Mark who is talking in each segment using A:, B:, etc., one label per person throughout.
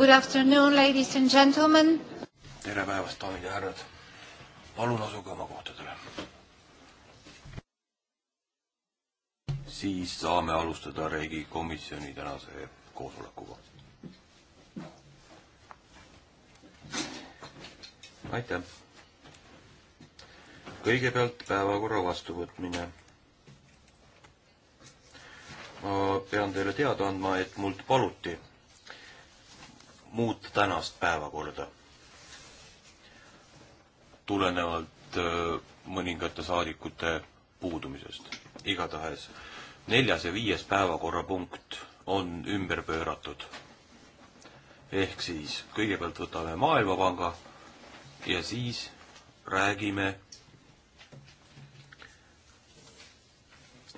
A: Good afternoon, ladies and gentlemen.
B: tere päevast, daamid ja härrad. palun asuge oma kohtadele. siis saame alustada Regi komisjoni tänase koosolekuga. aitäh. kõigepealt päevakorra vastuvõtmine ma pean teile teada andma, et mult paluti muuta tänast päevakorda. tulenevalt äh, mõningate saadikute puudumisest. igatahes neljas ja viies päevakorrapunkt on ümber pööratud. ehk siis kõigepealt võtame Maailmapanga ja siis räägime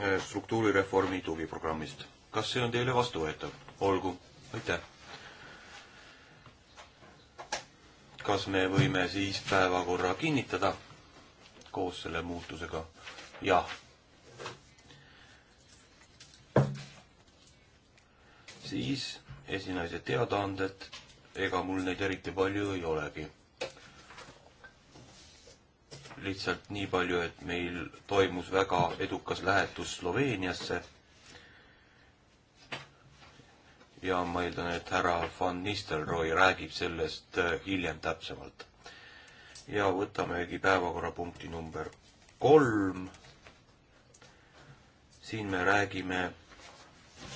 B: äh, struktuurireformi tugiprogrammist. kas see on teile vastuvõetav? olgu, aitäh! kas me võime siis päevakorra kinnitada koos selle muutusega? jah. siis esinaise teadaanded, ega mul neid eriti palju ei olegi. lihtsalt nii palju, et meil toimus väga edukas lähetus Sloveeniasse ja ma eeldan, et härra Van Nistelrooy räägib sellest äh, hiljem täpsemalt. ja võtamegi päevakorrapunkti number kolm. siin me räägime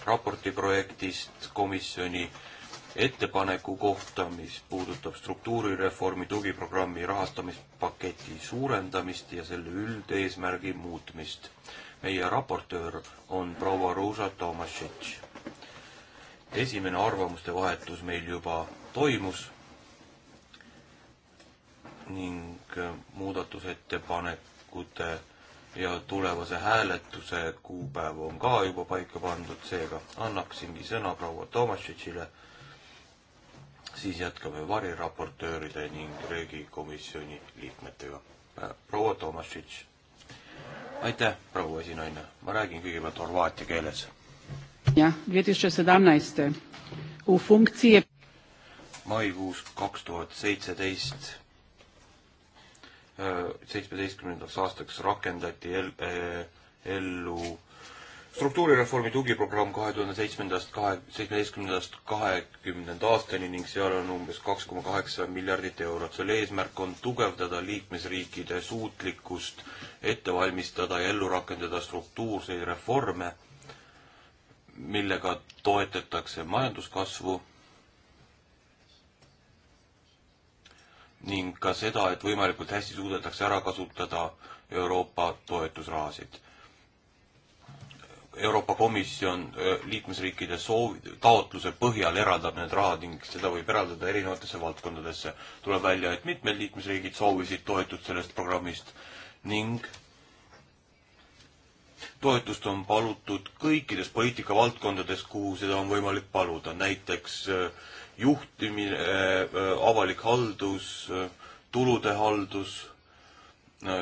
B: raporti projektist komisjoni ettepaneku kohta, mis puudutab struktuurireformi tugiprogrammi rahastamispaketi suurendamist ja selle üldeesmärgi muutmist. meie raportöör on proua Ruusa Tomašitš esimene arvamuste vahetus meil juba toimus ning äh, muudatusettepanekute ja tulevase hääletuse kuupäev on ka juba paika pandud, seega annaksingi sõna proua Tomašitšile, siis jätkame variraportööride ning riigikomisjoni liikmetega. Äh, proua Tomašitš. aitäh, proua esinaine, ma räägin kõigepealt horvaatia keeles
A: 2017 u funkcije
B: maikuus kaks tuhat seitseteist, äh, seitsmeteistkümnendaks aastaks rakendati el, äh, ellu struktuurireformi tugiprogramm kahe tuhande seitsmendast kahe, seitsmeteistkümnendast kahekümnenda aastani ning seal on umbes kaks koma kaheksa miljardit eurot. selle eesmärk on tugevdada liikmesriikide suutlikkust ette valmistada ja ellu rakendada struktuurseid reforme millega toetatakse majanduskasvu ning ka seda, et võimalikult hästi suudetakse ära kasutada Euroopa toetusrahasid. Euroopa Komisjon liikmesriikide soovi, taotluse põhjal eraldab need rahad ning seda võib eraldada erinevatesse valdkondadesse. tuleb välja, et mitmed liikmesriigid soovisid toetust sellest programmist ning toetust on palutud kõikides poliitikavaldkondades, kuhu seda on võimalik paluda, näiteks äh, juhtimine, äh, avalik haldus, äh, tulude haldus,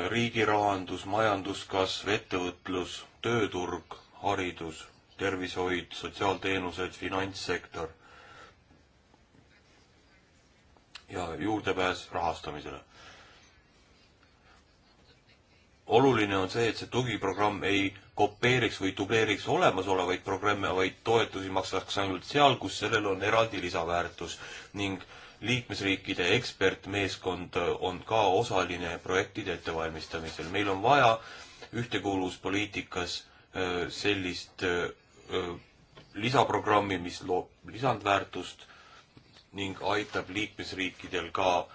B: riigi rahandus, majanduskasv, ettevõtlus, tööturg, haridus, tervishoid, sotsiaalteenused, finantssektor ja juurdepääs rahastamisele oluline on see, et see tugiprogramm ei kopeeriks või dubleeriks olemasolevaid programme, vaid toetusi maksaks ainult seal, kus sellel on eraldi lisaväärtus ning liikmesriikide ekspertmeeskond on ka osaline projektide ettevalmistamisel. meil on vaja ühtekuuluvuspoliitikas äh, sellist äh, äh, lisaprogrammi, mis loob lisandväärtust ning aitab liikmesriikidel ka,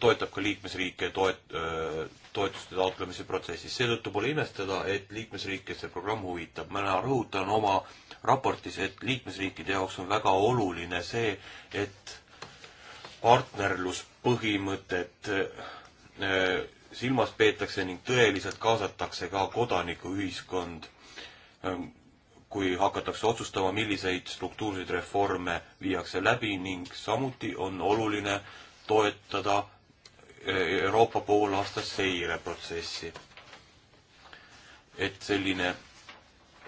B: toetab ka liikmesriike toet-, toetuste taotlemise protsessis, seetõttu pole imestada, et liikmesriike see programm huvitab. mina rõhutan oma raportis, et liikmesriikide jaoks on väga oluline see, et partnerluspõhimõtet äh, silmas peetakse ning tõeliselt kaasatakse ka kodanikuühiskond, äh, kui hakatakse otsustama, milliseid struktuurseid reforme viiakse läbi ning samuti on oluline toetada Euroopa poolaastast seireprotsessi. et selline,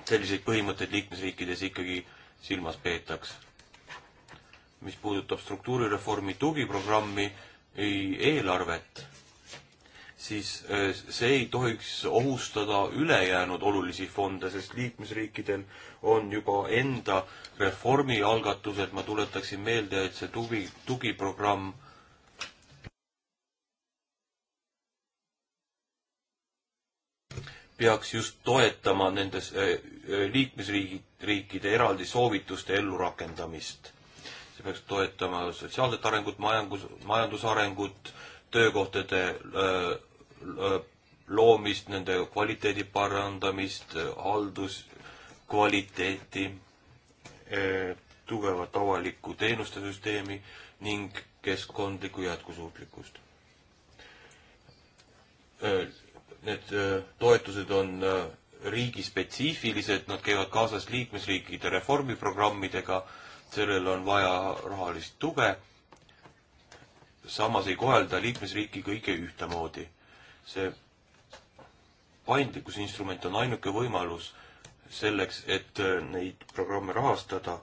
B: selliseid põhimõtteid liikmesriikides ikkagi silmas peetaks. mis puudutab struktuurireformi tugiprogrammi eelarvet, siis äh, see ei tohiks ohustada ülejäänud olulisi fonde, sest liikmesriikidel on juba enda reformialgatused, ma tuletaksin meelde, et see tugi, tugiprogramm peaks just toetama nendes äh, äh, liikmesriigid, riikide eraldi soovituste ellurakendamist. see peaks toetama sotsiaalset arengut, majandus, majandusarengut, töökohtade äh, loomist, nende kvaliteedi parandamist, halduskvaliteeti, tugevat avalikku teenuste süsteemi ning keskkondlikku jätkusuutlikkust need äh, toetused on äh, riigispetsiifilised, nad käivad kaasas liikmesriikide reformiprogrammidega, sellel on vaja rahalist tuge, samas ei kohelda liikmesriiki kõike ühtemoodi. see paindlikkusinstrument on ainuke võimalus selleks, et äh, neid programme rahastada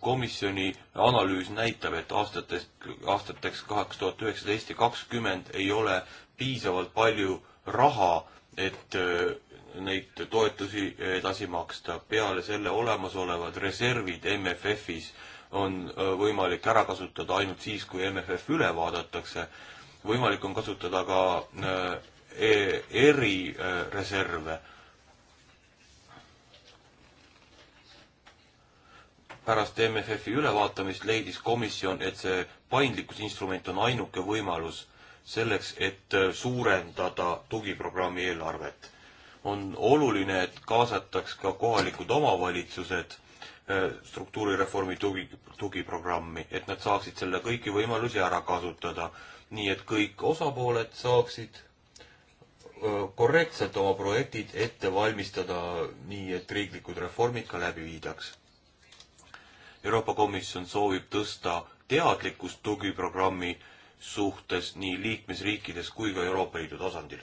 B: komisjoni analüüs näitab, et aastatest, aastateks kaks tuhat üheksateist ja kakskümmend ei ole piisavalt palju raha, et äh, neid toetusi edasi maksta. peale selle olemasolevad reservid MFF-is on äh, võimalik ära kasutada ainult siis, kui MFF üle vaadatakse. võimalik on kasutada ka äh, e-, erireserve pärast MFF-i ülevaatamist leidis komisjon, et see paindlikkusinstrument on ainuke võimalus selleks, et äh, suurendada tugiprogrammi eelarvet. on oluline, et kaasataks ka kohalikud omavalitsused äh, struktuurireformi tugi, tugiprogrammi, et nad saaksid selle kõiki võimalusi ära kasutada, nii et kõik osapooled saaksid äh, korrektselt oma projektid ette valmistada, nii et riiklikud reformid ka läbi viidaks Euroopa Komisjon soovib tõsta teadlikkust tugiprogrammi suhtes nii liikmesriikides kui ka Euroopa Liidu tasandil.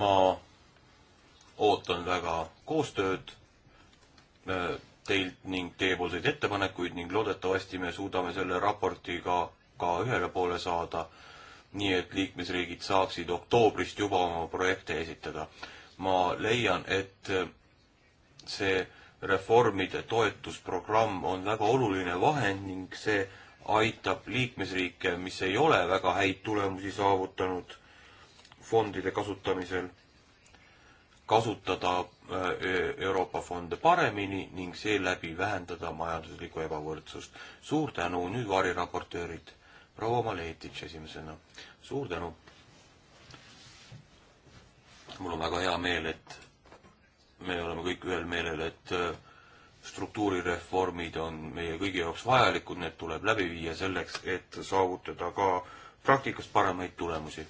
B: ma ootan väga koostööd äh, teilt ning teiepoolseid ettepanekuid ning loodetavasti me suudame selle raportiga ka ühele poole saada, nii et liikmesriigid saaksid oktoobrist juba oma projekte esitada ma leian, et äh, see reformide toetusprogramm on väga oluline vahend ning see aitab liikmesriike, mis ei ole väga häid tulemusi saavutanud fondide kasutamisel, kasutada äh, Euroopa fonde paremini ning seeläbi vähendada majanduslikku ebavõrdsust. suur tänu, nüüd variraportöörid. proua Maletitš esimesena. suur tänu mul on väga hea meel, et me oleme kõik ühel meelel, et äh, struktuurireformid on meie kõigi jaoks vajalikud, need tuleb läbi viia selleks, et saavutada ka praktikas paremaid tulemusi.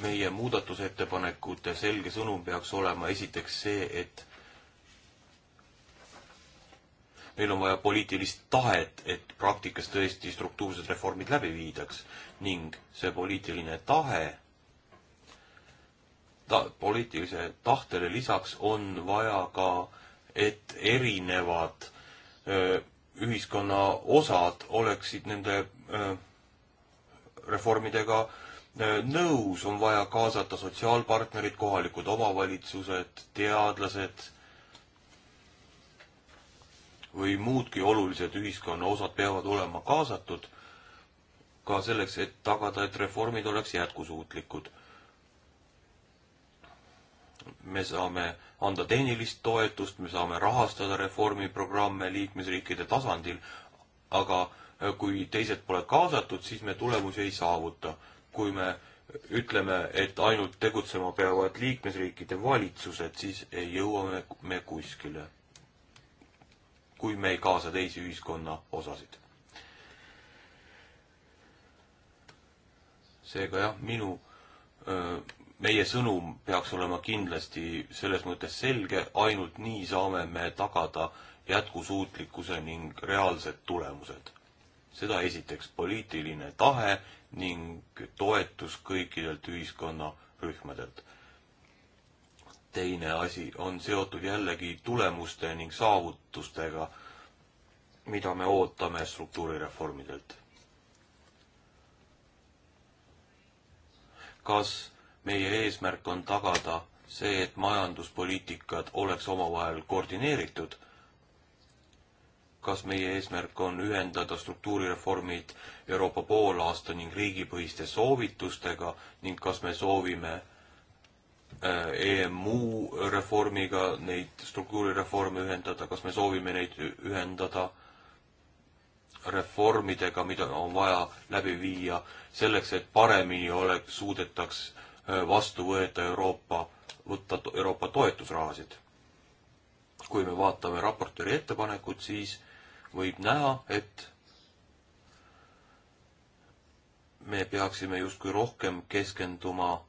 B: meie muudatusettepanekute selge sõnum peaks olema esiteks see, et meil on vaja poliitilist tahet, et praktikas tõesti struktuursed reformid läbi viidaks ning see poliitiline tahe, ta-, poliitilise tahtele lisaks on vaja ka, et erinevad öö, ühiskonna osad oleksid nende öö, reformidega nõus, on vaja kaasata sotsiaalpartnerid, kohalikud omavalitsused, teadlased või muudki olulised ühiskonna osad peavad olema kaasatud ka selleks, et tagada, et reformid oleks jätkusuutlikud. me saame anda tehnilist toetust, me saame rahastada reformiprogramme liikmesriikide tasandil, aga äh, kui teised pole kaasatud, siis me tulemusi ei saavuta. kui me ütleme, et ainult tegutsema peavad liikmesriikide valitsused, siis ei jõua me, me kuskile. kui me ei kaasa teisi ühiskonna osasid seega jah, minu, meie sõnum peaks olema kindlasti selles mõttes selge, ainult nii saame me tagada jätkusuutlikkuse ning reaalsed tulemused. seda esiteks poliitiline tahe ning toetus kõikidelt ühiskonnarühmadelt. teine asi on seotud jällegi tulemuste ning saavutustega, mida me ootame struktuurireformidelt kas meie eesmärk on tagada see, et majanduspoliitikad oleks omavahel koordineeritud, kas meie eesmärk on ühendada struktuurireformid Euroopa poolaasta ning riigipõhiste soovitustega ning kas me soovime äh, EMU reformiga neid struktuurireforme ühendada, kas me soovime neid ühendada reformidega, mida on vaja läbi viia selleks, et paremini oleks, suudetaks vastu võeta Euroopa, võtta Euroopa toetusrahasid. kui me vaatame raportööri ettepanekut, siis võib näha, et me peaksime justkui rohkem keskenduma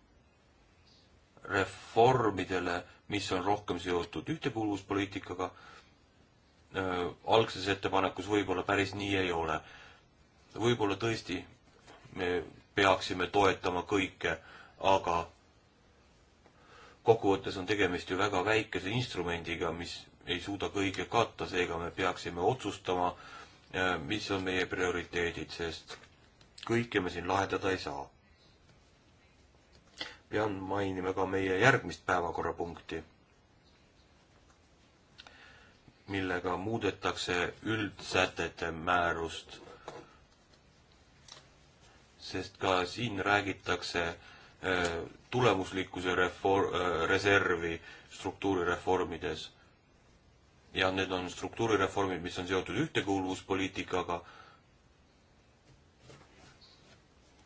B: reformidele, mis on rohkem seotud ühtekuuluvuspoliitikaga algses ettepanekus võib-olla päris nii ei ole. võib-olla tõesti me peaksime toetama kõike, aga kokkuvõttes on tegemist ju väga väikese instrumendiga, mis ei suuda kõike katta, seega me peaksime otsustama, mis on meie prioriteedid, sest kõike me siin lahendada ei saa. pean mainima ka meie järgmist päevakorrapunkti millega muudetakse üldsätete määrust, sest ka siin räägitakse äh, tulemuslikkuse reform, äh, reservi struktuurireformides. ja need on struktuurireformid, mis on seotud ühtekuuluvuspoliitikaga.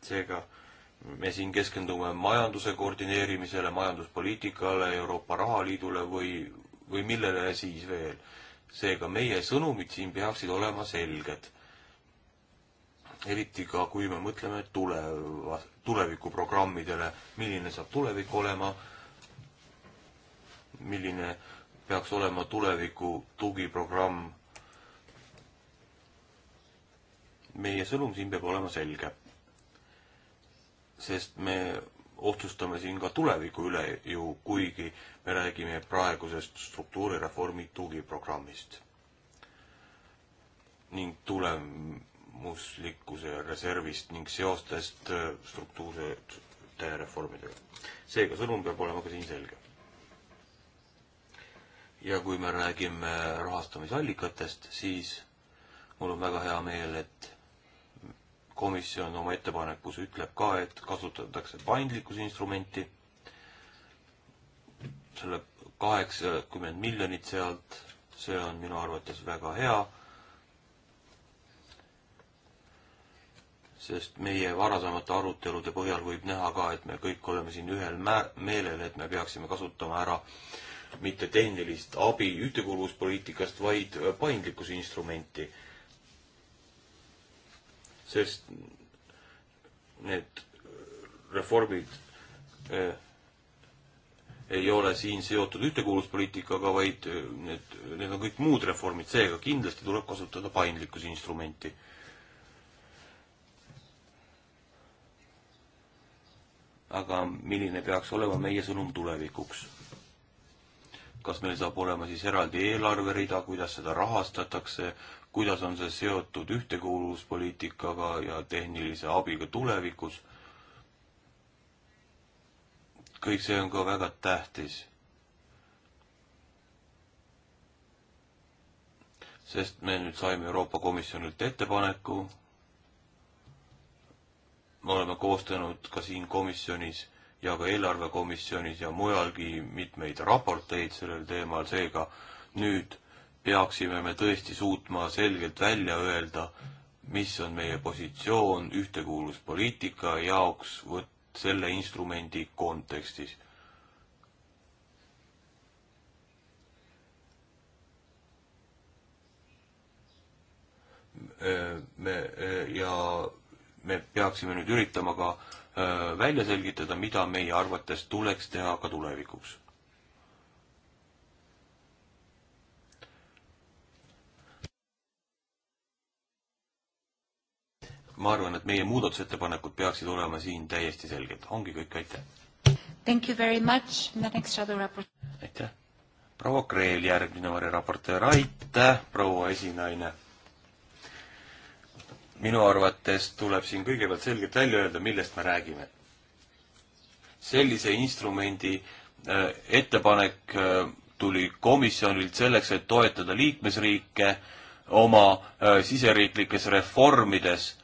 B: seega me siin keskendume majanduse koordineerimisele, majanduspoliitikale, Euroopa rahaliidule või, või millele siis veel seega meie sõnumid siin peaksid olema selged. eriti ka, kui me mõtleme tuleva, tulevikuprogrammidele, milline saab tulevik olema, milline peaks olema tuleviku tugiprogramm. meie sõnum siin peab olema selge. sest me otsustame siin ka tuleviku üle ju, kuigi me räägime praegusest struktuurireformi tugiprogrammist ning tulemuslikkuse reservist ning seostest äh, struktuursete reformidega. seega sõnum peab olema ka siin selge. ja kui me räägime rahastamisallikatest, siis mul on väga hea meel, et komisjon oma ettepanekus ütleb ka, et kasutatakse paindlikkusinstrumenti, selle kaheksakümmend miljonit sealt, see on minu arvates väga hea, sest meie varasemate arutelude põhjal võib näha ka, et me kõik oleme siin ühel mä-, meelel, et me peaksime kasutama ära mitte tehnilist abi ühtekuuluvuspoliitikast, vaid paindlikkusinstrumenti sest need reformid eh, ei ole siin seotud ühtekuuluvuspoliitikaga, vaid eh, need, need on kõik muud reformid, seega kindlasti tuleb kasutada paindlikkuse instrumenti. aga milline peaks olema meie sõnum tulevikuks? kas meil saab olema siis eraldi eelarverida, kuidas seda rahastatakse, kuidas on see seotud ühtekuuluvuspoliitikaga ja tehnilise abiga tulevikus. kõik see on ka väga tähtis. sest me nüüd saime Euroopa Komisjonilt ettepaneku. me oleme koostanud ka siin komisjonis ja ka eelarvekomisjonis ja mujalgi mitmeid raporteid sellel teemal, seega nüüd peaksime me tõesti suutma selgelt välja öelda, mis on meie positsioon ühtekuuluvuspoliitika jaoks võt-, selle instrumendi kontekstis. Äh, me äh, ja me peaksime nüüd üritama ka äh, välja selgitada, mida meie arvates tuleks teha ka tulevikuks ma arvan, et meie muudatusettepanekud peaksid olema siin täiesti selged. ongi kõik, aitäh!
A: Thank you very much, the next shadow raport. aitäh!
B: proua Kreel, järgmine variraportöör, aitäh, proua esinaine! minu arvates tuleb siin kõigepealt selgelt välja öelda, millest me räägime. sellise instrumendi äh, ettepanek äh, tuli komisjonilt selleks, et toetada liikmesriike oma äh, siseriiklikes reformides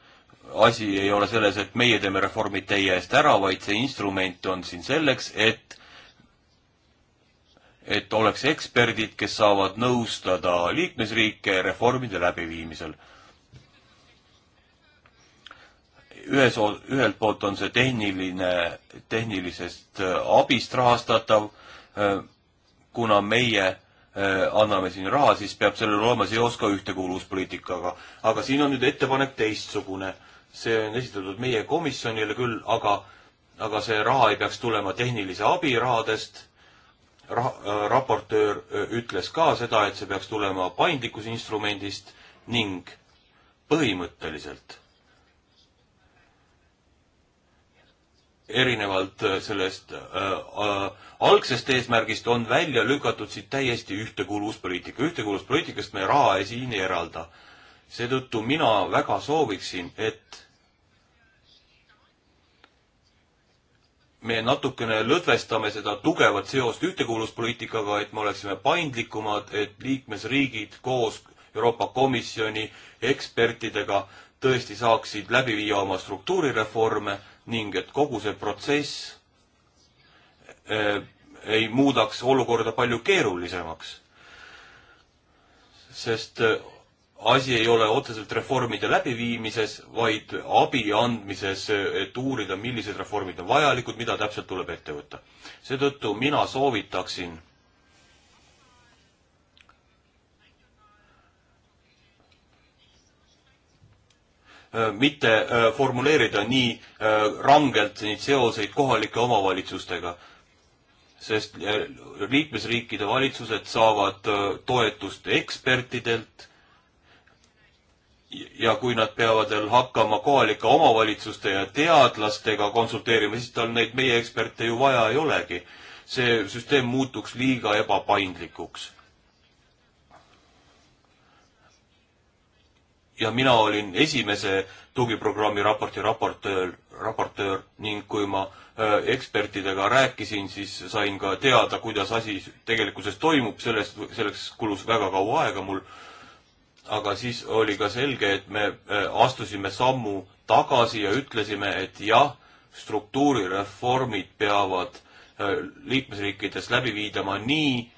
B: asi ei ole selles, et meie teeme reformid teie eest ära, vaid see instrument on siin selleks, et et oleks eksperdid, kes saavad nõustada liikmesriike reformide läbiviimisel. ühes, ühelt poolt on see tehniline, tehnilisest äh, abist rahastatav, äh, kuna meie äh, anname siin raha, siis peab sellel olema seos ka ühtekuuluvuspoliitikaga. aga siin on nüüd ettepanek teistsugune see on esitatud meie komisjonile küll, aga, aga see raha ei peaks tulema tehnilise abi rahadest Ra. Äh, raportöör äh, ütles ka seda, et see peaks tulema paindlikkusinstrumendist ning põhimõtteliselt erinevalt äh, sellest äh, äh, algsest eesmärgist on välja lükatud siit täiesti ühtekuuluvuspoliitika. ühtekuuluvuspoliitikast me raha siin ei eralda äh, seetõttu mina väga sooviksin, et me natukene lõdvestame seda tugevat seost ühtekuuluvuspoliitikaga, et me oleksime paindlikumad, et liikmesriigid koos Euroopa Komisjoni ekspertidega tõesti saaksid läbi viia oma struktuurireforme ning et kogu see protsess eh, ei muudaks olukorda palju keerulisemaks. sest eh, asi ei ole otseselt reformide läbiviimises, vaid abi andmises, et uurida, millised reformid on vajalikud, mida täpselt tuleb ette võtta. seetõttu mina soovitaksin äh, mitte äh, formuleerida nii äh, rangelt neid seoseid kohalike omavalitsustega, sest liikmesriikide valitsused saavad toetust ekspertidelt ja kui nad peavad veel hakkama kohalike omavalitsuste ja teadlastega konsulteerima, siis tal neid meie eksperte ju vaja ei olegi. see süsteem muutuks liiga ebapaindlikuks. ja mina olin esimese tugiprogrammi raporti raportöör, raportöör ning kui ma äh, ekspertidega rääkisin, siis sain ka teada, kuidas asi tegelikkuses toimub, sellest, selleks kulus väga kaua aega mul aga siis oli ka selge, et me äh, astusime sammu tagasi ja ütlesime, et jah, struktuurireformid peavad äh, liikmesriikides läbi viidama nii,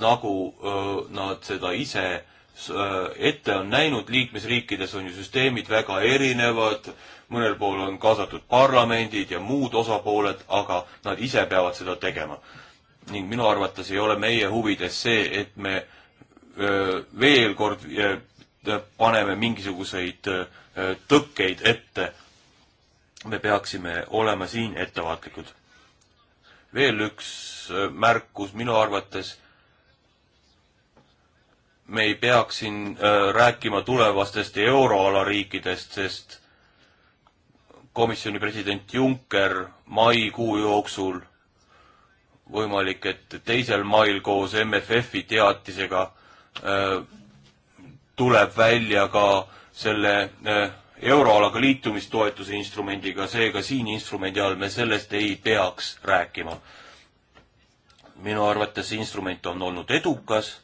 B: nagu öö, äh, nad seda ise öö, ette on näinud, liikmesriikides on ju süsteemid väga erinevad, mõnel pool on kaasatud parlamendid ja muud osapooled, aga nad ise peavad seda tegema. ning minu arvates ei ole meie huvides see, et me öö, veel kord paneme mingisuguseid tõkkeid ette. me peaksime olema siin ettevaatlikud. veel üks märkus minu arvates. me ei peaks siin rääkima tulevastest euroala riikidest, sest komisjoni president Juncker maikuu jooksul võimalik, et teisel mail koos MFF-i teatisega Äh, tuleb välja ka selle äh, euroalaga liitumistoetuse instrumendiga, seega siin instrumendi all me sellest ei peaks rääkima. minu arvates see instrument on olnud edukas.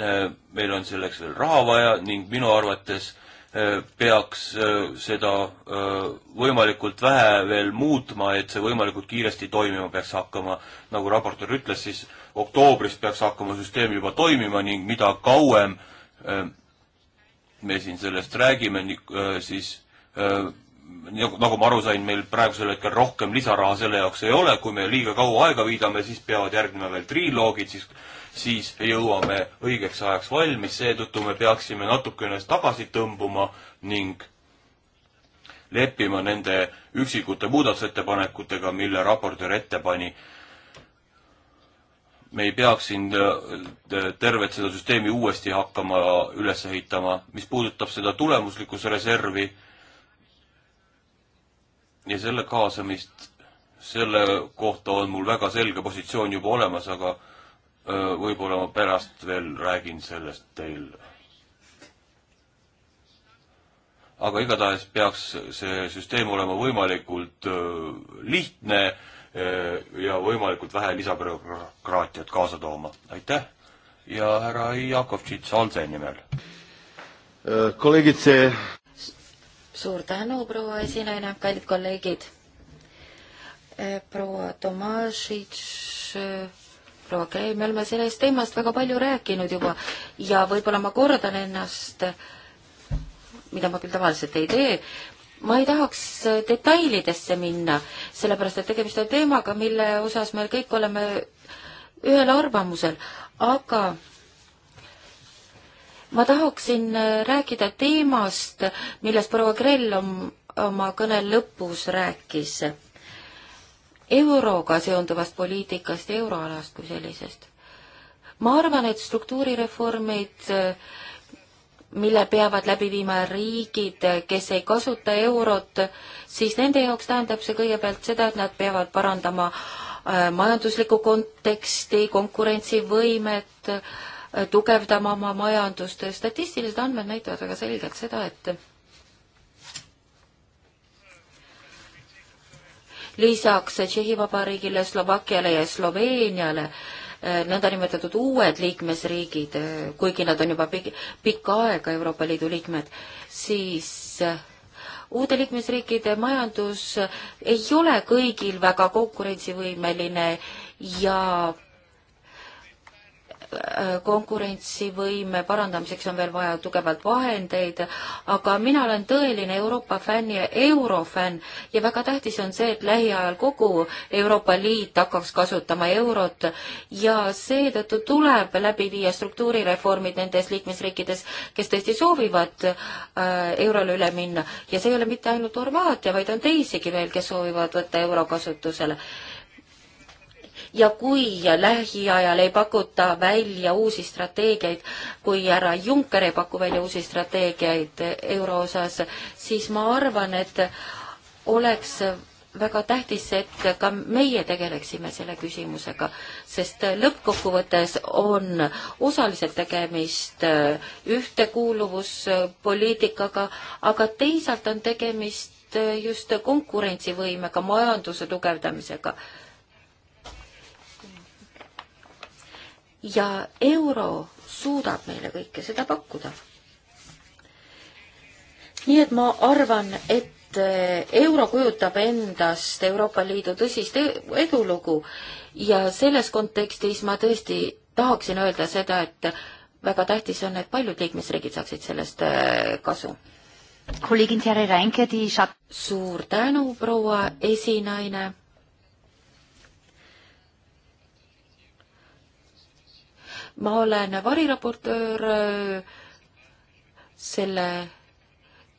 B: Äh, meil on selleks veel raha vaja ning minu arvates äh, Eh, peaks eh, seda eh, võimalikult vähe veel muutma, et see võimalikult kiiresti toimima peaks hakkama. nagu raportöör ütles, siis oktoobrist peaks hakkama süsteem juba toimima ning mida kauem me siin sellest räägime, siis nagu, nagu ma aru sain, meil praegusel hetkel rohkem lisaraha selle jaoks ei ole, kui me liiga kaua aega viidame, siis peavad järgnema veel triloogid, siis siis jõuame õigeks ajaks valmis, seetõttu me peaksime natukene tagasi tõmbuma ning leppima nende üksikute muudatusettepanekutega, mille raportöör ette pani. me ei peaks siin äh, tervet seda süsteemi uuesti hakkama üles ehitama. mis puudutab seda tulemuslikkuse reservi, ja selle kaasamist, selle kohta on mul väga selge positsioon juba olemas, aga võib-olla ma pärast veel räägin sellest teil. aga igatahes peaks see süsteem olema võimalikult lihtne ja võimalikult vähe lisabürokraatiat kaasa tooma. aitäh ja härra Jakovtšits Alde nimel.
C: kolleegid, see
D: suur tänu, proua esinaine, kallid kolleegid. Eh, proua Tomašitš, eh, proua Kei, me oleme sellest teemast väga palju rääkinud juba ja võib-olla ma kordan ennast, mida ma küll tavaliselt ei tee, ma ei tahaks eh, detailidesse minna, sellepärast et tegemist on teemaga, mille osas me kõik oleme ühel arvamusel, aga ma tahaksin äh, rääkida teemast, millest proua Krell oma kõne lõpus rääkis. euroga seonduvast poliitikast, euroalast kui sellisest. ma arvan, et struktuurireformid, äh, mille peavad läbi viima riigid, äh, kes ei kasuta eurot, siis nende jaoks tähendab see kõigepealt seda, et nad peavad parandama majanduslikku konteksti, konkurentsivõimet äh,, Äh, tugevdama oma majandust. statistilised andmed näitavad väga selgelt seda, et lisaks Tšehhi Vabariigile, Slovakkiale ja Sloveeniale äh, nõndanimetatud uued liikmesriigid, äh, kuigi nad on juba pikk, pikka aega Euroopa Liidu liikmed, siis uude liikmesriikide majandus ei ole kõigil väga konkurentsivõimeline ja Äh, konkurentsivõime parandamiseks on veel vaja tugevalt vahendeid, aga mina olen tõeline Euroopa fänn ja eurofänn ja väga tähtis on see, et lähiajal kogu Euroopa Liit hakkaks kasutama eurot ja seetõttu tuleb läbi viia struktuurireformid nendes liikmesriikides, kes tõesti soovivad äh, eurole üle minna ja see ei ole mitte ainult Horvaatia, vaid on teisigi veel, kes soovivad võtta euro kasutusele ja kui lähiajal ei pakuta välja uusi strateegiaid, kui härra Juncker ei paku välja uusi strateegiaid euro osas, siis ma arvan, et oleks väga tähtis, et ka meie tegeleksime selle küsimusega, sest lõppkokkuvõttes on osaliselt tegemist ühtekuuluvuspoliitikaga, aga teisalt on tegemist just konkurentsivõimega, majanduse tugevdamisega ja euro suudab meile kõike seda pakkuda. nii et ma arvan, et eh, euro kujutab endast Euroopa Liidu tõsist e-, edulugu ja selles kontekstis ma tõesti tahaksin öelda seda, et väga tähtis on, et paljud liikmesriigid saaksid sellest eh, kasu. suur tänu, proua esinaine ma olen variraportöör äh, selle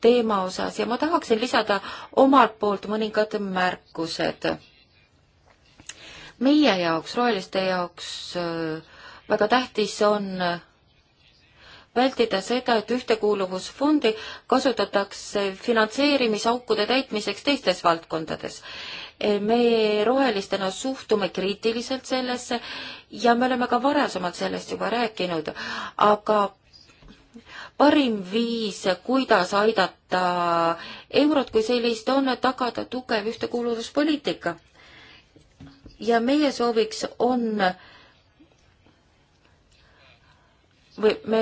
D: teema osas ja ma tahaksin lisada omalt poolt mõningad märkused. meie jaoks, roheliste jaoks äh, väga tähtis on vältida seda, et ühtekuuluvusfondi kasutatakse finantseerimisaukude täitmiseks teistes valdkondades me rohelistena suhtume kriitiliselt sellesse ja me oleme ka varasemalt sellest juba rääkinud, aga parim viis, kuidas aidata eurot kui sellist, on tagada tugev ühtekuuluvuspoliitika. ja meie sooviks on äh, või me,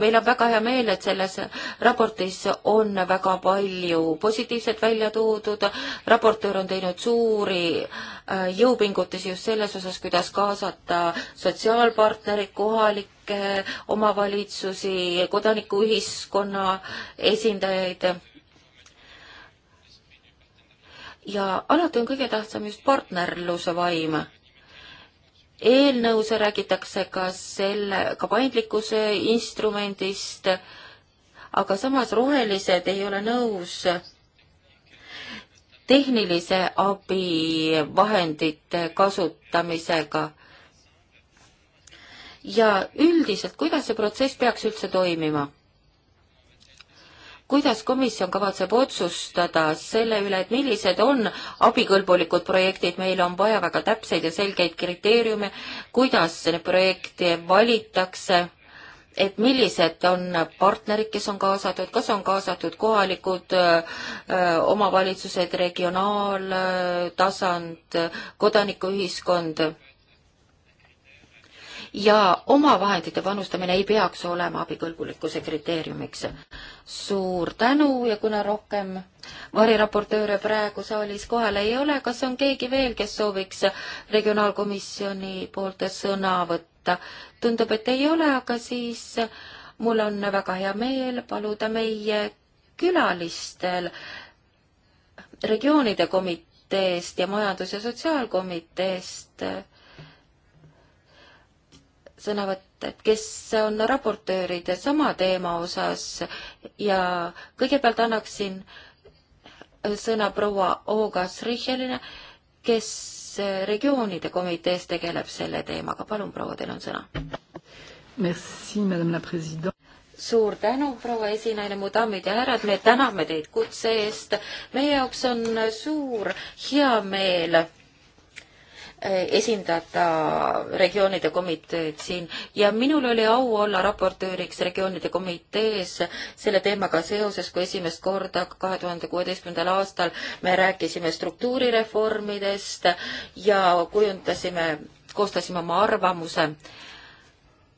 D: meil on väga hea meel, et selles raportis on väga palju positiivset välja toodud, raportöör on teinud suuri äh, jõupingutusi just selles osas, kuidas kaasata sotsiaalpartnerid, kohalikke omavalitsusi, kodanikuühiskonna esindajaid. ja alati on kõige tähtsam just partnerluse vaim eelnõus räägitakse ka selle, ka paindlikkuse instrumendist, aga samas rohelised ei ole nõus tehnilise abi vahendite kasutamisega. ja üldiselt, kuidas see protsess peaks üldse toimima? kuidas komisjon kavatseb otsustada selle üle, et millised on abikõlbulikud projektid, meil on vaja väga täpseid ja selgeid kriteeriume, kuidas neid projekte valitakse, et millised on partnerid, kes on kaasatud, kas on kaasatud kohalikud öö, äh, äh, omavalitsused, regionaaltasand, äh, kodanikuühiskond ja omavahendite panustamine ei peaks olema abikõlbulikkuse kriteeriumiks. suur tänu ja kuna rohkem variraportööre praegu saalis kohal ei ole, kas on keegi veel, kes sooviks regionaalkomisjoni poolt sõna võtta? tundub, et ei ole, aga siis mul on väga hea meel paluda meie külalistel regioonide komiteest ja majandus- ja sotsiaalkomiteest sõnavõtt, et kes on raportöörid sama teema osas ja kõigepealt annaksin sõna proua Oogas Richeline, kes regioonide komitees tegeleb selle teemaga. palun, proua, teil on sõna. Merci, madame la president. suur tänu, proua esinaine, mu daamid ja härrad, me täname teid kutse eest. meie jaoks on suur heameel Eh, esindada regioonide komiteed siin ja minul oli au olla raportööriks regioonide komitees selle teemaga seoses, kui esimest korda kahe tuhande kuueteistkümnendal aastal me rääkisime struktuurireformidest ja kujundasime, koostasime oma arvamuse äh,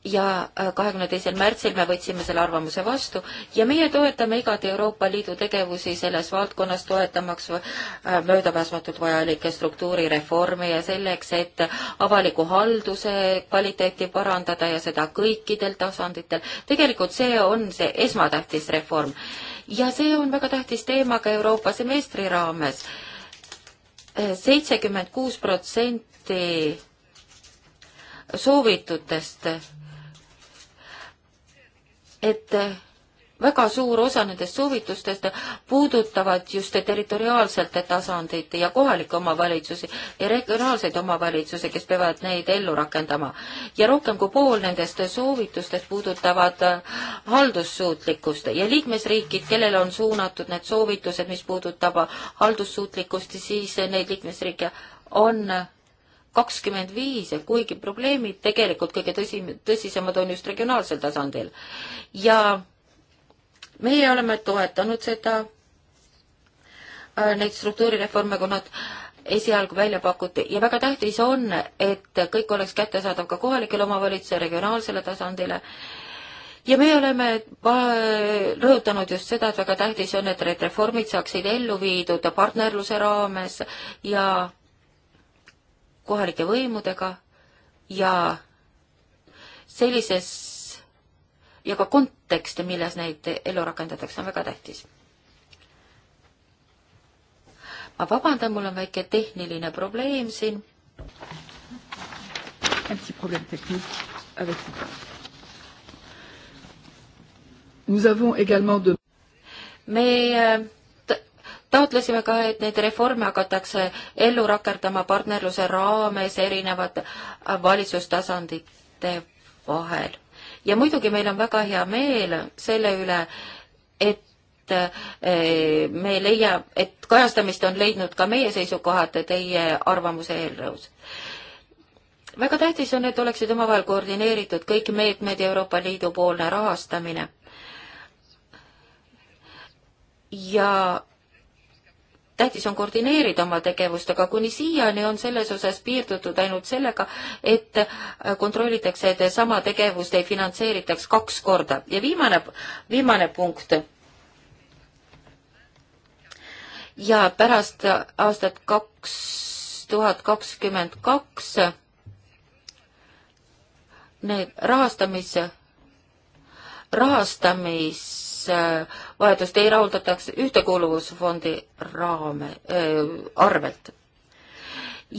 D: ja äh, kahekümne teisel märtsil me võtsime selle arvamuse vastu ja meie toetame igati Euroopa Liidu tegevusi selles valdkonnas, toetamaks äh, möödapääsmatult vajalikke struktuurireforme ja selleks, et avaliku halduse kvaliteeti parandada ja seda kõikidel tasanditel. tegelikult see on see esmatähtis reform ja see on väga tähtis teema ka Euroopa semestri raames. Äh, seitsekümmend kuus protsenti soovitutest et väga suur osa nendest soovitustest puudutavad just territoriaalset tasandit ja kohalikke omavalitsusi ja regionaalseid omavalitsusi, kes peavad neid ellu rakendama. ja rohkem kui pool nendest soovitustest puudutavad haldussuutlikkust ja liikmesriigid, kellele on suunatud need soovitused, mis puudutab haldussuutlikkust, siis neid liikmesriike on kakskümmend viis, et kuigi probleemid tegelikult kõige tõsi, tõsisemad on just regionaalsel tasandil. ja meie oleme toetanud seda, äh, neid struktuurireforme, kui nad esialgu välja pakuti ja väga tähtis on, et kõik oleks kättesaadav ka kohalikele omavalitsusele, regionaalsele tasandile ja me oleme äh, rõhutanud just seda, et väga tähtis on, et need reformid saaksid ellu viidud partnerluse raames ja kohalike võimudega ja sellises ja ka kontekst, milles neid ellu rakendatakse, on väga tähtis. ma vabandan, mul on väike tehniline probleem siin. Un petit problème technique avec vous. Nous avons
A: également de...
D: Mais euh, äh, taotlesime ka, et neid reforme hakatakse ellu rakendama partnerluse raames erinevate valitsustasandite vahel. ja muidugi meil on väga hea meel selle üle, et e, me leia, et kajastamist on leidnud ka meie seisukohad teie arvamuse eelnõus väga tähtis on, et oleksid omavahel koordineeritud kõik meetmed ja Euroopa Liidu poolne rahastamine. ja tähtis on koordineerida oma tegevust, aga kuni siiani on selles osas piirdutud ainult sellega, et äh, kontrollitakse, et sama tegevust ei finantseeritaks kaks korda. ja viimane, viimane punkt. ja pärast aastat kaks tuhat kakskümmend kaks need rahastamise, rahastamis Äh, vajadust ei rahuldatakse ühtekuuluvusfondi raame äh,, arvelt.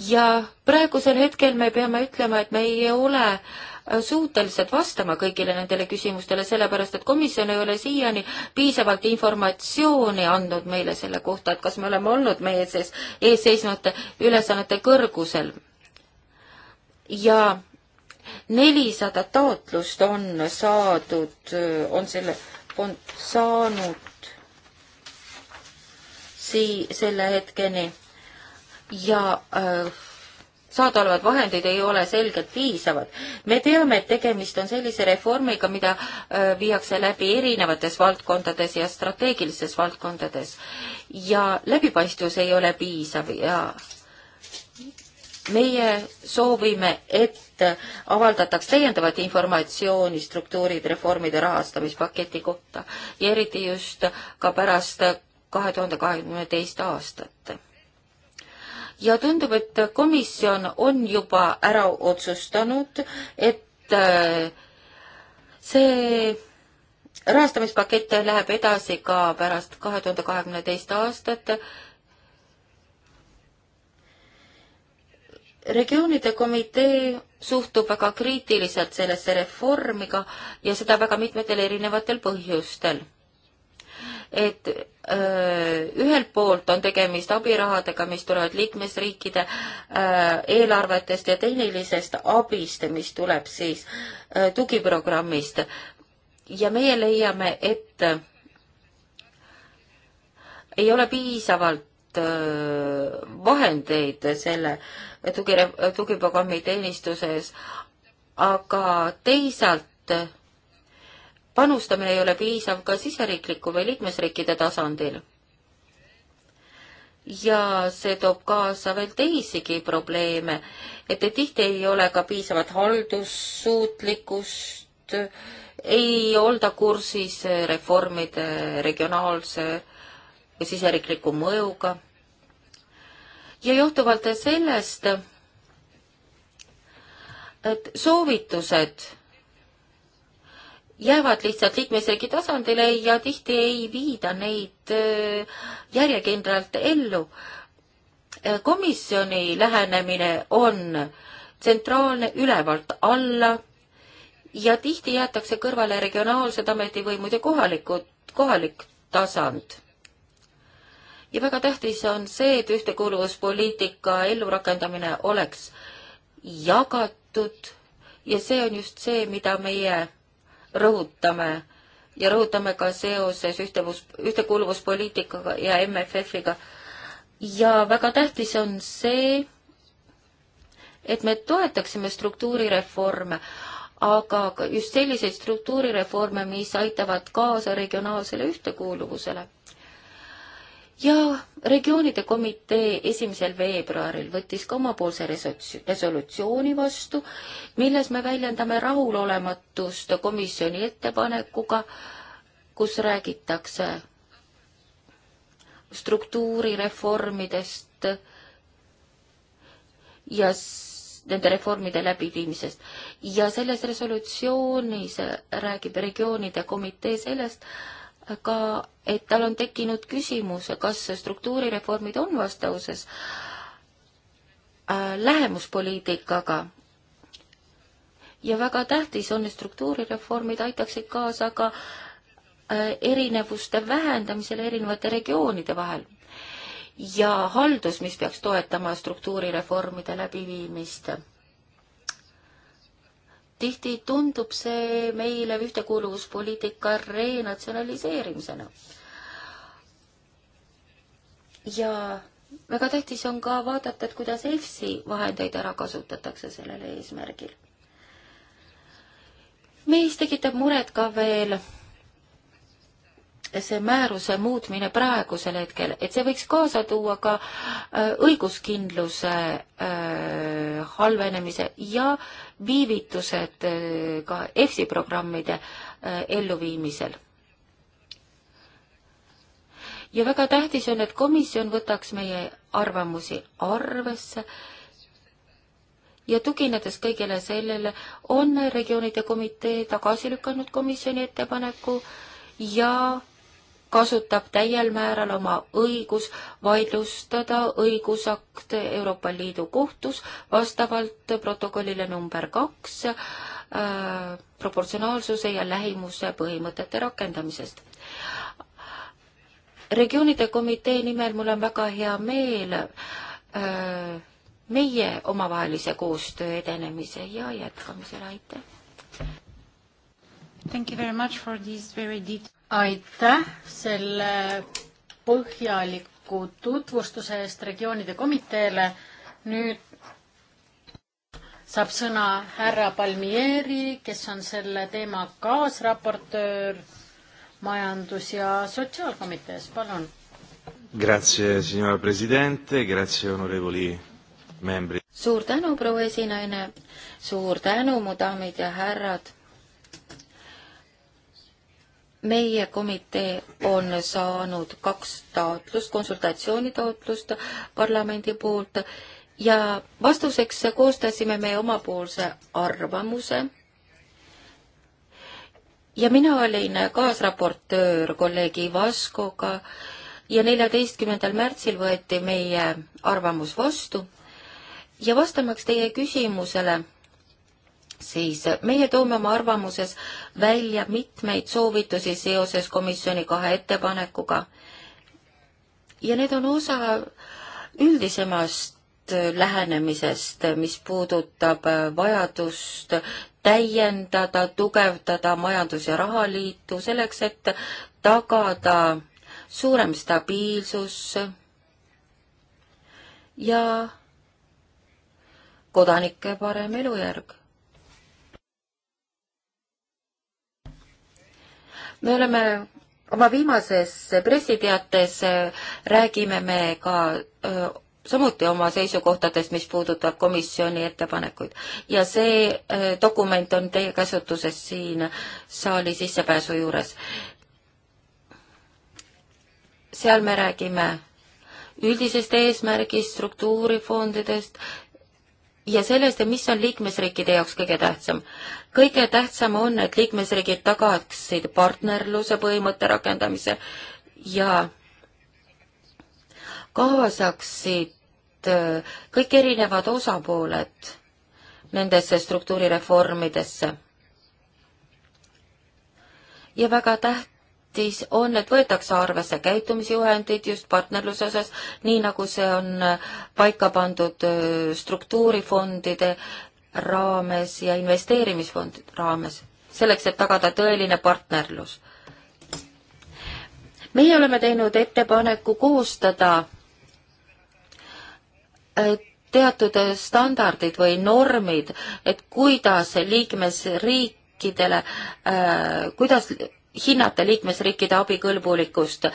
D: ja praegusel hetkel me peame ütlema, et me ei ole äh, suutelised vastama kõigile nendele küsimustele, sellepärast et komisjon ei ole siiani piisavalt informatsiooni andnud meile selle kohta, et kas me oleme olnud meie sees eesseisvate ülesannete kõrgusel. ja nelisada taotlust on saadud, äh, on selle on saanud sii-, selle hetkeni ja äh, saadaolevad vahendid ei ole selgelt piisavad. me teame, et tegemist on sellise reformiga, mida äh, viiakse läbi erinevates valdkondades ja strateegilistes valdkondades ja läbipaistvus ei ole piisav ja meie soovime, et avaldataks täiendavat informatsiooni struktuuride reformide rahastamispaketi kohta ja eriti just ka pärast kahe tuhande kahekümne teist aastat. ja tundub, et komisjon on juba ära otsustanud, et äh, see rahastamispakett läheb edasi ka pärast kahe tuhande kahekümne teist aastat regioonide komitee suhtub väga kriitiliselt sellesse reformiga ja seda väga mitmetel erinevatel põhjustel. et öö, ühelt poolt on tegemist abirahadega, mis tulevad liikmesriikide öö, eelarvetest ja tehnilisest abist, mis tuleb siis öö, tugiprogrammist. ja meie leiame, et öö, ei ole piisavalt öö, vahendeid selle öö, tugi, tugiprogrammi teenistuses, aga teisalt panustamine ei ole piisav ka siseriikliku või liikmesriikide tasandil. ja see toob kaasa veel teisigi probleeme, et tihti ei ole ka piisavat haldussuutlikkust, ei olda kursis reformide regionaalse ja siseriikliku mõjuga ja johtuvalt sellest, et soovitused jäävad lihtsalt liikmesriigi tasandile ja tihti ei viida neid äh, järjekindlalt ellu. Äh, komisjoni lähenemine on tsentraalne ülevalt alla ja tihti jäetakse kõrvale regionaalsed ametivõimud ja kohalikud, kohalik tasand ja väga tähtis on see, et ühtekuuluvuspoliitika ellurakendamine oleks jagatud ja see on just see, mida meie rõhutame ja rõhutame ka seoses ühtevus, ühtekuuluvuspoliitikaga ja MFF-iga. ja väga tähtis on see, et me toetaksime struktuurireforme, aga just selliseid struktuurireforme, mis aitavad kaasa regionaalsele ühtekuuluvusele ja regioonide komitee esimesel veebruaril võttis ka omapoolse resolutsiooni vastu, milles me väljendame rahulolematust komisjoni ettepanekuga, kus räägitakse struktuurireformidest ja nende reformide läbiviimisest. ja selles resolutsioonis räägib regioonide komitee sellest, ka, et tal on tekkinud küsimus, kas struktuurireformid on vastavuses äh, lähemuspoliitikaga. ja väga tähtis on, et struktuurireformid aitaksid kaasa ka äh, erinevuste vähendamisele erinevate regioonide vahel ja haldus, mis peaks toetama struktuurireformide läbiviimist tihti tundub see meile ühtekuuluvuspoliitika renatsionaliseerimisena. ja väga tähtis on ka vaadata, et kuidas EFSI vahendeid ära kasutatakse sellel eesmärgil. meis tekitab muret ka veel see määruse muutmine praegusel hetkel, et see võiks kaasa tuua ka äh, õiguskindluse äh, halvenemise ja viivitused äh, ka EFSI programmide elluviimisel ja väga tähtis on, et komisjon võtaks meie arvamusi arvesse ja tuginedes kõigele sellele, on regioonide komitee tagasi lükanud komisjoni ettepaneku ja kasutab täiel määral oma õigus vaidlustada õigusakt Euroopa Liidu kohtus vastavalt protokollile number kaks äh, proportsionaalsuse ja lähimuse põhimõtete rakendamisest. regioonide komitee nimel mul on väga hea meel äh, meie omavahelise koostöö edenemise ja jätkamisele, aitäh!
A: aitäh
E: selle põhjaliku tutvustuse eest regioonide komiteele. nüüd saab sõna härra Palmieri, kes on selle teema kaasraportöör majandus-
D: ja sotsiaalkomitees, palun.
C: Grazie, signora presidente, grazie onorevoli membri.
D: suur tänu, proua esinaine, suur tänu, mu daamid ja härrad meie komitee on saanud kaks taotlust, konsultatsioonitaotlust parlamendi poolt ja vastuseks koostasime me omapoolse arvamuse. ja mina olin kaasraportöör kolleeg Ivaskoga ja neljateistkümnendal märtsil võeti meie arvamus vastu ja vastamaks teie küsimusele siis meie toome oma arvamuses välja mitmeid soovitusi seoses komisjoni kahe ettepanekuga. ja need on osa üldisemast lähenemisest, mis puudutab vajadust täiendada, tugevdada Majandus- ja Rahaliitu selleks, et tagada suurem stabiilsus ja kodanike parem elujärg me oleme oma viimases pressiteates äh, räägime me ka öö, äh, samuti oma seisukohtadest, mis puudutab komisjoni ettepanekuid. ja see öö, äh, dokument on teie käsutuses siin saali sissepääsu juures. seal me räägime üldisest eesmärgist, struktuurifondidest ja sellest, mis on liikmesriikide jaoks kõige tähtsam kõige tähtsam on, et liikmesriigid tagaksid partnerluse põhimõtte rakendamise ja kaasaksid äh, kõik erinevad osapooled nendesse struktuurireformidesse. ja väga tähtis on, et võetakse arvesse käitumisjuhendid just partnerluse osas, nii nagu see on paika pandud äh, struktuurifondide raames ja investeerimisfond raames, selleks, et tagada tõeline partnerlus. meie oleme teinud ettepaneku koostada äh, teatud standardid või normid, et kuidas liikmesriikidele, äh, kuidas hinnata liikmesriikide abikõlbulikkust,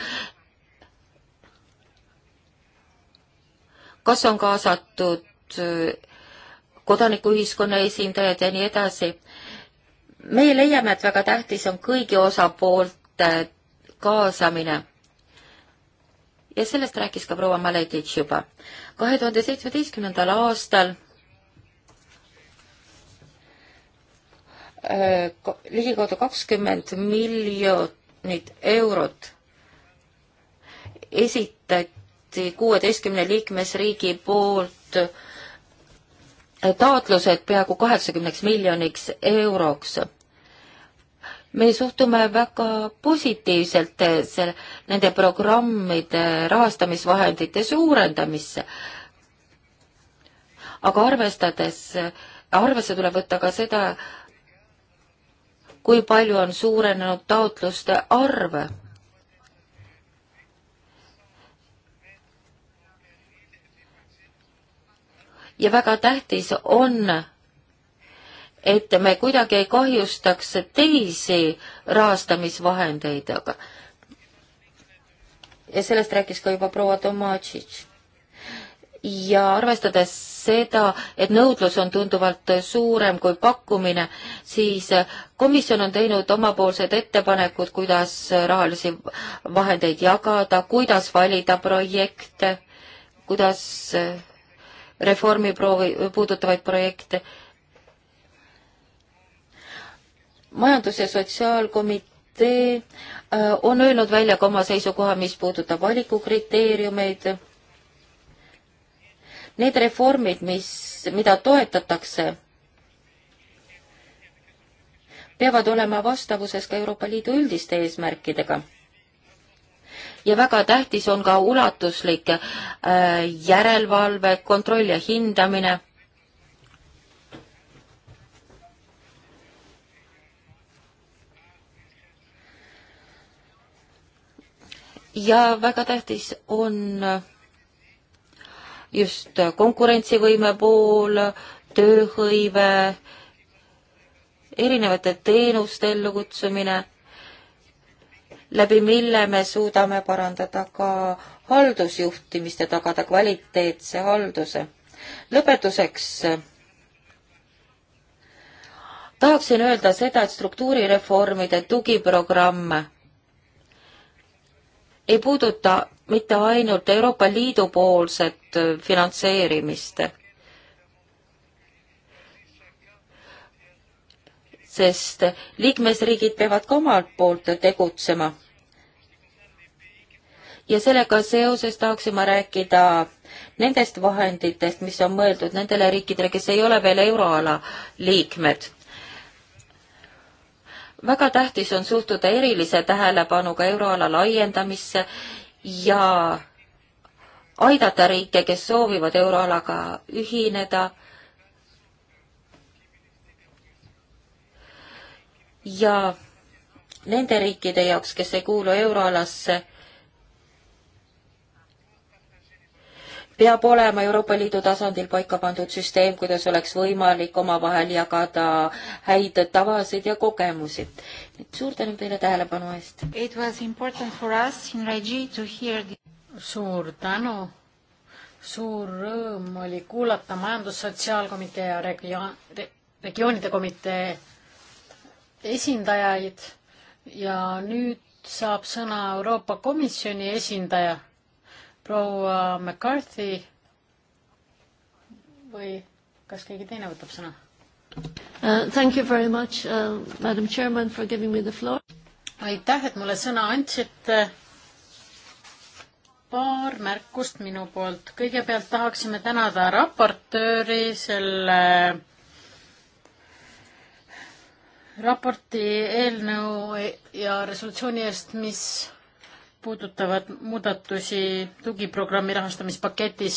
D: kas on kaasatud äh, kodanikuühiskonna esindajad ja nii edasi. meie leiame, et väga tähtis on kõigi osapoolte äh, kaasamine. ja sellest rääkis ka proua Maletitš juba. kahe tuhande seitsmeteistkümnendal aastal äh, ligikaudu kakskümmend miljonit eurot esitati kuueteistkümne liikmesriigi poolt äh, taotlused peaaegu kaheksakümneks miljoniks euroks. me suhtume väga positiivselt selle, nende programmide rahastamisvahendite suurendamisse. aga arvestades, arvesse tuleb võtta ka seda, kui palju on suurenenud taotluste arv ja väga tähtis on, et me kuidagi ei kahjustaks teisi rahastamisvahendeid, aga ja sellest rääkis ka juba proua Tomatšitš. ja arvestades seda, et nõudlus on tunduvalt suurem kui pakkumine, siis komisjon on teinud omapoolsed ettepanekud, kuidas rahalisi vahendeid jagada, kuidas valida projekte, kuidas reformiproovi puudutavaid projekte. majandus- ja sotsiaalkomitee äh, on öelnud välja ka oma seisukoha, mis puudutab valikukriteeriumeid. Need reformid, mis, mida toetatakse, peavad olema vastavuses ka Euroopa Liidu üldiste eesmärkidega ja väga tähtis on ka ulatuslik äh, järelevalve, kontroll ja hindamine. ja väga tähtis on just konkurentsivõime pool, tööhõive, erinevate teenuste ellukutsumine läbi mille me suudame parandada ka haldusjuhtimist ja tagada kvaliteetse halduse. lõpetuseks tahaksin öelda seda, et struktuurireformide tugiprogramm ei puuduta mitte ainult Euroopa Liidu poolset finantseerimist sest liikmesriigid peavad ka omalt poolt tegutsema. ja sellega seoses tahaksin ma rääkida nendest vahenditest, mis on mõeldud nendele riikidele, kes ei ole veel euroala liikmed väga tähtis on suhtuda erilise tähelepanuga euroala laiendamisse ja aidata riike, kes soovivad euroalaga ühineda ja nende riikide jaoks, kes ei kuulu euroalasse, peab olema Euroopa Liidu tasandil paika pandud süsteem, kuidas oleks võimalik omavahel jagada häid tavasid ja kogemusi. suur tänu teile tähelepanu eest!
E: suur tänu! suur rõõm oli kuulata Majandus-Sotsiaalkomitee ja regioon, regioonide komitee esindajaid ja nüüd saab sõna Euroopa Komisjoni esindaja proua McCarthy või kas keegi teine võtab sõna uh,? Thank you very much uh,, madam chairman for giving me the floor. aitäh, et mulle sõna andsite. paar märkust minu poolt. kõigepealt tahaksime tänada raportööri selle raporti eelnõu ja resolutsiooni eest, mis puudutavad muudatusi tugiprogrammi rahastamispaketis.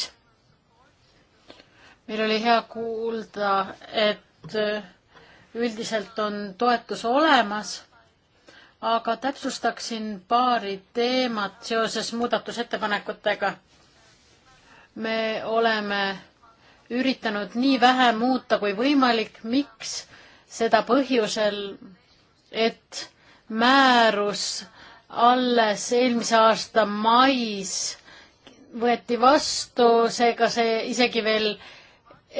E: meil oli hea kuulda, et üldiselt on toetus olemas, aga täpsustaksin paari teemat seoses muudatusettepanekutega. me oleme üritanud nii vähe muuta kui võimalik, miks seda põhjusel, et määrus alles eelmise aasta mais võeti vastu, seega see isegi veel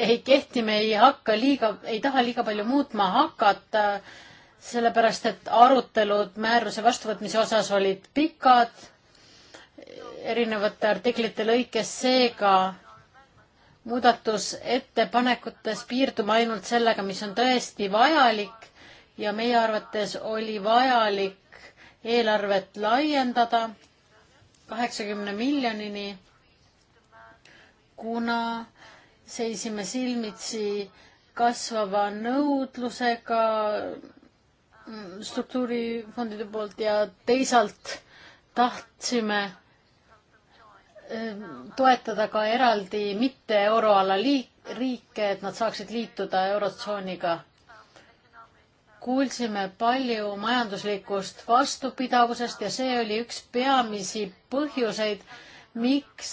E: ei kehti, me ei hakka liiga, ei taha liiga palju muutma hakata, sellepärast et arutelud määruse vastuvõtmise osas olid pikad erinevate artiklite lõikes, seega muudatusettepanekutes piirduma ainult sellega, mis on tõesti vajalik ja meie arvates oli vajalik eelarvet laiendada kaheksakümne miljonini, kuna seisime silmitsi kasvava nõudlusega struktuurifondide poolt ja teisalt tahtsime Äh, toetada ka eraldi mitte euroala riike, et nad saaksid liituda eurotsooniga. kuulsime palju majanduslikust vastupidavusest ja see oli üks peamisi põhjuseid, miks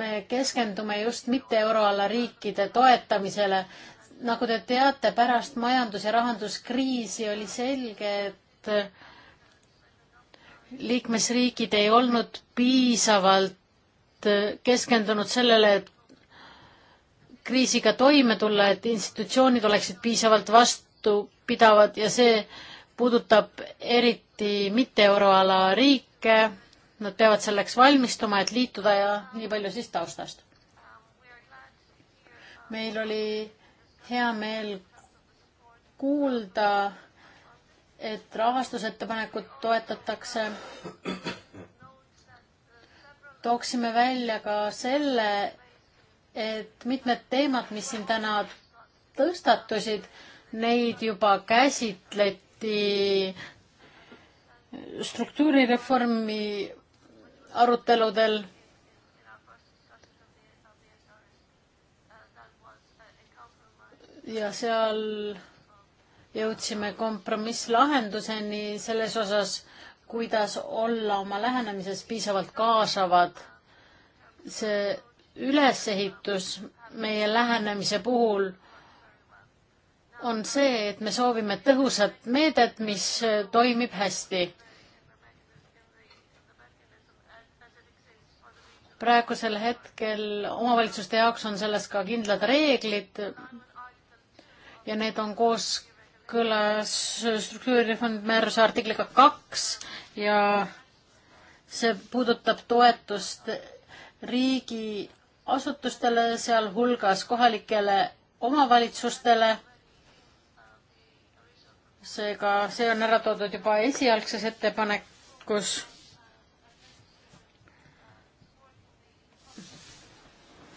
E: me keskendume just mitte euroala riikide toetamisele. nagu te teate, pärast majandus- ja rahanduskriisi oli selge, et liikmesriigid ei olnud piisavalt Äh, keskendunud sellele, et kriisiga toime tulla, et institutsioonid oleksid piisavalt vastupidavad ja see puudutab eriti mitte euroala riike. Nad peavad selleks valmistuma, et liituda ja nii palju siis taustast. meil oli hea meel kuulda, et rahastusettepanekut toetatakse tooksime välja ka selle, et mitmed teemad, mis siin täna tõstatusid, neid juba käsitleti struktuurireformi aruteludel. ja seal jõudsime kompromisslahenduseni selles osas kuidas olla oma lähenemises piisavalt kaasavad. see ülesehitus meie lähenemise puhul on see, et me soovime tõhusat meedet, mis toimib hästi. praegusel hetkel omavalitsuste jaoks on selles ka kindlad reeglid ja need on koos kooskõlas struktuurifond määruse artikliga kaks ja see puudutab toetust riigiasutustele, sealhulgas kohalikele omavalitsustele. seega see on ära toodud juba esialgses ettepanekus.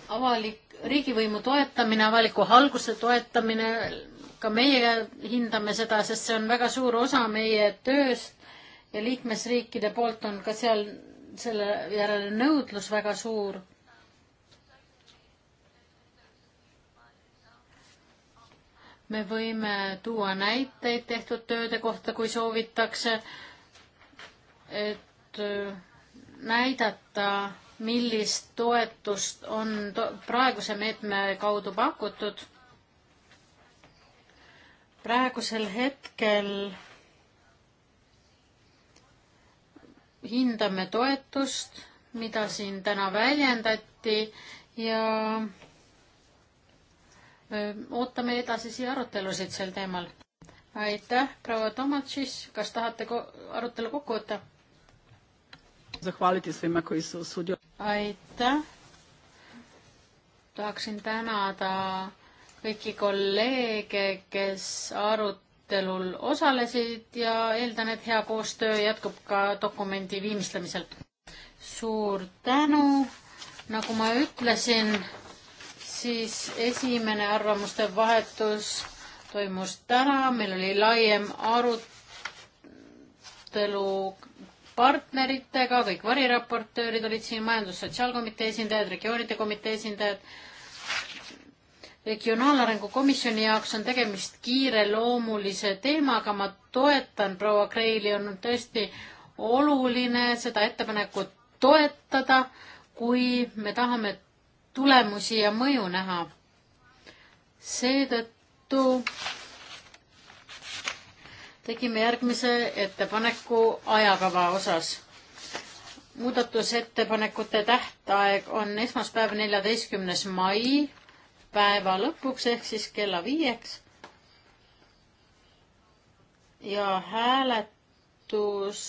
E: avalik, riigivõimu toetamine, avaliku halduse toetamine ka meie hindame seda, sest see on väga suur osa meie tööst ja liikmesriikide poolt on ka seal selle järele nõudlus väga suur. me võime tuua näiteid tehtud tööde kohta, kui soovitakse, et äh, näidata, millist toetust on praeguse meetme kaudu pakutud praegusel hetkel hindame toetust, mida siin täna väljendati ja ootame edasisi arutelusid sel teemal. aitäh, proua Tomatšis, kas tahate ko arutelu kokku võtta? aitäh, tahaksin tänada kõiki kolleege, kes arutelul osalesid ja eeldan, et hea koostöö jätkub ka dokumendi viimistlemisel. suur tänu, nagu ma ütlesin, siis esimene arvamuste vahetus toimus täna, meil oli laiem arutelu partneritega, kõik variraportöörid olid siin, majandus-sotsiaalkomitee esindajad, regioonide komitee esindajad regionaalarengu komisjoni jaoks on tegemist kiireloomulise teemaga, ma toetan proua Kreili, on tõesti oluline seda ettepanekut toetada, kui me tahame tulemusi ja mõju näha. seetõttu tegime järgmise ettepaneku ajakava osas. muudatusettepanekute tähtaeg on esmaspäev, neljateistkümnes mai päeva lõpuks ehk siis kella viieks. ja hääletus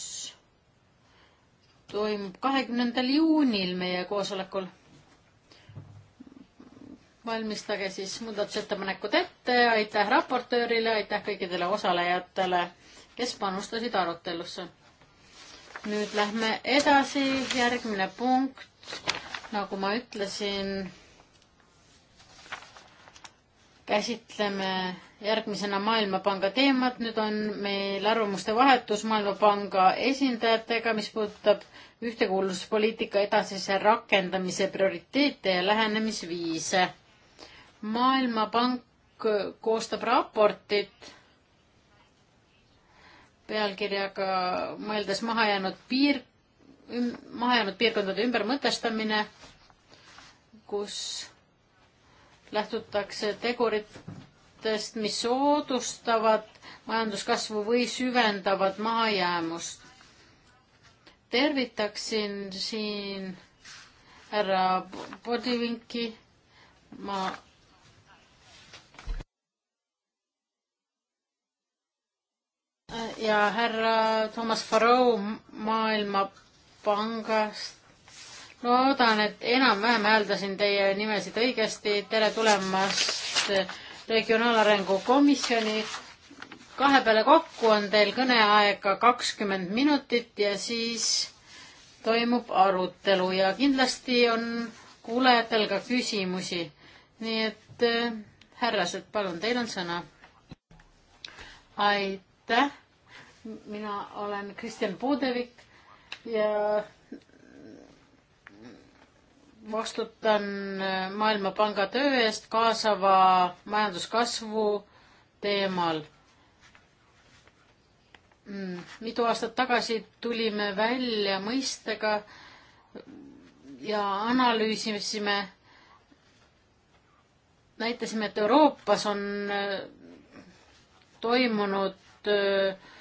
E: toimub kahekümnendal juunil meie koosolekul. valmistage siis muudatusettepanekud ette, aitäh raportöörile, aitäh kõikidele osalejatele, kes panustasid arutelusse. nüüd lähme edasi, järgmine punkt, nagu ma ütlesin käsitleme järgmisena Maailmapanga teemat, nüüd on meil arvamuste vahetus Maailmapanga esindajatega, mis puudutab ühtekuuluvuspoliitika edasise rakendamise prioriteete ja lähenemisviise. maailmapank koostab raportit pealkirjaga Mõeldes mahajäänud piir, mahajäänud piirkondade ümbermõtestamine, kus lähtutakse teguritest, mis soodustavad majanduskasvu või süvendavad mahajäämust. tervitaksin siin härra Podivinki, ma ja härra Thomas Farrow Maailmapangast loodan, et enam-vähem hääldasin teie nimesid õigesti. tere tulemast Regionaalarengu Komisjoni. kahe peale kokku on teil kõneaega kakskümmend minutit ja siis toimub arutelu ja kindlasti on kuulajatel ka küsimusi. nii et äh, härrased, palun, teil on sõna. aitäh. mina olen Kristjan Puudevik ja vastutan äh, Maailmapanga töö eest kaasava majanduskasvu teemal. Mm, mitu aastat tagasi tulime välja mõistega ja analüüsisime, näitasime, et Euroopas on äh, toimunud äh,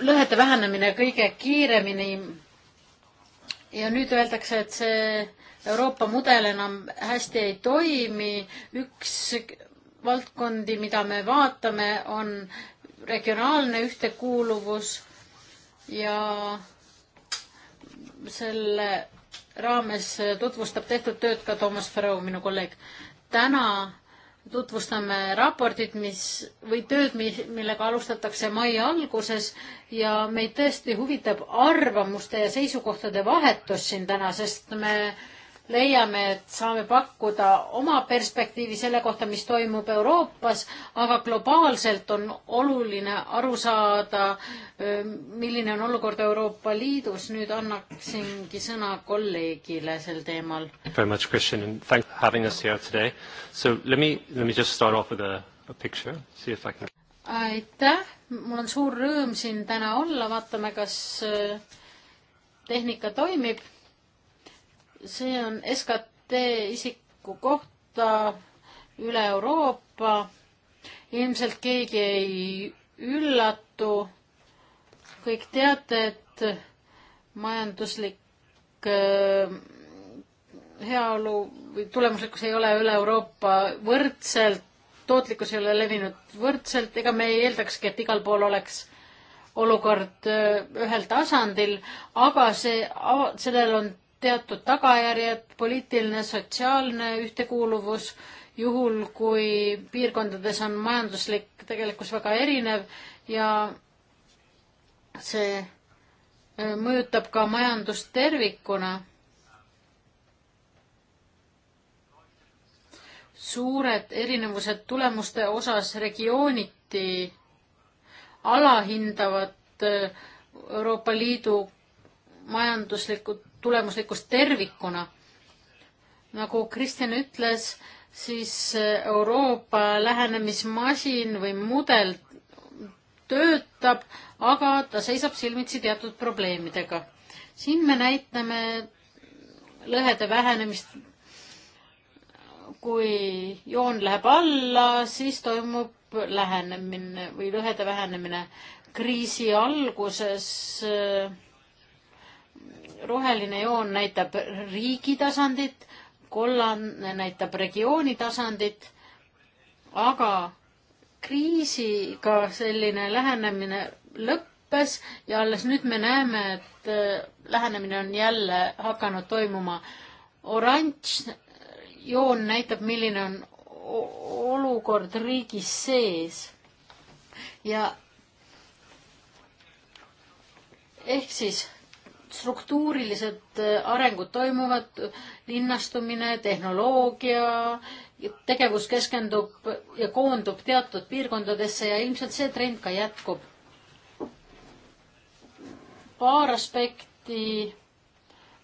E: lõhede vähenemine kõige kiiremini ja nüüd öeldakse, et see Euroopa mudel enam hästi ei toimi. üks valdkondi, mida me vaatame, on regionaalne ühtekuuluvus ja selle raames tutvustab tehtud tööd ka Toomas Ferro, minu kolleeg. täna tutvustame raportit, mis või tööd, millega alustatakse mai alguses ja meid tõesti huvitab arvamuste ja seisukohtade vahetus siin täna, sest me äh, leiame, et saame pakkuda oma perspektiivi selle kohta, mis toimub Euroopas, aga globaalselt on oluline aru saada, milline on olukord Euroopa Liidus. nüüd annaksingi sõna kolleegile sel teemal.
C: Very much, Christian, and thanks for having us here today. So let me, let me just start off with a, a picture, see if I can.
E: aitäh, mul on suur rõõm siin täna olla, vaatame, kas tehnika toimib see on SKT isiku kohta üle Euroopa. ilmselt keegi ei üllatu. kõik teate, et majanduslik äh, heaolu või tulemuslikkus ei ole üle Euroopa võrdselt, tootlikkus ei ole levinud võrdselt, ega me ei eeldakski, et igal pool oleks olukord äh, ühel tasandil, aga see, sellel on teatud tagajärjed, poliitiline, sotsiaalne ühtekuuluvus, juhul kui piirkondades on majanduslik tegelikkus väga erinev ja see äh, mõjutab ka majandust tervikuna suured erinevused tulemuste osas regiooniti alahindavad äh, Euroopa Liidu majanduslikku tulemuslikkust tervikuna. nagu Kristjan ütles, siis Euroopa lähenemismasin või mudel töötab, aga ta seisab silmitsi teatud probleemidega. siin me näitame lõhede vähenemist. kui joon läheb alla, siis toimub lähenemine või lõhede vähenemine. kriisi alguses äh, roheline joon näitab riigi tasandit, kollane näitab regiooni tasandit, aga kriisiga selline lähenemine lõppes ja alles nüüd me näeme, et äh, lähenemine on jälle hakanud toimuma. oranž joon näitab, milline on olukord riigis sees ja ehk siis struktuurilised äh, arengud toimuvad, linnastumine, tehnoloogia, tegevus keskendub ja koondub teatud piirkondadesse ja ilmselt see trend ka jätkub. paar aspekti,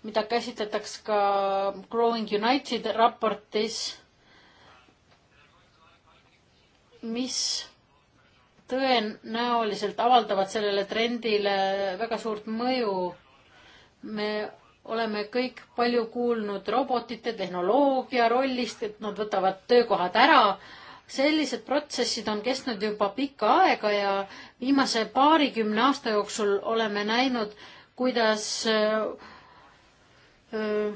E: mida käsitletakse ka Growing United raportis, mis tõenäoliselt avaldavad sellele trendile väga suurt mõju me oleme kõik palju kuulnud robotite tehnoloogia rollist, et nad võtavad töökohad ära. sellised protsessid on kestnud juba pikka aega ja viimase paarikümne aasta jooksul oleme näinud, kuidas äh, äh,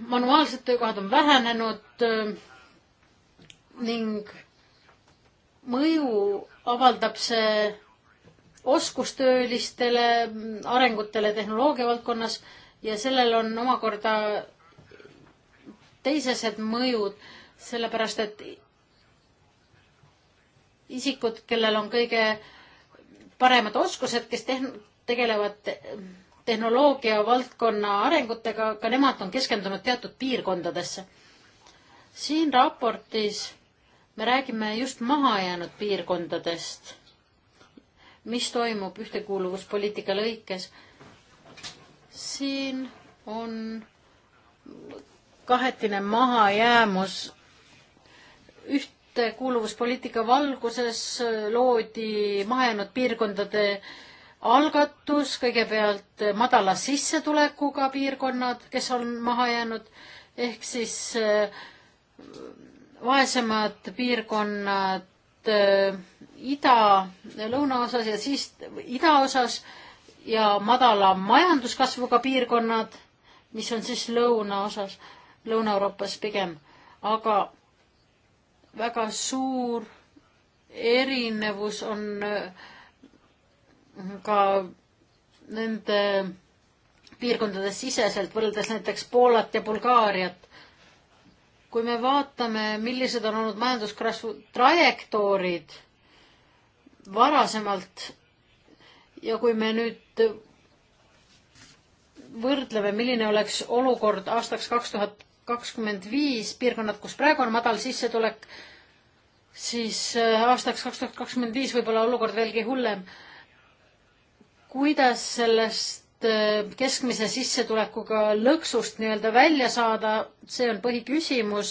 E: manuaalsed töökohad on vähenenud äh, ning mõju avaldab see oskustöölistele arengutele tehnoloogia valdkonnas ja sellel on omakorda teisesed mõjud, sellepärast et isikud, kellel on kõige paremad oskused, kes tehn-, tegelevad tehnoloogia valdkonna arengutega, ka nemad on keskendunud teatud piirkondadesse. siin raportis me räägime just mahajäänud piirkondadest mis toimub ühtekuuluvuspoliitika lõikes. siin on kahetine mahajäämus. ühtekuuluvuspoliitika valguses loodi mahajäänud piirkondade algatus, kõigepealt madala sissetulekuga piirkonnad, kes on maha jäänud, ehk siis äh, vaesemad piirkonnad Äh, ida, lõunaosas ja siis idaosas ja madala majanduskasvuga piirkonnad, mis on siis lõunaosas, Lõuna-Euroopas pigem, aga väga suur erinevus on äh, ka nende piirkondade siseselt võrreldes näiteks Poolat ja Bulgaariat kui me vaatame, millised on olnud majanduskasvu trajektoorid varasemalt ja kui me nüüd võrdleme, milline oleks olukord aastaks kaks tuhat kakskümmend viis, piirkonnad, kus praegu on madal sissetulek, siis äh, aastaks kaks tuhat kakskümmend viis võib-olla olukord veelgi hullem. kuidas sellest Äh, keskmise sissetulekuga lõksust nii-öelda välja saada, see on põhiküsimus.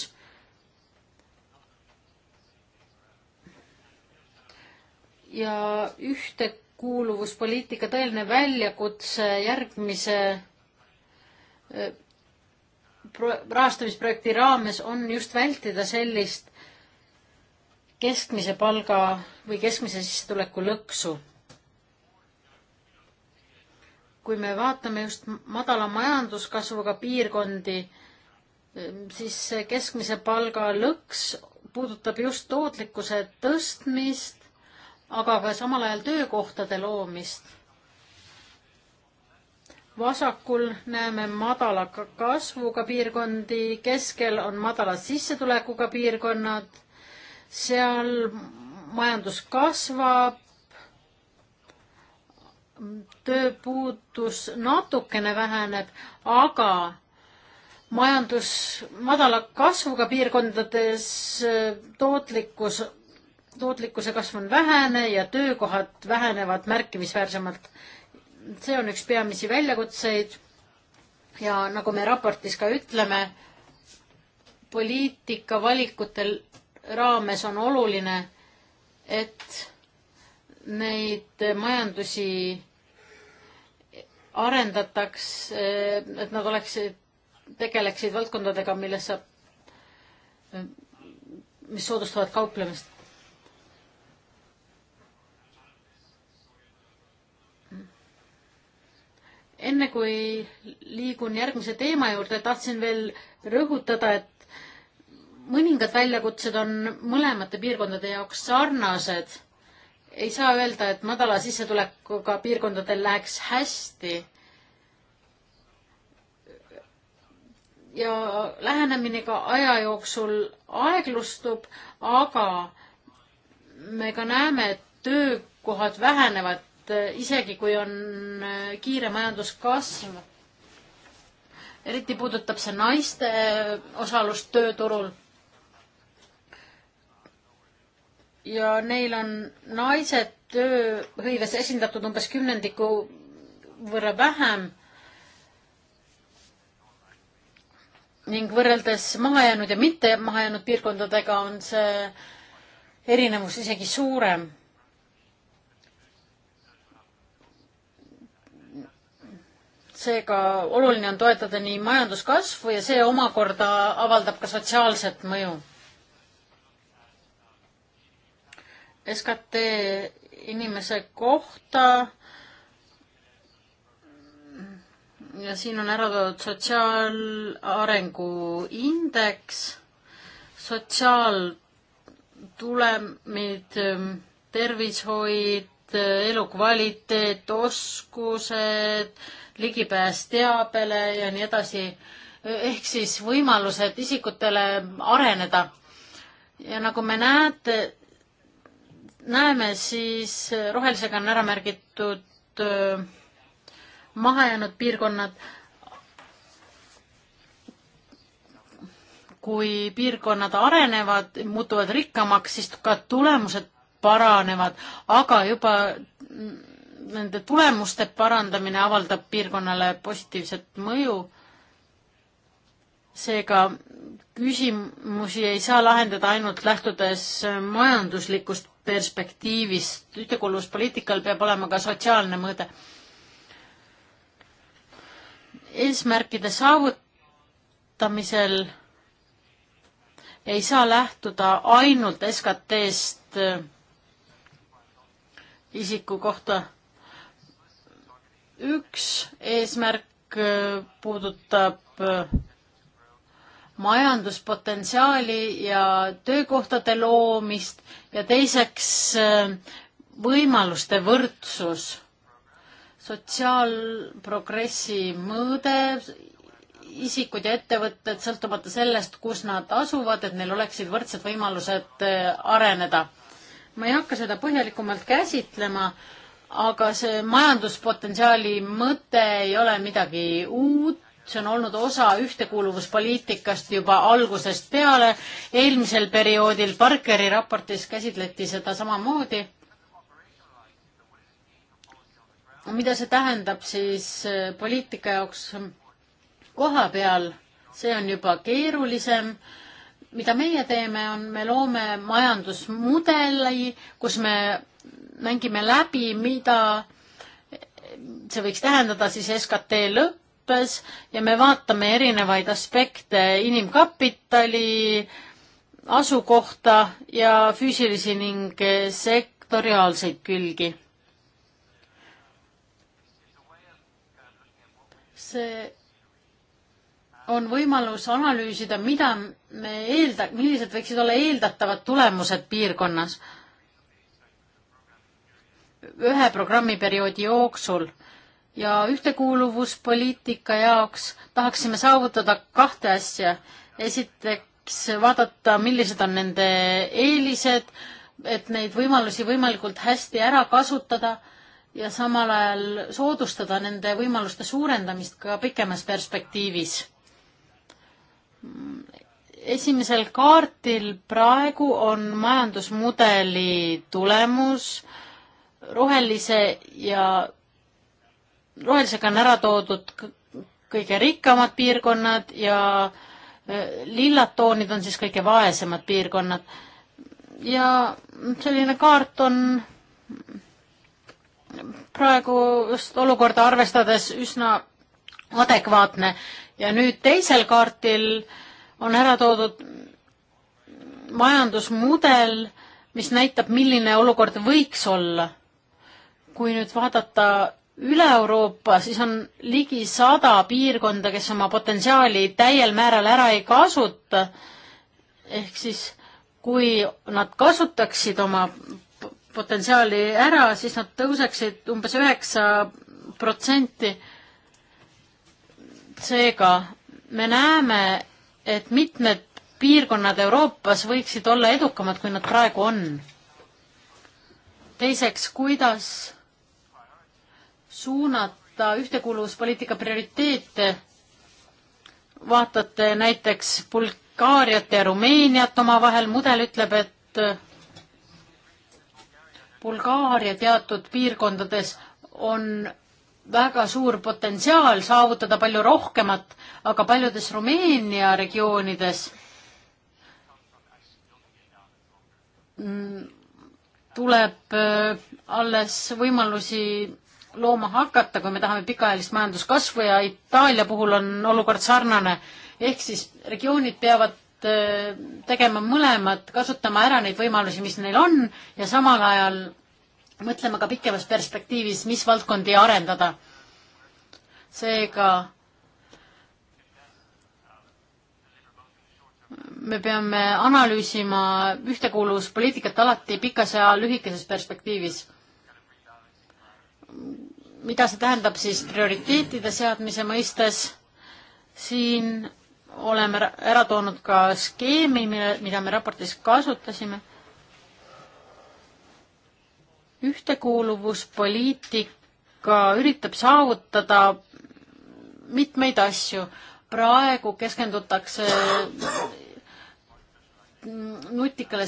E: ja ühtekuuluvuspoliitika tõeline väljakutse järgmise äh, rahastamisprojekti raames on just vältida sellist keskmise palga või keskmise sissetuleku lõksu kui me vaatame just madala majanduskasvuga piirkondi, siis keskmise palga lõks puudutab just tootlikkuse tõstmist, aga ka samal ajal töökohtade loomist. vasakul näeme madala kasvuga piirkondi, keskel on madala sissetulekuga piirkonnad, seal majandus kasvab, tööpuutus natukene väheneb, aga majandus madala kasvuga piirkondades äh, tootlikkus, tootlikkuse kasv on vähene ja töökohad vähenevad märkimisväärsemalt. see on üks peamisi väljakutseid ja nagu me raportis ka ütleme, poliitika valikutel raames on oluline, et neid majandusi arendataks, eh, et nad oleksid, tegeleksid valdkondadega, milles saab, mis soodustavad kauplemist. enne kui liigun järgmise teema juurde, tahtsin veel rõhutada, et mõningad väljakutsed on mõlemate piirkondade jaoks sarnased ei saa öelda, et madala sissetulekuga piirkondadel läheks hästi. ja lähenemine ka aja jooksul aeglustub, aga me ka näeme, et töökohad vähenevad, isegi kui on äh, kiire majanduskasv. eriti puudutab see naiste äh, osalust tööturul ja neil on naised tööhõives esindatud umbes kümnendiku võrra vähem. ning võrreldes mahajäänud ja mitte mahajäänud piirkondadega on see erinevus isegi suurem seega oluline on toetada nii majanduskasvu ja see omakorda avaldab ka sotsiaalset mõju. SKT inimese kohta. ja siin on ära toodud sotsiaalarengu indeks, sotsiaaltulemid, tervishoid, elukvaliteet, oskused, ligipääs teabele ja nii edasi. ehk siis võimalused isikutele areneda. ja nagu me näete, näeme, siis äh, rohelisega on ära märgitud äh, mahajäänud piirkonnad. kui piirkonnad arenevad, muutuvad rikkamaks, siis ka tulemused paranevad, aga juba nende tulemuste parandamine avaldab piirkonnale positiivset mõju seega küsimusi ei saa lahendada ainult lähtudes majanduslikust perspektiivist, ühtekuuluvuspoliitikal peab olema ka sotsiaalne mõõde. eesmärkide saavutamisel ei saa lähtuda ainult SKT-st isiku kohta. üks eesmärk puudutab majanduspotentsiaali ja töökohtade loomist ja teiseks äh, võimaluste võrdsus, sotsiaalprogressi mõõde, isikud ja ettevõtted, sõltumata sellest, kus nad asuvad, et neil oleksid võrdsed võimalused äh, areneda. ma ei hakka seda põhjalikumalt käsitlema, aga see majanduspotentsiaali mõte ei ole midagi uut, see on olnud osa ühtekuuluvuspoliitikast juba algusest peale. eelmisel perioodil Parkeri raportis käsitleti seda samamoodi. mida see tähendab siis äh, poliitika jaoks koha peal, see on juba keerulisem mida meie teeme, on, me loome majandusmudeli, kus me mängime läbi, mida see võiks tähendada siis SKT lõpp, õppes ja me vaatame erinevaid aspekte inimkapitali, asukohta ja füüsilisi ning sektoriaalseid külgi. see on võimalus analüüsida, mida me eelda-, millised võiksid olla eeldatavad tulemused piirkonnas ühe programmiperioodi jooksul ja ühtekuuluvuspoliitika jaoks tahaksime saavutada kahte asja. esiteks vaadata, millised on nende eelised, et neid võimalusi võimalikult hästi ära kasutada ja samal ajal soodustada nende võimaluste suurendamist ka pikemas perspektiivis. esimesel kaardil praegu on majandusmudeli tulemus rohelise ja rohelisega on ära toodud kõige rikkamad piirkonnad ja äh, lillad toonid on siis kõige vaesemad piirkonnad. ja selline kaart on praegust olukorda arvestades üsna adekvaatne ja nüüd teisel kaartil on ära toodud majandusmudel, mis näitab, milline olukord võiks olla. kui nüüd vaadata üle Euroopa, siis on ligi sada piirkonda, kes oma potentsiaali täiel määral ära ei kasuta. ehk siis, kui nad kasutaksid oma potentsiaali ära, siis nad tõuseksid umbes üheksa protsenti. seega me näeme, et mitmed piirkonnad Euroopas võiksid olla edukamad, kui nad praegu on. teiseks, kuidas suunata ühtekuuluvuspoliitika prioriteete. vaatate näiteks Bulgaariat ja Rumeeniat omavahel, mudel ütleb, et Bulgaaria teatud piirkondades on väga suur potentsiaal saavutada palju rohkemat, aga paljudes Rumeenia regioonides mm, tuleb äh, alles võimalusi looma hakata, kui me tahame pikaajalist majanduskasvu ja Itaalia puhul on olukord sarnane. ehk siis regioonid peavad äh, tegema mõlemad, kasutama ära neid võimalusi, mis neil on ja samal ajal mõtlema ka pikemas perspektiivis, mis valdkondi arendada. seega me peame analüüsima ühtekuuluvuspoliitikat alati pikas ja lühikeses perspektiivis mida see tähendab siis prioriteetide seadmise mõistes? siin oleme ära toonud ka skeemi, mille, mida me raportis kasutasime. ühtekuuluvuspoliitika üritab saavutada mitmeid asju. praegu keskendutakse nutikale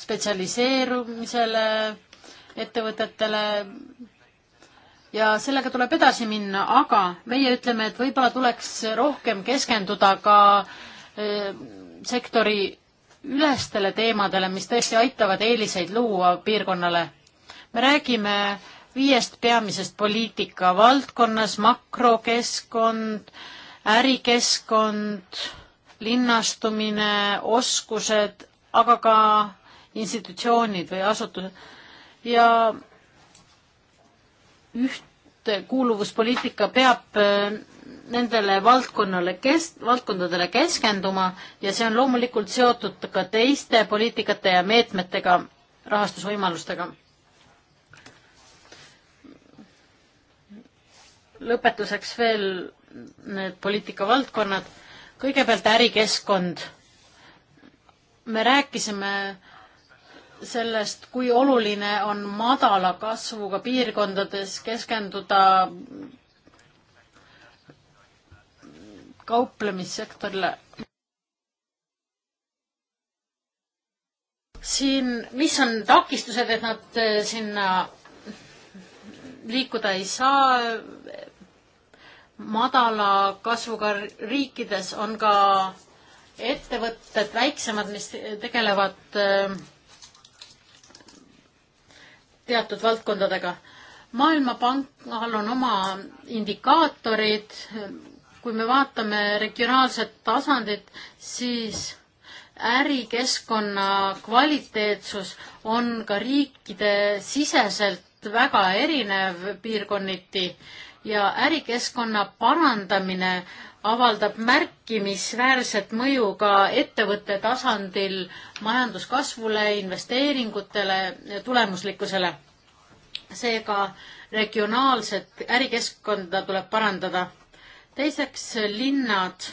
E: spetsialiseerumisele, ettevõtetele, ja sellega tuleb edasi minna, aga meie ütleme, et võib-olla tuleks rohkem keskenduda ka e, sektori ülestele teemadele, mis tõesti aitavad eeliseid luua piirkonnale. me räägime viiest peamisest poliitika valdkonnas, makrokeskkond, ärikeskkond, linnastumine, oskused, aga ka institutsioonid või asutused. ja ühtekuuluvuspoliitika peab äh, nendele valdkonnale kes-, valdkondadele keskenduma ja see on loomulikult seotud ka teiste poliitikate ja meetmetega, rahastusvõimalustega. lõpetuseks veel need poliitikavaldkonnad. kõigepealt ärikeskkond. me rääkisime äh, sellest, kui oluline on madala kasvuga piirkondades keskenduda kauplemissektorile. siin, mis on takistused, et nad eh, sinna liikuda ei saa? madala kasvuga riikides on ka ettevõtted väiksemad, mis tegelevad äh, teatud valdkondadega. maailmapangal on oma indikaatorid, kui me vaatame regionaalset tasandit, siis ärikeskkonna kvaliteetsus on ka riikide siseselt väga erinev piirkonniti ja ärikeskkonna parandamine avaldab märkimisväärset mõju ka ettevõtte tasandil majanduskasvule, investeeringutele, tulemuslikkusele. seega regionaalset ärikeskkonda tuleb parandada. teiseks linnad.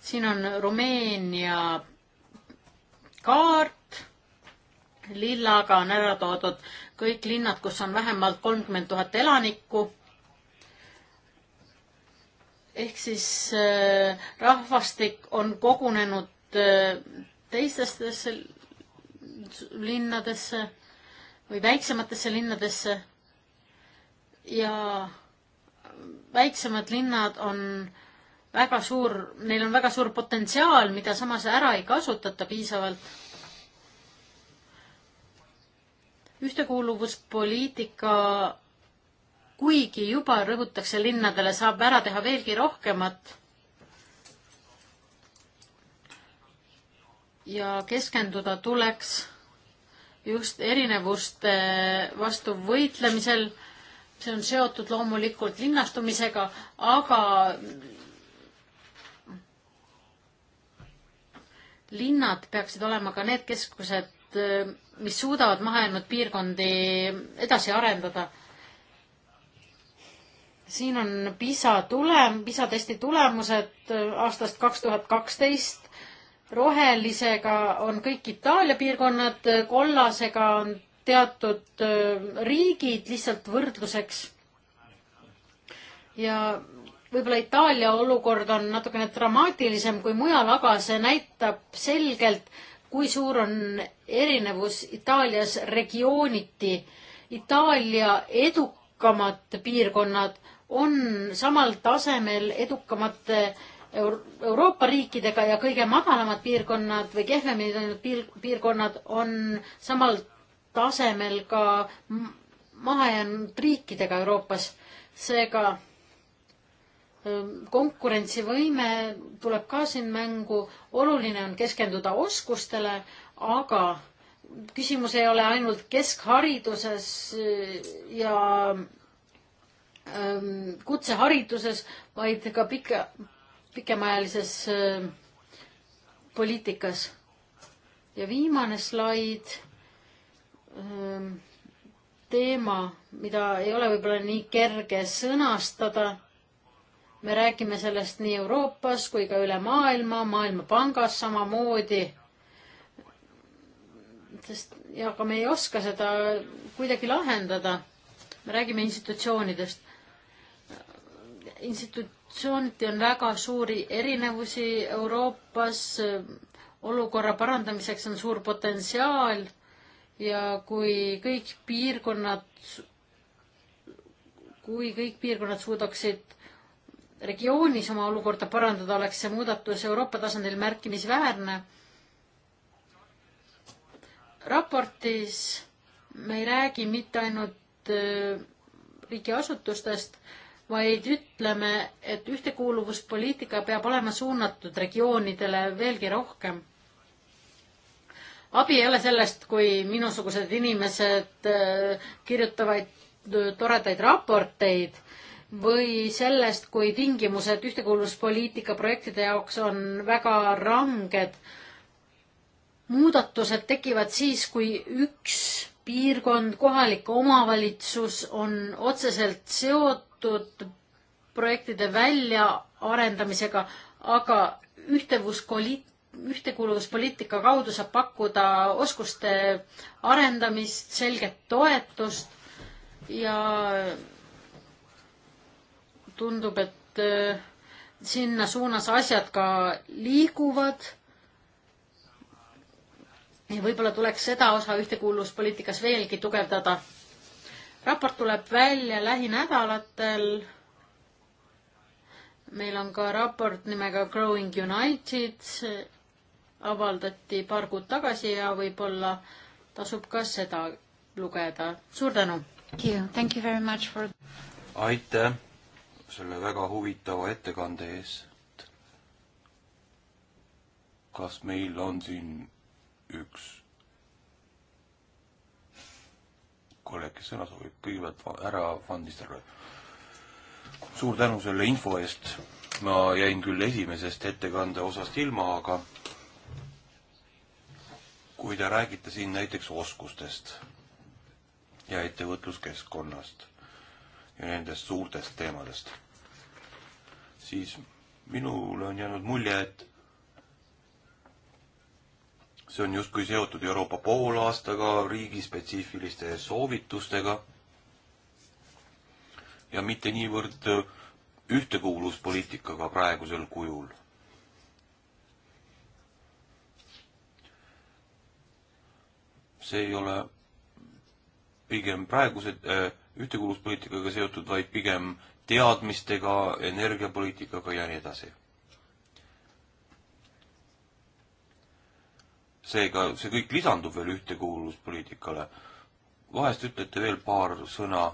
E: siin on Rumeenia kaart. lillaga on ära toodud kõik linnad, kus on vähemalt kolmkümmend tuhat elanikku ehk siis äh, rahvastik on kogunenud äh, teistesse linnadesse või väiksematesse linnadesse ja väiksemad linnad on väga suur, neil on väga suur potentsiaal, mida samas ära ei kasutata piisavalt. ühtekuuluvuspoliitika kuigi juba rõhutakse linnadele, saab ära teha veelgi rohkemat. ja keskenduda tuleks just erinevuste vastu võitlemisel. see on seotud loomulikult linnastumisega, aga linnad peaksid olema ka need keskused, mis suudavad mahajäänud piirkondi edasi arendada siin on PISA tulem, PISA testi tulemused aastast kaks tuhat kaksteist. rohelisega on kõik Itaalia piirkonnad, kollasega on teatud äh, riigid lihtsalt võrdluseks. ja võib-olla Itaalia olukord on natukene dramaatilisem kui mujal, aga see näitab selgelt, kui suur on erinevus Itaalias regiooniti. Itaalia edukamad piirkonnad on samal tasemel edukamate Euroopa riikidega ja kõige madalamad piirkonnad või kehvemini läinud piir, piirkonnad on samal tasemel ka mahajäänud riikidega Euroopas. seega ähm, konkurentsivõime tuleb ka siin mängu, oluline on keskenduda oskustele, aga küsimus ei ole ainult keskhariduses äh, ja Ähm, kutsehariduses, vaid ka pika, pikemaajalises ähm, poliitikas. ja viimane slaid, ähm, teema, mida ei ole võib-olla nii kerge sõnastada. me räägime sellest nii Euroopas kui ka üle maailma, Maailmapangas samamoodi. sest, ja aga me ei oska seda kuidagi lahendada. me räägime institutsioonidest institutsiooniti on väga suuri erinevusi Euroopas, olukorra parandamiseks on suur potentsiaal ja kui kõik piirkonnad, kui kõik piirkonnad suudaksid regioonis oma olukorda parandada, oleks see muudatus Euroopa tasandil märkimisväärne. raportis me ei räägi mitte ainult äh, riigiasutustest, vaid ütleme, et ühtekuuluvuspoliitika peab olema suunatud regioonidele veelgi rohkem. abi ei ole sellest, kui minusugused inimesed äh, kirjutavad äh, toredaid raporteid või sellest, kui tingimused ühtekuuluvuspoliitika projektide jaoks on väga ranged. muudatused tekivad siis, kui üks piirkond, kohalik omavalitsus on otseselt seotud seotud projektide väljaarendamisega, aga ühtevuskolit-, ühtekuuluvuspoliitika kaudu saab pakkuda oskuste arendamist, selget toetust ja tundub, et äh, sinna suunas asjad ka liiguvad. ja võib-olla tuleks seda osa ühtekuuluvuspoliitikas veelgi tugevdada raport tuleb välja lähinädalatel. meil on ka raport nimega Growing United, avaldati paar kuud tagasi ja võib-olla tasub ka seda lugeda. suur tänu!
A: For...
B: aitäh selle väga huvitava ettekande eest. kas meil on siin üks kolleeg, kes sõna soovib, kõigepealt härra Van Nistelrooy. suur tänu selle info eest, ma jäin küll esimesest ettekande osast ilma, aga kui te räägite siin näiteks oskustest ja ettevõtluskeskkonnast ja nendest suurtest teemadest, siis minule on jäänud mulje, et see on justkui seotud Euroopa poolaastaga, riigispetsiifiliste soovitustega ja mitte niivõrd ühtekuuluvuspoliitikaga praegusel kujul. see ei ole pigem praeguse äh, ühtekuuluvuspoliitikaga seotud, vaid pigem teadmistega, energiapoliitikaga ja nii edasi seega see kõik lisandub veel ühtekuuluvuspoliitikale. vahest ütlete veel paar sõna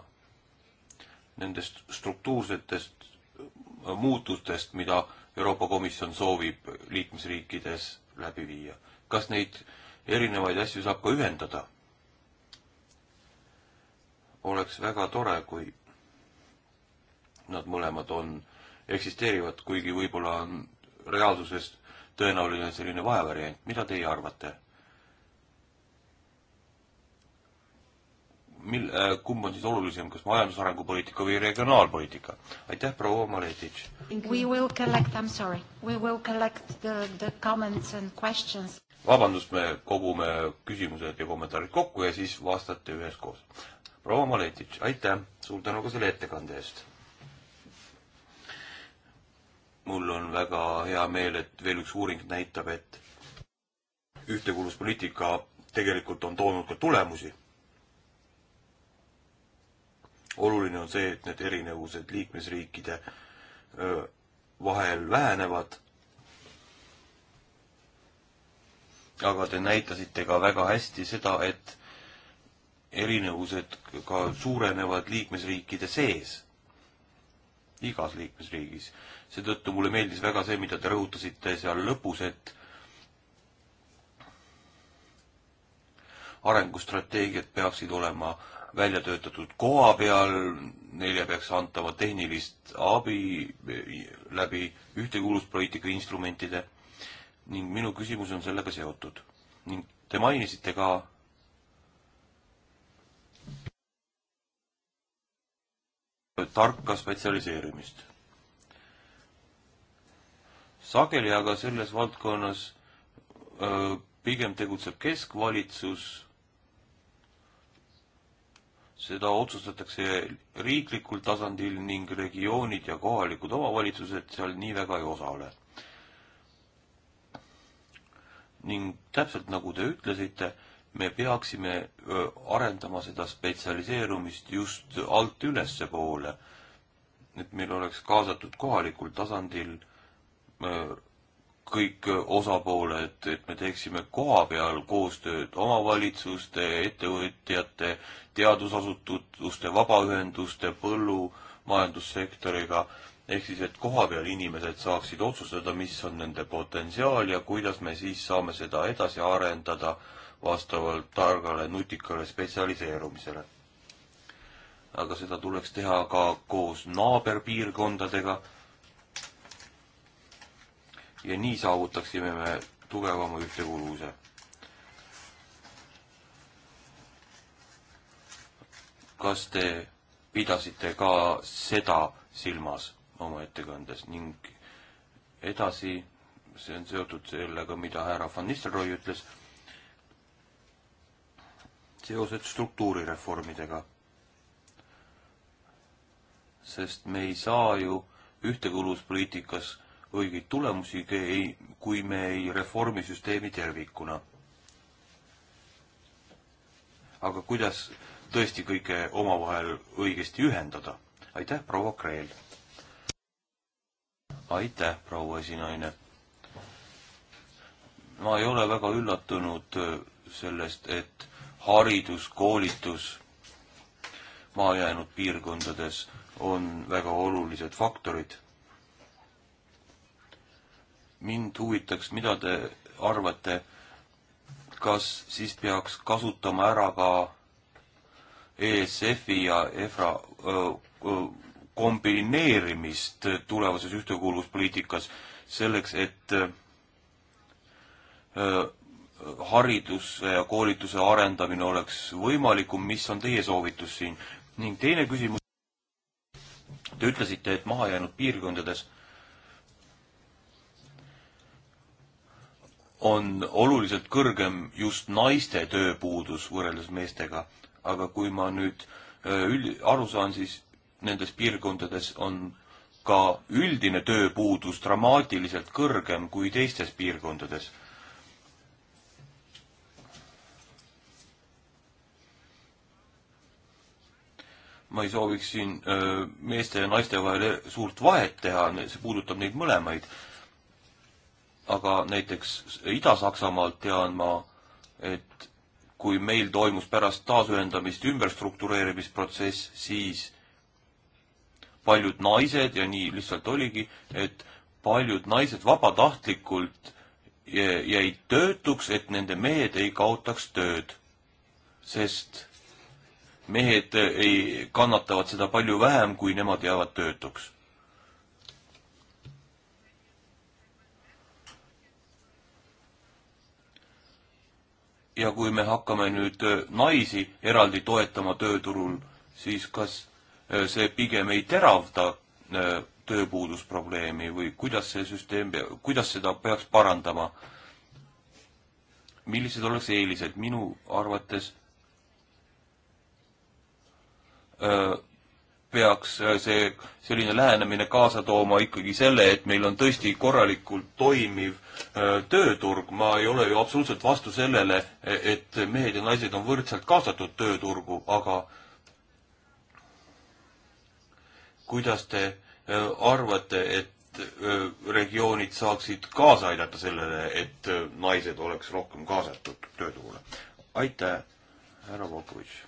B: nendest struktuursetest äh, muutustest, mida Euroopa Komisjon soovib liikmesriikides läbi viia. kas neid erinevaid asju saab ka ühendada? oleks väga tore, kui nad mõlemad on, eksisteerivad, kuigi võib-olla on reaalsuses tõenäoline selline vahevariant, mida teie arvate? mil- äh,, kumb on siis olulisem, kas majandusarengupoliitika või regionaalpoliitika? aitäh, proua Maletitš!
A: We will collect, I am sorry, we will collect the, the comments and questions.
B: vabandust, me kogume küsimused ja kommentaarid kokku ja siis vastate üheskoos. proua Maletitš, aitäh, suur tänu ka selle ettekande eest! mul on väga hea meel, et veel üks uuring näitab, et ühtekuuluvuspoliitika tegelikult on toonud ka tulemusi. oluline on see, et need erinevused liikmesriikide vahel vähenevad. aga te näitasite ka väga hästi seda, et erinevused ka suurenevad liikmesriikide sees, igas liikmesriigis seetõttu mulle meeldis väga see, mida te rõhutasite seal lõpus, et arengustrateegiad peaksid olema välja töötatud koha peal, neile peaks antama tehnilist abi läbi ühtekuuluvuspoliitika instrumentide ning minu küsimus on sellega seotud. ning te mainisite ka tarka spetsialiseerimist sageli aga selles valdkonnas öö, pigem tegutseb keskvalitsus, seda otsustatakse riiklikul tasandil ning regioonid ja kohalikud omavalitsused seal nii väga ei osale. ning täpselt nagu te ütlesite, me peaksime arendama seda spetsialiseerumist just alt ülespoole, et meil oleks kaasatud kohalikul tasandil kõik osapooled, et me teeksime kohapeal koostööd omavalitsuste, ettevõtjate, teadusasutuste, vabaühenduste, põllumajandussektoriga, ehk siis, et kohapeal inimesed saaksid otsustada, mis on nende potentsiaal ja kuidas me siis saame seda edasi arendada vastavalt targale nutikale spetsialiseerumisele. aga seda tuleks teha ka koos naaberpiirkondadega ja nii saavutaksime me tugevama ühtekuuluvuse. kas te pidasite ka seda silmas oma ettekandes ning edasi, see on seotud sellega, mida härra Van Nistelrooy ütles, seoses struktuurireformidega. sest me ei saa ju ühtekuuluvuspoliitikas õigeid tulemusi tee ei, kui me ei reformi süsteemi tervikuna. aga kuidas tõesti kõike omavahel õigesti ühendada? aitäh, proua Kreel! aitäh, proua esinaine! ma ei ole väga üllatunud sellest, et haridus, koolitus maajäänud piirkondades on väga olulised faktorid mind huvitaks, mida te arvate, kas siis peaks kasutama ära ka ESF-i ja EFRA öö, öö, kombineerimist tulevases ühtekuuluvuspoliitikas selleks, et öö, hariduse ja koolituse arendamine oleks võimalikum, mis on teie soovitus siin? ning teine küsimus, te ütlesite, et mahajäänud piirkondades on oluliselt kõrgem just naiste tööpuudus võrreldes meestega, aga kui ma nüüd üld-, aru saan, siis nendes piirkondades on ka üldine tööpuudus dramaatiliselt kõrgem kui teistes piirkondades. ma ei sooviks siin öö, meeste ja naiste vahel suurt vahet teha, see puudutab neid mõlemaid aga näiteks Ida-Saksamaalt tean ma, et kui meil toimus pärast taasühendamist ümberstruktureerimisprotsess, siis paljud naised ja nii lihtsalt oligi, et paljud naised vabatahtlikult jäid töötuks, et nende mehed ei kaotaks tööd. sest mehed ei, kannatavad seda palju vähem, kui nemad jäävad töötuks ja kui me hakkame nüüd äh, naisi eraldi toetama tööturul, siis kas äh, see pigem ei teravda äh, tööpuudusprobleemi või kuidas see süsteem, kuidas seda peaks parandama? millised oleks eelised minu arvates öö, peaks äh, see selline lähenemine kaasa tooma ikkagi selle, et meil on tõesti korralikult toimiv äh, tööturg, ma ei ole ju absoluutselt vastu sellele, e, et mehed ja naised on võrdselt kaasatud tööturgu, aga kuidas te e, arvate, et e, regioonid saaksid kaasa aidata sellele, et naised oleks rohkem kaasatud tööturule? aitäh, härra Vokovitš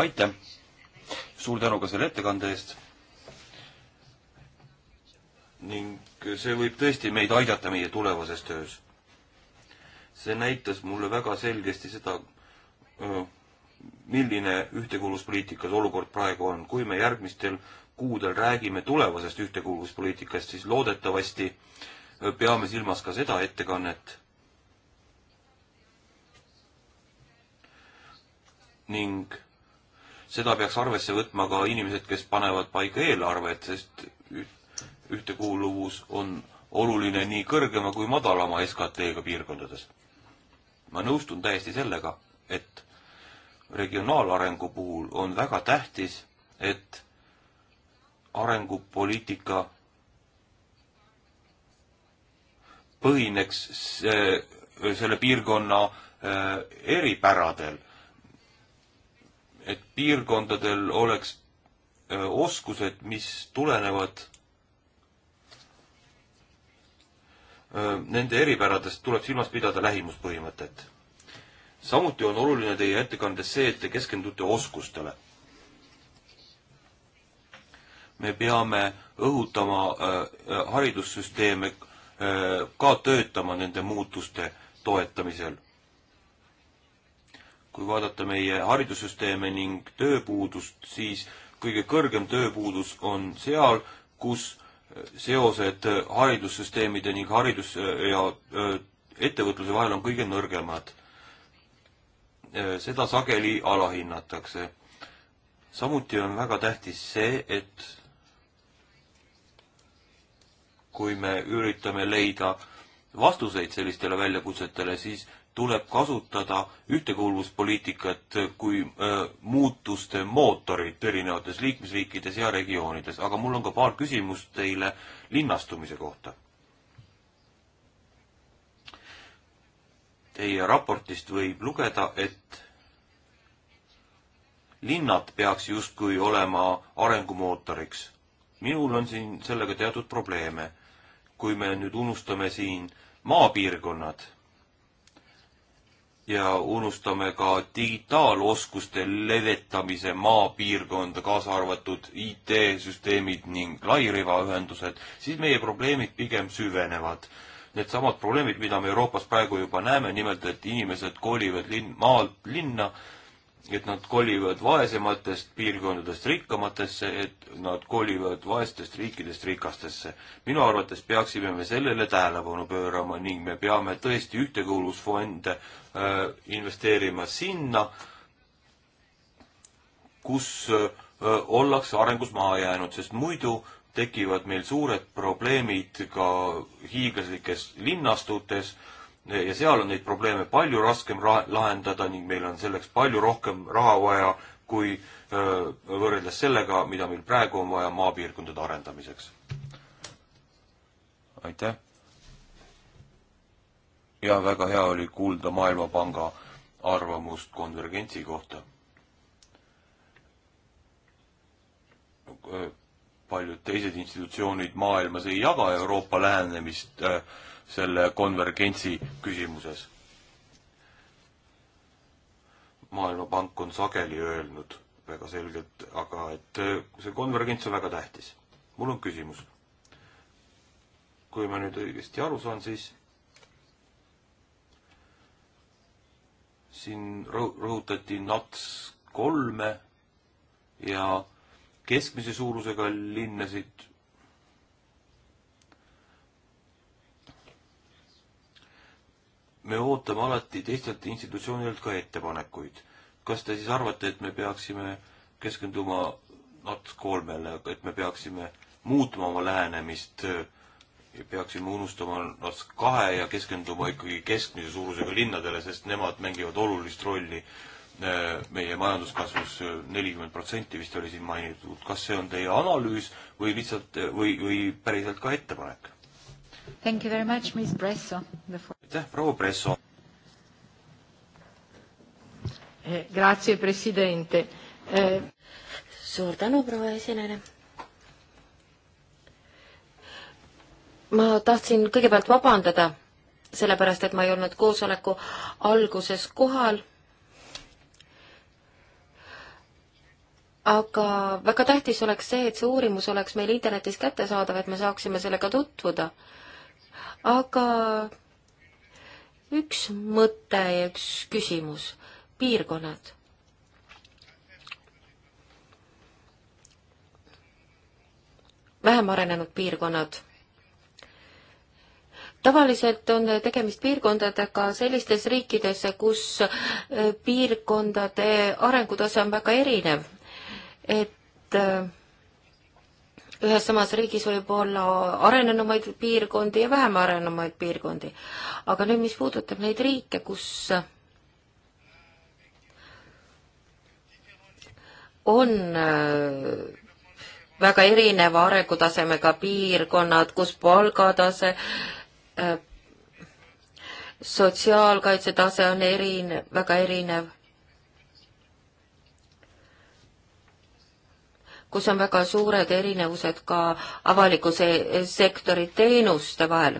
B: aitäh! suur tänu ka selle ettekande eest. ning see võib tõesti meid aidata meie tulevases töös. see näitas mulle väga selgesti seda, milline ühtekuuluvuspoliitikas olukord praegu on. kui me järgmistel kuudel räägime tulevasest ühtekuuluvuspoliitikast, siis loodetavasti peame silmas ka seda ettekannet. ning seda peaks arvesse võtma ka inimesed, kes panevad paika eelarvet, sest ühtekuuluvus on oluline nii kõrgema kui madalama SKT-ga piirkondades. ma nõustun täiesti sellega, et regionaalarengu puhul on väga tähtis, et arengupoliitika põhineks see, selle piirkonna äh, eripäradel et piirkondadel oleks äh, oskused, mis tulenevad äh, nende eripäradest, tuleb silmas pidada lähimuspõhimõtet. samuti on oluline teie ettekandes see, et te keskendute oskustele. me peame õhutama äh, haridussüsteeme ka töötama nende muutuste toetamisel kui vaadata meie haridussüsteeme ning tööpuudust, siis kõige kõrgem tööpuudus on seal, kus äh, seosed äh, haridussüsteemide ning haridus äh, ja ettevõtluse vahel on kõige nõrgemad. seda sageli alahinnatakse. samuti on väga tähtis see, et kui me üritame leida vastuseid sellistele väljakutsetele, siis tuleb kasutada ühtekuuluvuspoliitikat kui äh, muutuste mootorit erinevates liikmesriikides ja regioonides, aga mul on ka paar küsimust teile linnastumise kohta. Teie raportist võib lugeda, et linnad peaks justkui olema arengumootoriks. minul on siin sellega teatud probleeme. kui me nüüd unustame siin maapiirkonnad ja unustame ka digitaaloskuste levetamise maapiirkonda, kaasa arvatud IT-süsteemid ning lairivaühendused, siis meie probleemid pigem süvenevad. Needsamad probleemid, mida me Euroopas praegu juba näeme, nimelt et inimesed kolivad linn, maalt linna et nad kolivad vaesematest piirkondadest rikkamatesse, et nad kolivad vaestest riikidest rikastesse. minu arvates peaksime me sellele tähelepanu pöörama ning me peame tõesti ühtekuuluvusfonde äh, investeerima sinna, kus äh, ollakse arengus maha jäänud, sest muidu tekivad meil suured probleemid ka hiiglaslikes linnastutes äh,, ja seal on neid probleeme palju raskem lahendada ning meil on selleks palju rohkem raha vaja, kui võrreldes sellega, mida meil praegu on vaja maapiirkondade arendamiseks. aitäh! ja väga hea oli kuulda Maailmapanga arvamust konvergentsi kohta. paljud teised institutsioonid maailmas ei jaga Euroopa lähenemist äh, selle konvergentsi küsimuses. maailmapank on sageli öelnud väga selgelt, aga et äh, see konvergents on väga tähtis. mul on küsimus. kui ma nüüd õigesti aru saan, siis siin rõhutati NATS kolme ja keskmise suurusega linnasid me ootame alati teistelt institutsioonidelt ka ettepanekuid. kas te siis arvate, et me peaksime keskenduma nat- kolmele, et me peaksime muutma oma lähenemist, äh, peaksime unustama nat- kahe ja keskenduma ikkagi keskmise suurusega linnadele, sest nemad mängivad olulist rolli äh, meie majanduskasvus äh, nelikümmend protsenti vist oli siin mainitud, kas see on teie analüüs või lihtsalt või, või päriselt ka ettepanek?
A: Thank you very much, Miss Bresso.
B: aitäh, proua Bresso.
A: Eh, grazie, president. Eh, suur tänu, proua
D: esineja. ma tahtsin kõigepealt vabandada, sellepärast et ma ei olnud koosoleku alguses kohal aga väga tähtis oleks see, et see uurimus oleks meil internetis kättesaadav, et me saaksime sellega tutvuda aga üks mõte ja üks küsimus, piirkonnad. vähem arenenud piirkonnad. tavaliselt on tegemist piirkondadega sellistes riikides, kus eh, piirkondade arengutase on väga erinev. et äh, ühes samas riigis võib olla arenenumaid piirkondi ja vähem arenenumaid piirkondi. aga nüüd, mis puudutab neid riike, kus on äh, väga erineva arengutasemega piirkonnad, kus palgatase, äh, sotsiaalkaitse tase on erine-, väga erinev kus on väga suured erinevused ka avaliku se sektori teenuste vahel.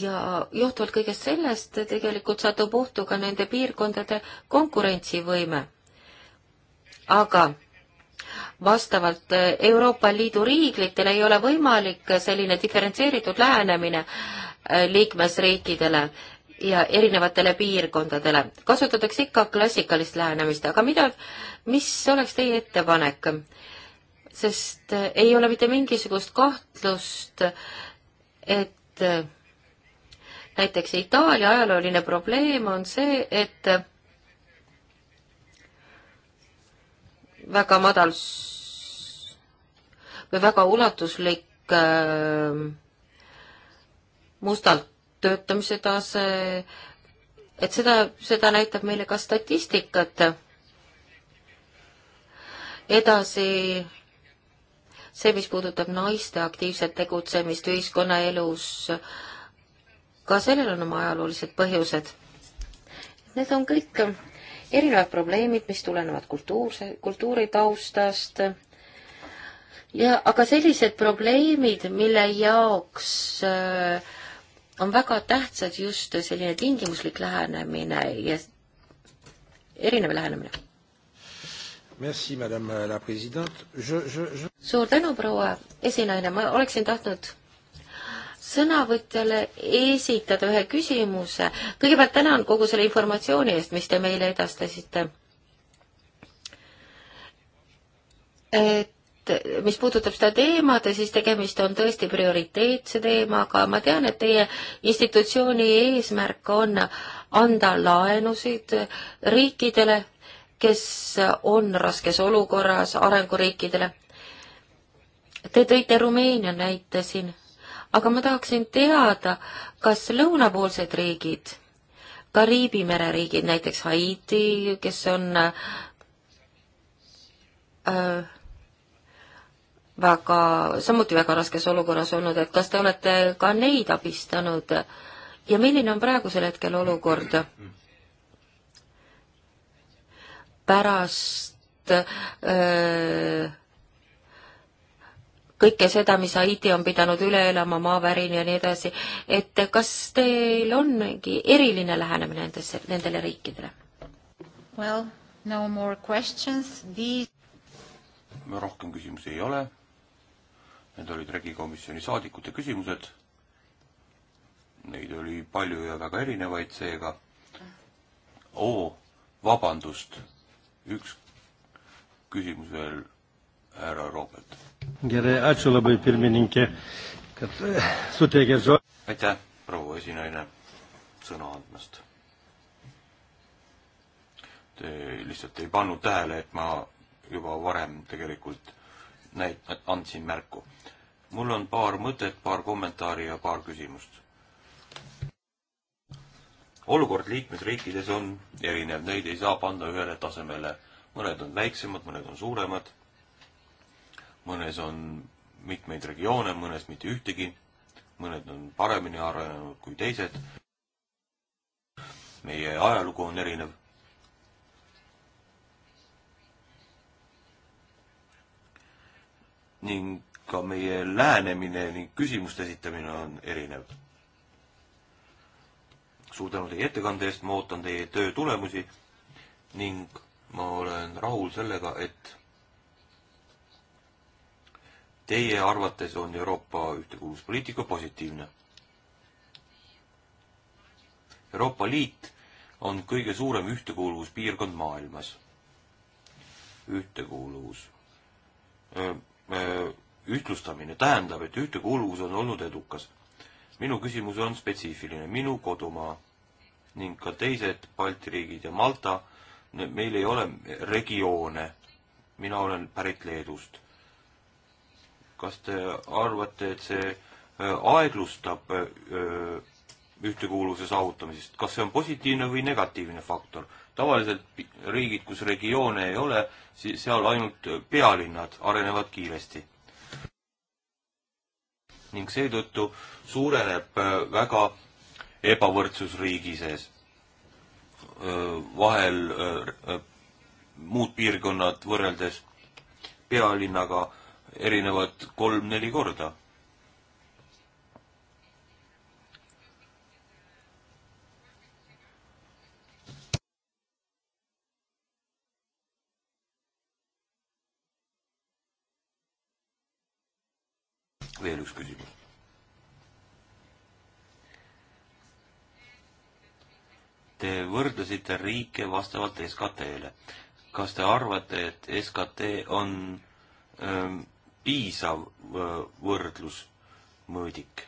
D: ja johtuvalt kõigest sellest tegelikult satub ohtu ka nende piirkondade konkurentsivõime. aga vastavalt eh, Euroopa Liidu riiglitele ei ole võimalik selline diferentseeritud lähenemine eh, liikmesriikidele ja erinevatele piirkondadele. kasutatakse ikka klassikalist lähenemist, aga mida, mis oleks teie ettepanek? sest äh, ei ole mitte mingisugust kahtlust, et äh, näiteks Itaalia ajalooline probleem on see, et äh, väga madal või väga ulatuslik mustalt töötamise tase, et seda, seda näitab meile ka statistikat. edasi see, mis puudutab naiste aktiivset tegutsemist ühiskonnaelus, ka sellel on oma ajaloolised põhjused. Need on kõik erinevad probleemid, mis tulenevad kultuurse, kultuuri taustast ja aga sellised probleemid, mille jaoks äh, on väga tähtsad just selline tingimuslik lähenemine ja erinev lähenemine.
A: Merci, madame la présidente. Je, je, je...
D: suur tänu, proua esinaine, ma oleksin tahtnud sõnavõtjale esitada ühe küsimuse. kõigepealt tänan kogu selle informatsiooni eest, mis te meile edastasite. et mis puudutab seda teemat, siis tegemist on tõesti prioriteetse teemaga, ma tean, et teie institutsiooni eesmärk on anda laenusid riikidele, kes on raskes olukorras, arenguriikidele. Te tõite Rumeenia näite siin, aga ma tahaksin teada, kas lõunapoolsed riigid, Kariibi mere riigid, näiteks Haiti, kes on äh, väga, samuti väga raskes olukorras olnud, et kas te olete ka neid abistanud ja milline on praegusel hetkel olukord pärast öö, äh, kõike seda, mis Haiti on pidanud üle elama, maavärin ja nii edasi, et kas teil on mingi eriline lähenemine nendesse, nendele riikidele?
A: Well, no more questions, these
B: rohkem küsimusi ei ole Need olid regikomisjoni saadikute küsimused. Neid oli palju ja väga erinevaid, seega oo, oh, vabandust, üks küsimus veel, härra Robert. E, aitäh, proua esinaine, sõna andmast. Te lihtsalt ei pannud tähele, et ma juba varem tegelikult näit-, andsin märku mul on paar mõtet, paar kommentaari ja paar küsimust. olukord liikmesriikides on erinev, neid ei saa panna ühele tasemele. mõned on väiksemad, mõned on suuremad, mõnes on mitmeid regioone, mõnes mitte ühtegi, mõned on paremini arenenud kui teised. meie ajalugu on erinev ning ka meie lähenemine ning küsimuste esitamine on erinev. suur tänu teie ettekande eest, ma ootan teie töö tulemusi ning ma olen rahul sellega, et teie arvates on Euroopa ühtekuuluvuspoliitika positiivne. Euroopa Liit on kõige suurem ühtekuuluvuspiirkond maailmas. ühtekuuluvus äh, äh, ühtlustamine tähendab, et ühtekuuluvus on olnud edukas. minu küsimus on spetsiifiline, minu kodumaa ning ka teised Balti riigid ja Malta, meil ei ole regioone, mina olen pärit Leedust. kas te arvate, et see äh, aeglustab äh, äh, ühtekuuluvuse saavutamisest, kas see on positiivne või negatiivne faktor? tavaliselt riigid, kus regioone ei ole, seal ainult pealinnad arenevad kiiresti ning seetõttu suureneb äh, väga ebavõrdsus riigi sees. Äh, vahel äh, muud piirkonnad võrreldes pealinnaga erinevad kolm-neli korda
C: veel üks küsimus.
B: Te võrdlesite riike vastavalt SKT-le. kas te arvate, et SKT on öö, ähm, piisav äh, võrdlusmõõdik?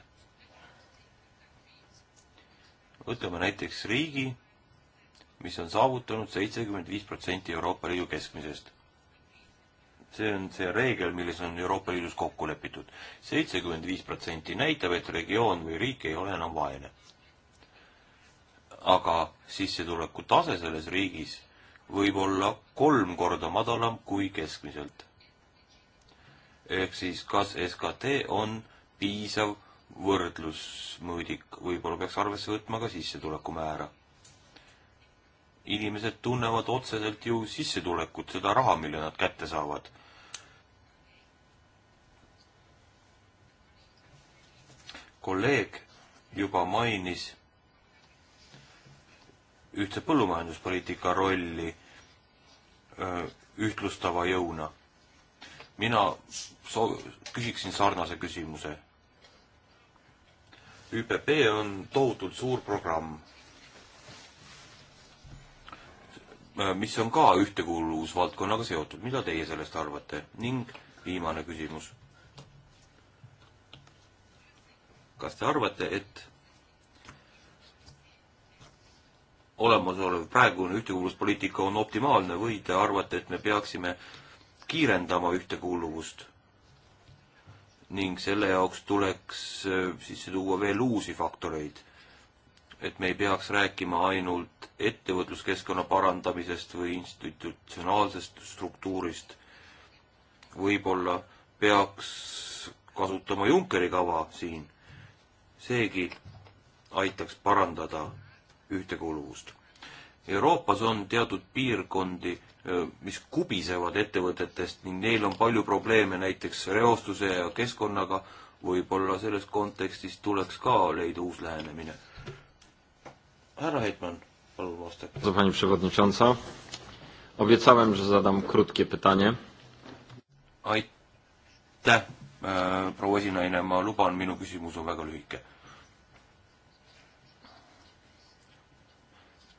B: võtame näiteks riigi, mis on saavutanud seitsekümmend viis protsenti Euroopa Liidu keskmisest see on see reegel, milles on Euroopa Liidus kokku lepitud. seitsekümmend viis protsenti näitab, et regioon või riik ei ole enam vaene. aga sissetuleku tase selles riigis võib olla kolm korda madalam kui keskmiselt. ehk siis kas SKT on piisav võrdlusmõõdik, võib-olla peaks arvesse võtma ka sissetuleku määra. inimesed tunnevad otseselt ju sissetulekut, seda raha, mille nad kätte saavad kolleeg juba mainis ühtse põllumajanduspoliitika rolli ühtlustava jõuna. mina soo-, küsiksin sarnase küsimuse. ÜPP on tohutult suur programm, mis on ka ühtekuuluvusvaldkonnaga seotud, mida teie sellest arvate? ning viimane küsimus kas te arvate, et olemasolev praegune ühtekuuluvuspoliitika on optimaalne või te arvate, et me peaksime kiirendama ühtekuuluvust ning selle jaoks tuleks äh, sisse tuua veel uusi faktoreid? et me ei peaks rääkima ainult ettevõtluskeskkonna parandamisest või institutsionaalsest struktuurist. võib-olla peaks kasutama Junckeri kava siin seegi aitaks parandada ühtekuuluvust. Euroopas on teatud piirkondi, mis kubisevad ettevõtetest ning neil on palju probleeme näiteks reostuse ja keskkonnaga, võib-olla selles kontekstis tuleks ka leida uus lähenemine. härra Hetman, palun vastake. Pani przewodnicząca, obiecałem, że zadam krótkie pytanie. aitäh, proua esinaine, ma luban, minu küsimus on väga lühike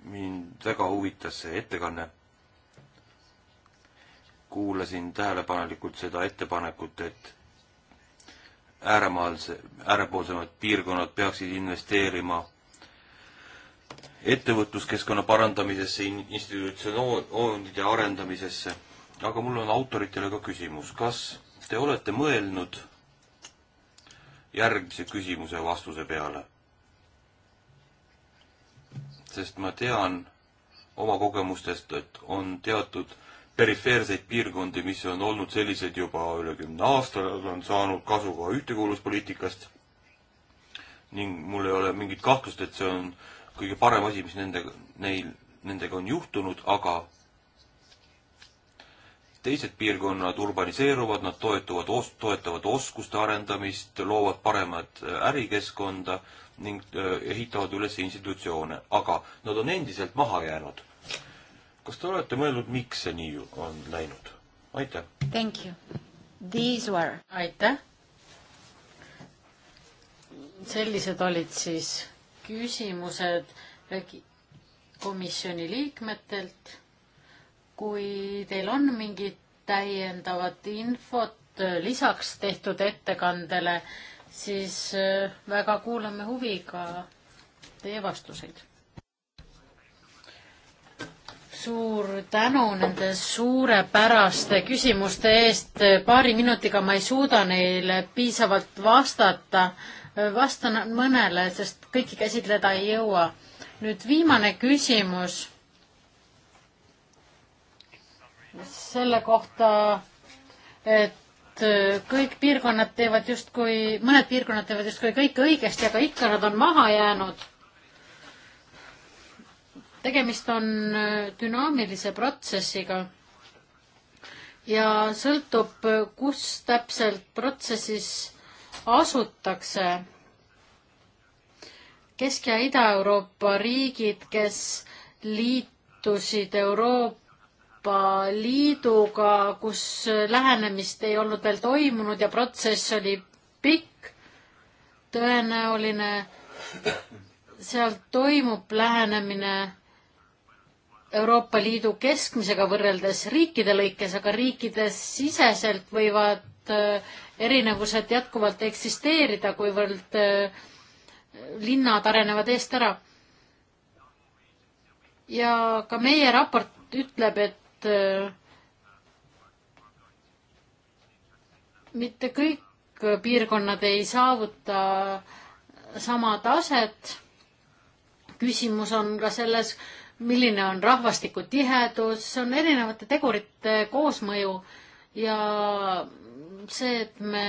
B: mind väga huvitas see ettekanne. kuulasin tähelepanelikult seda ettepanekut, et ääremaalse, äärepoolsemad piirkonnad peaksid investeerima ettevõtluskeskkonna parandamisesse, institutsioonide arendamisesse. aga mul on autoritele ka küsimus, kas te olete mõelnud järgmise küsimuse vastuse peale sest ma tean oma kogemustest, et on teatud perifeerseid piirkondi, mis on olnud sellised juba üle kümne aasta, on saanud kasu ka ühtekuuluvuspoliitikast ning mul ei ole mingit kahtlust, et see on kõige parem asi, mis nendega, neil, nendega on juhtunud, aga teised piirkonnad urbaniseeruvad, nad toetuvad os-, toetavad oskuste arendamist, loovad paremat ärikeskkonda ning ehitavad üles institutsioone, aga nad on endiselt maha jäänud. kas te olete mõelnud, miks see nii on läinud? aitäh!
A: Thank you! These were aitäh!
E: sellised olid siis küsimused regi-, komisjoni liikmetelt. kui teil on mingit täiendavat infot lisaks tehtud ettekandele, siis äh, väga kuulame huviga teie vastuseid. suur tänu nende suurepäraste küsimuste eest. paari minutiga ma ei suuda neile piisavalt vastata. vastan mõnele, sest kõiki käsitleda ei jõua. nüüd viimane küsimus. selle kohta, et Äh, kõik piirkonnad teevad justkui, mõned piirkonnad teevad justkui kõike õigesti, aga ikka nad on maha jäänud. tegemist on äh, dünaamilise protsessiga ja sõltub, kus täpselt protsessis asutakse. Kesk- ja Ida-Euroopa riigid, kes liitusid Euroopa Euroopa Liiduga, kus lähenemist ei olnud veel toimunud ja protsess oli pikk, tõenäoline, seal toimub lähenemine Euroopa Liidu keskmisega võrreldes riikide lõikes, aga riikides siseselt võivad äh, erinevused jätkuvalt eksisteerida, kuivõrd äh, linnad arenevad eest ära. ja ka meie raport ütleb, et et äh, mitte kõik piirkonnad ei saavuta sama taset. küsimus on ka selles, milline on rahvastiku tihedus, see on erinevate tegurite koosmõju ja see, et me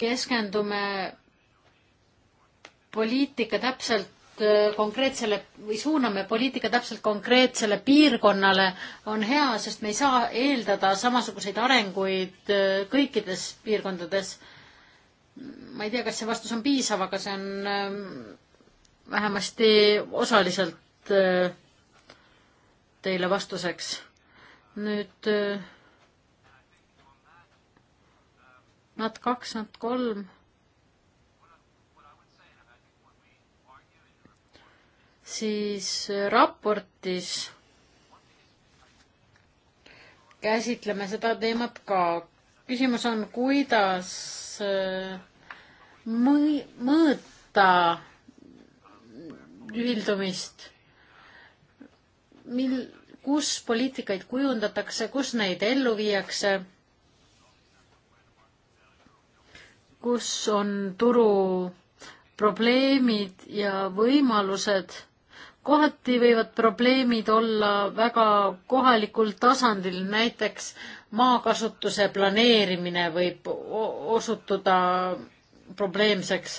E: keskendume poliitika täpselt just äh, konkreetsele või suuname poliitika täpselt konkreetsele piirkonnale, on hea, sest me ei saa eeldada samasuguseid arenguid äh, kõikides piirkondades. ma ei tea, kas see vastus on piisav, aga see on äh, vähemasti osaliselt teile vastuseks. nüüd NAT kaks, NAT kolm siis äh, raportis käsitleme seda teemat ka. küsimus on, kuidas äh, mõ-, mõõta ühildumist, mil, kus poliitikaid kujundatakse, kus neid ellu viiakse, kus on turu probleemid ja võimalused kohati võivad probleemid olla väga kohalikul tasandil, näiteks maakasutuse planeerimine võib osutuda probleemseks.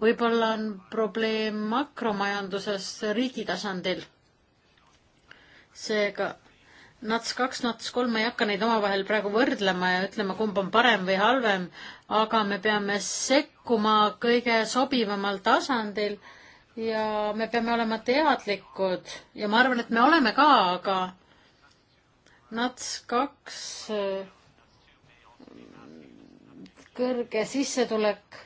E: võib-olla on probleem makromajanduses riigi tasandil. seega NATS kaks, NATS kolm, ma ei hakka neid omavahel praegu võrdlema ja ütlema, kumb on parem või halvem, aga me peame sekkuma kõige sobivamal tasandil ja me peame olema teadlikud ja ma arvan, et me oleme ka, aga NATS kaks äh, kõrge sissetulek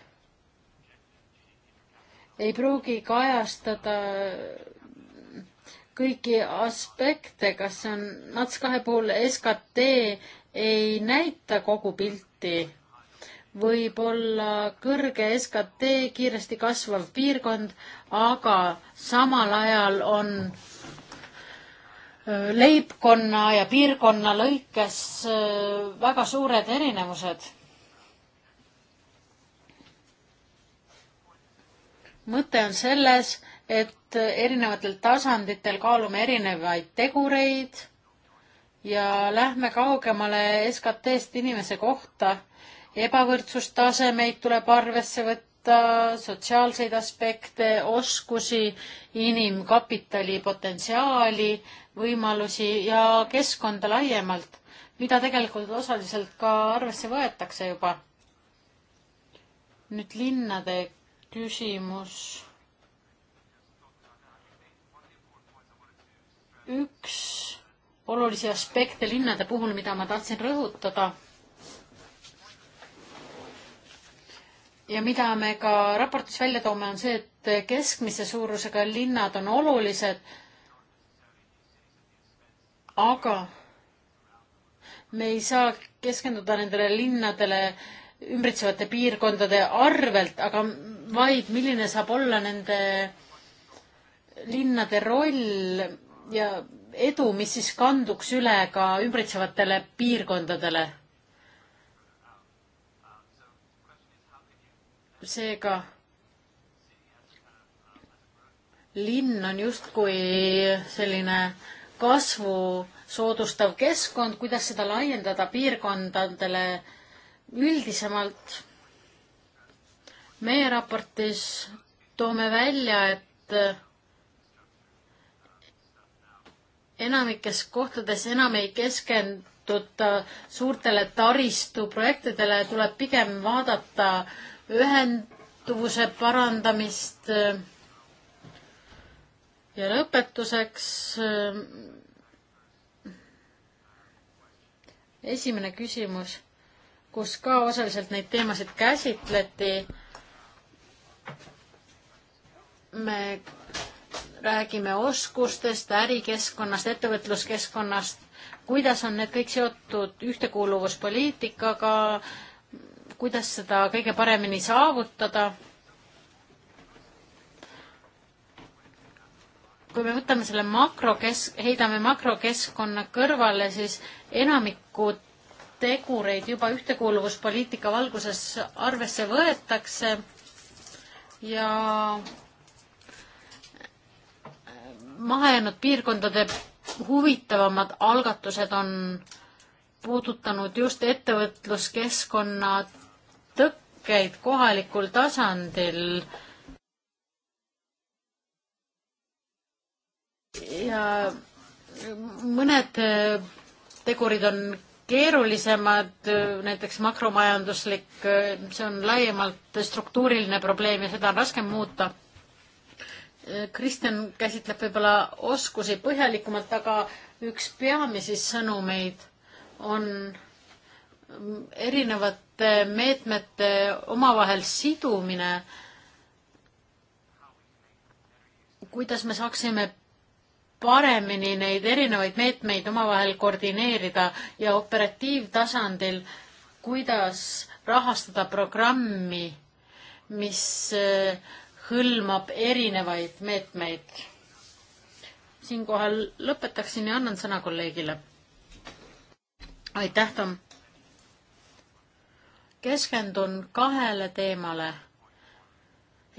E: ei pruugi kajastada kõiki aspekte, kas see on NATS kahe puhul SKT ei näita kogu pilti võib olla kõrge SKT, kiiresti kasvav piirkond, aga samal ajal on leibkonna ja piirkonna lõikes väga suured erinevused. mõte on selles, et erinevatel tasanditel kaalume erinevaid tegureid ja lähme kaugemale SKT-st inimese kohta ebavõrdsustasemeid tuleb arvesse võtta, sotsiaalseid aspekte, oskusi, inimkapitali potentsiaali, võimalusi ja keskkonda laiemalt, mida tegelikult osaliselt ka arvesse võetakse juba. nüüd linnade küsimus. üks olulisi aspekte linnade puhul, mida ma tahtsin rõhutada ja mida me ka raportis välja toome, on see, et keskmise suurusega linnad on olulised, aga me ei saa keskenduda nendele linnadele ümbritsevate piirkondade arvelt, aga vaid milline saab olla nende linnade roll ja edu, mis siis kanduks üle ka ümbritsevatele piirkondadele seega linn on justkui selline kasvu soodustav keskkond, kuidas seda laiendada piirkondadele üldisemalt. meie raportis toome välja, et enamikes kohtades enam ei keskenduta suurtele taristuprojektidele, tuleb pigem vaadata äh, ühenduvuse parandamist. ja lõpetuseks esimene küsimus, kus ka osaliselt neid teemasid käsitleti. me räägime oskustest, ärikeskkonnast, ettevõtluskeskkonnast, kuidas on need kõik seotud ühtekuuluvuspoliitikaga, kuidas seda kõige paremini saavutada. kui me võtame selle makrokesk, heidame makrokeskkonna kõrvale, siis enamikku tegureid juba ühtekuuluvuspoliitika valguses arvesse võetakse ja mahajäänud piirkondade huvitavamad algatused on puudutanud just ettevõtluskeskkonnad, tõkkeid kohalikul tasandil. ja mõned tegurid on keerulisemad, näiteks makromajanduslik, see on laiemalt struktuuriline probleem ja seda on raskem muuta. Kristjan käsitleb võib-olla oskusi põhjalikumalt, aga üks peamisi sõnumeid on erinevad erinevate meetmete omavahel sidumine, kuidas me saaksime paremini neid erinevaid meetmeid omavahel koordineerida ja operatiivtasandil, kuidas rahastada programmi, mis äh, hõlmab erinevaid meetmeid. siinkohal lõpetaksin ja annan sõna kolleegile. aitäh, Tom keskendun kahele teemale.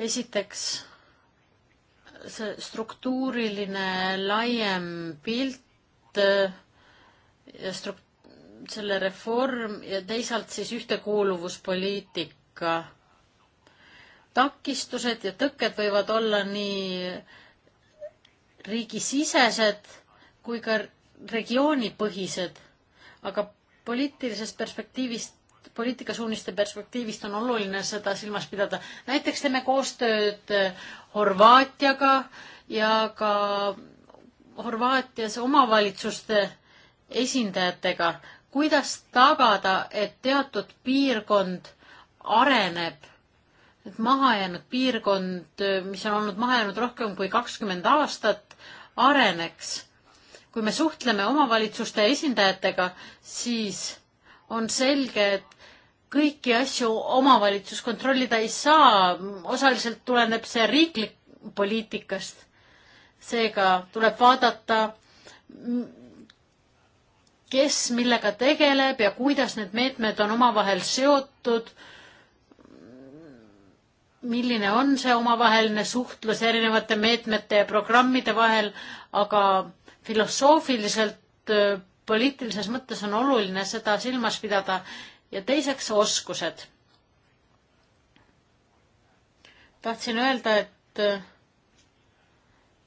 E: esiteks see struktuuriline laiem pilt ja struk-, selle reform ja teisalt siis ühtekuuluvuspoliitika. takistused ja tõkked võivad olla nii riigisisesed kui ka regioonipõhised, aga poliitilisest perspektiivist poliitikasuuniste perspektiivist on oluline seda silmas pidada. näiteks teeme koostööd eh, Horvaatiaga ja ka Horvaatias omavalitsuste esindajatega, kuidas tagada, et teatud piirkond areneb, et mahajäänud piirkond, mis on olnud mahajäänud rohkem kui kakskümmend aastat, areneks. kui me suhtleme omavalitsuste esindajatega, siis on selge, et kõiki asju omavalitsus kontrollida ei saa, osaliselt tuleneb see riiklik poliitikast. seega tuleb vaadata, kes millega tegeleb ja kuidas need meetmed on omavahel seotud, milline on see omavaheline suhtlus erinevate meetmete ja programmide vahel, aga filosoofiliselt poliitilises mõttes on oluline seda silmas pidada, ja teiseks oskused. tahtsin öelda, et äh,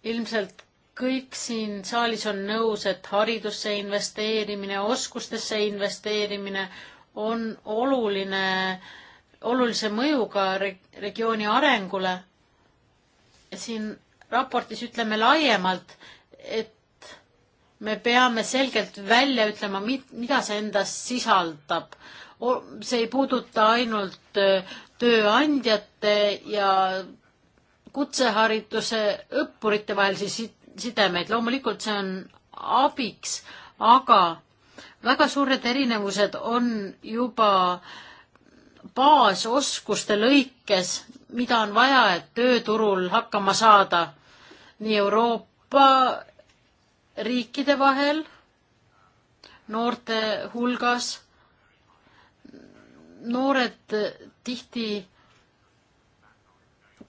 E: ilmselt kõik siin saalis on nõus, et haridusse investeerimine, oskustesse investeerimine on oluline, olulise mõjuga regiooni arengule. siin raportis ütleme laiemalt, et me peame selgelt välja ütlema, mida see endas sisaldab see ei puuduta ainult äh, tööandjate ja kutsehariduse õppurite vahelisi sidemeid, loomulikult see on abiks, aga väga suured erinevused on juba baasoskuste lõikes, mida on vaja, et tööturul hakkama saada nii Euroopa riikide vahel, noorte hulgas noored tihti,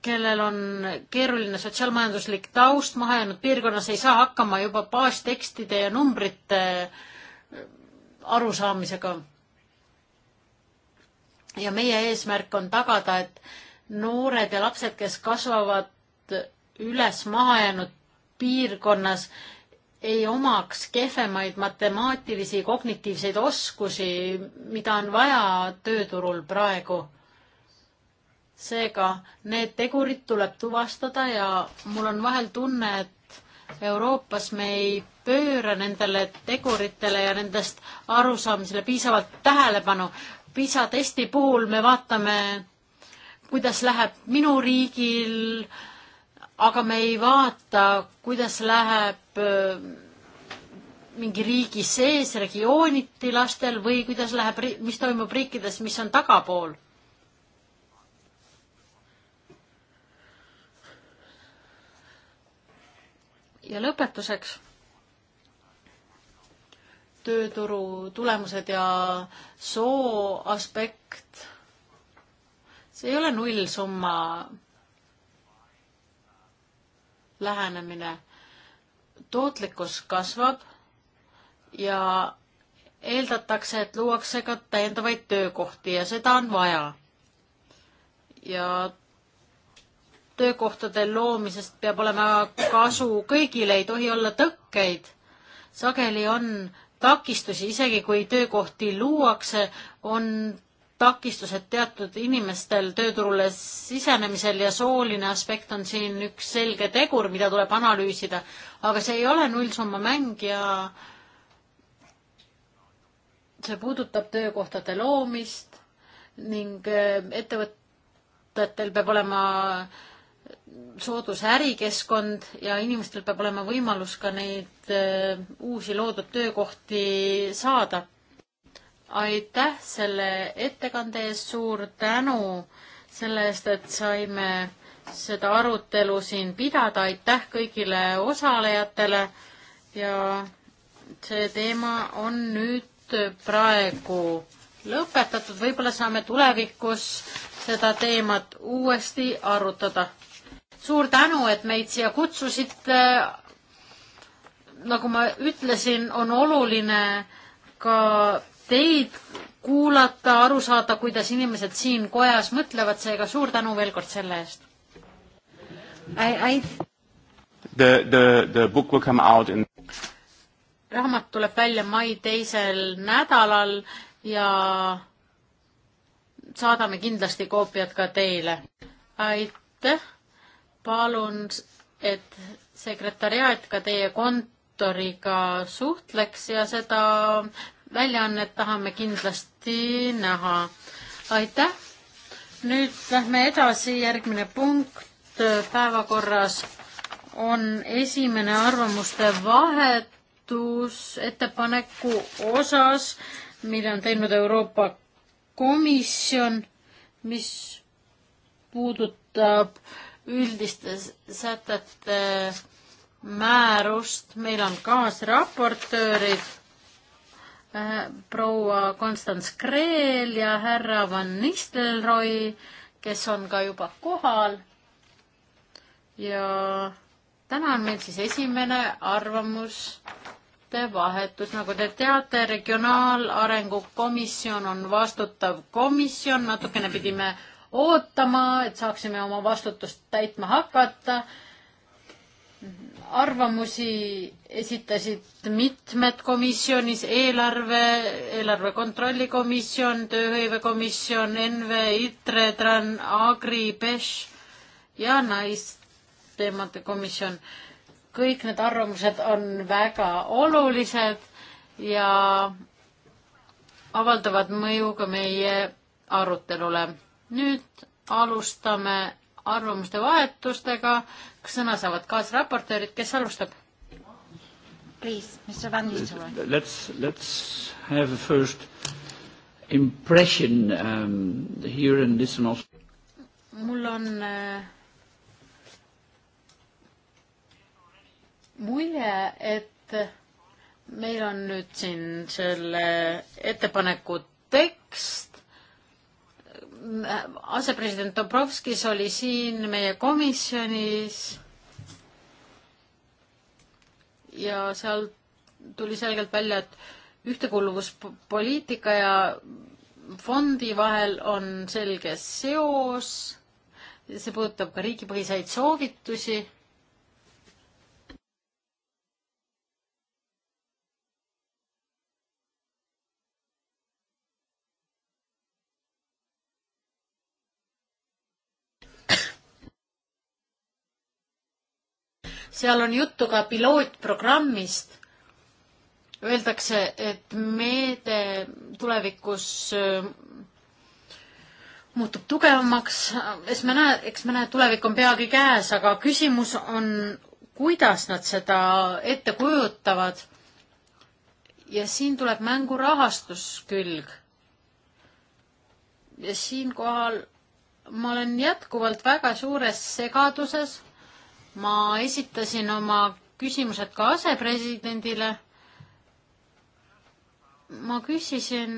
E: kellel on keeruline sotsiaalmajanduslik taust, mahajäänud piirkonnas ei saa hakkama juba baastekstide ja numbrite äh, arusaamisega. ja meie eesmärk on tagada, et noored ja lapsed, kes kasvavad üles mahajäänud piirkonnas, ei omaks kehvemaid matemaatilisi kognitiivseid oskusi, mida on vaja tööturul praegu. seega need tegurid tuleb tuvastada ja mul on vahel tunne, et Euroopas me ei pööra nendele teguritele ja nendest arusaamisele piisavalt tähelepanu. PISA testi puhul me vaatame, kuidas läheb minu riigil, aga me ei vaata, kuidas läheb Äh, mingi riigi sees regiooniti lastel või kuidas läheb, mis toimub riikides, mis on tagapool? ja lõpetuseks tööturu tulemused ja soo aspekt. see ei ole nullsumma lähenemine tootlikkus kasvab ja eeldatakse, et luuakse ka täiendavaid töökohti ja seda on vaja. ja töökohtade loomisest peab olema kasu kõigile, ei tohi olla tõkkeid. sageli on takistusi, isegi kui töökohti luuakse, on takistused teatud inimestel tööturule sisenemisel ja sooline aspekt on siin üks selge tegur, mida tuleb analüüsida, aga see ei ole nullsumma mäng ja see puudutab töökohtade loomist ning eh, ettevõtetel peab olema soodus ärikeskkond ja inimestel peab olema võimalus ka neid eh, uusi loodud töökohti saada aitäh selle ettekande eest, suur tänu selle eest, et saime seda arutelu siin pidada, aitäh kõigile osalejatele ja see teema on nüüd praegu lõpetatud, võib-olla saame tulevikus seda teemat uuesti arutada. suur tänu, et meid siia kutsusite. nagu ma ütlesin, on oluline ka teid kuulata, aru saada, kuidas inimesed siin kojas mõtlevad, seega suur tänu veel kord selle eest. I, I...
B: The, the, the book will come out in
E: raamat tuleb välja mai teisel nädalal ja saadame kindlasti koopiad ka teile. aitäh, palun, et sekretäriaat ka teie kontoriga suhtleks ja seda väljaannet tahame kindlasti näha. aitäh. nüüd lähme edasi, järgmine punkt äh, päevakorras on esimene arvamuste vahetus ettepaneku osas, mille on teinud Euroopa Komisjon, mis puudutab üldiste sätete määrust, meil on kaasraportöörid Äh, proua Konstants Kreel ja härra Van Nistelrooy, kes on ka juba kohal. ja täna on meil siis esimene arvamuste vahetus, nagu te teate, Regionaalarengu Komisjon on vastutav komisjon, natukene pidime ootama, et saaksime oma vastutust täitma hakata arvamusi esitasid mitmed komisjonis, eelarve, eelarve kontrolli komisjon, tööhõivekomisjon, NV, ITRE, TRAN, Agri, PESH ja naisteemade komisjon. kõik need arvamused on väga olulised ja avaldavad mõju ka meie arutelule. nüüd alustame arvamuste vahetustega. sõna saavad kaasraportöörid, kes alustab? Please, Mr Van Nistelrooy.
A: Let's, let's have a first impression um, here and listen also.
E: mul on äh, mulje, et meil on nüüd siin selle ettepaneku tekst, asepresident Dobrovskis oli siin meie komisjonis ja seal tuli selgelt välja, et ühtekuuluvuspoliitika ja fondi vahel on selge seos. see puudutab ka riigipõhiseid soovitusi seal on juttu ka pilootprogrammist. Öeldakse, et meede tulevikus äh, muutub tugevamaks, eks me näe, eks me näe, tulevik on peagi käes, aga küsimus on, kuidas nad seda ette kujutavad. ja siin tuleb mängu rahastuskülg. ja siinkohal ma olen jätkuvalt väga suures segaduses ma esitasin oma küsimused ka asepresidendile. ma küsisin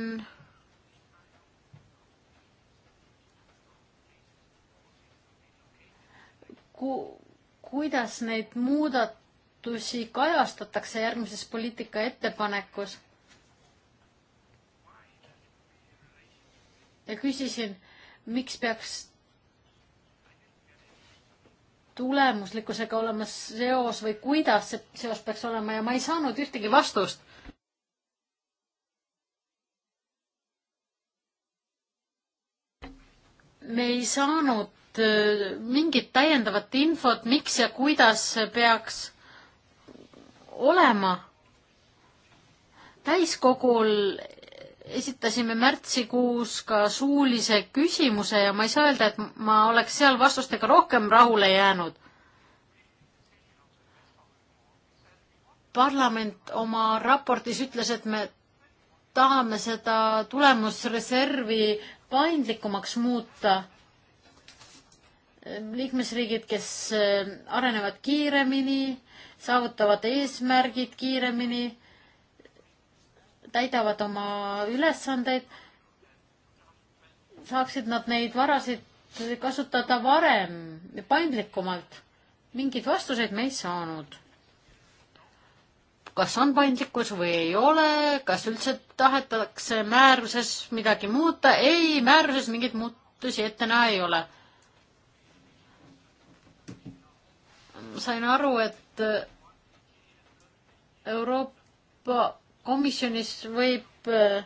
E: ku, kuidas neid muudatusi kajastatakse järgmises poliitika ettepanekus. ja küsisin, miks peaks tulemuslikkusega olema seos või kuidas see seos peaks olema ja ma ei saanud ühtegi vastust. me ei saanud äh, mingit täiendavat infot, miks ja kuidas see peaks olema. täiskogul esitasime märtsikuus ka suulise küsimuse ja ma ei saa öelda, et ma oleks seal vastustega rohkem rahule jäänud. parlament oma raportis ütles, et me tahame seda tulemusreservi paindlikumaks muuta. liikmesriigid, kes eh, arenevad kiiremini, saavutavad eesmärgid kiiremini täidavad oma ülesandeid, saaksid nad neid varasid kasutada varem ja paindlikumalt. mingeid vastuseid me ei saanud. kas on paindlikkus või ei ole, kas üldse tahetakse määruses midagi muuta? ei, määruses mingeid muutusi ette näha ei ole. sain aru, et Euroopa komisjonis võib äh,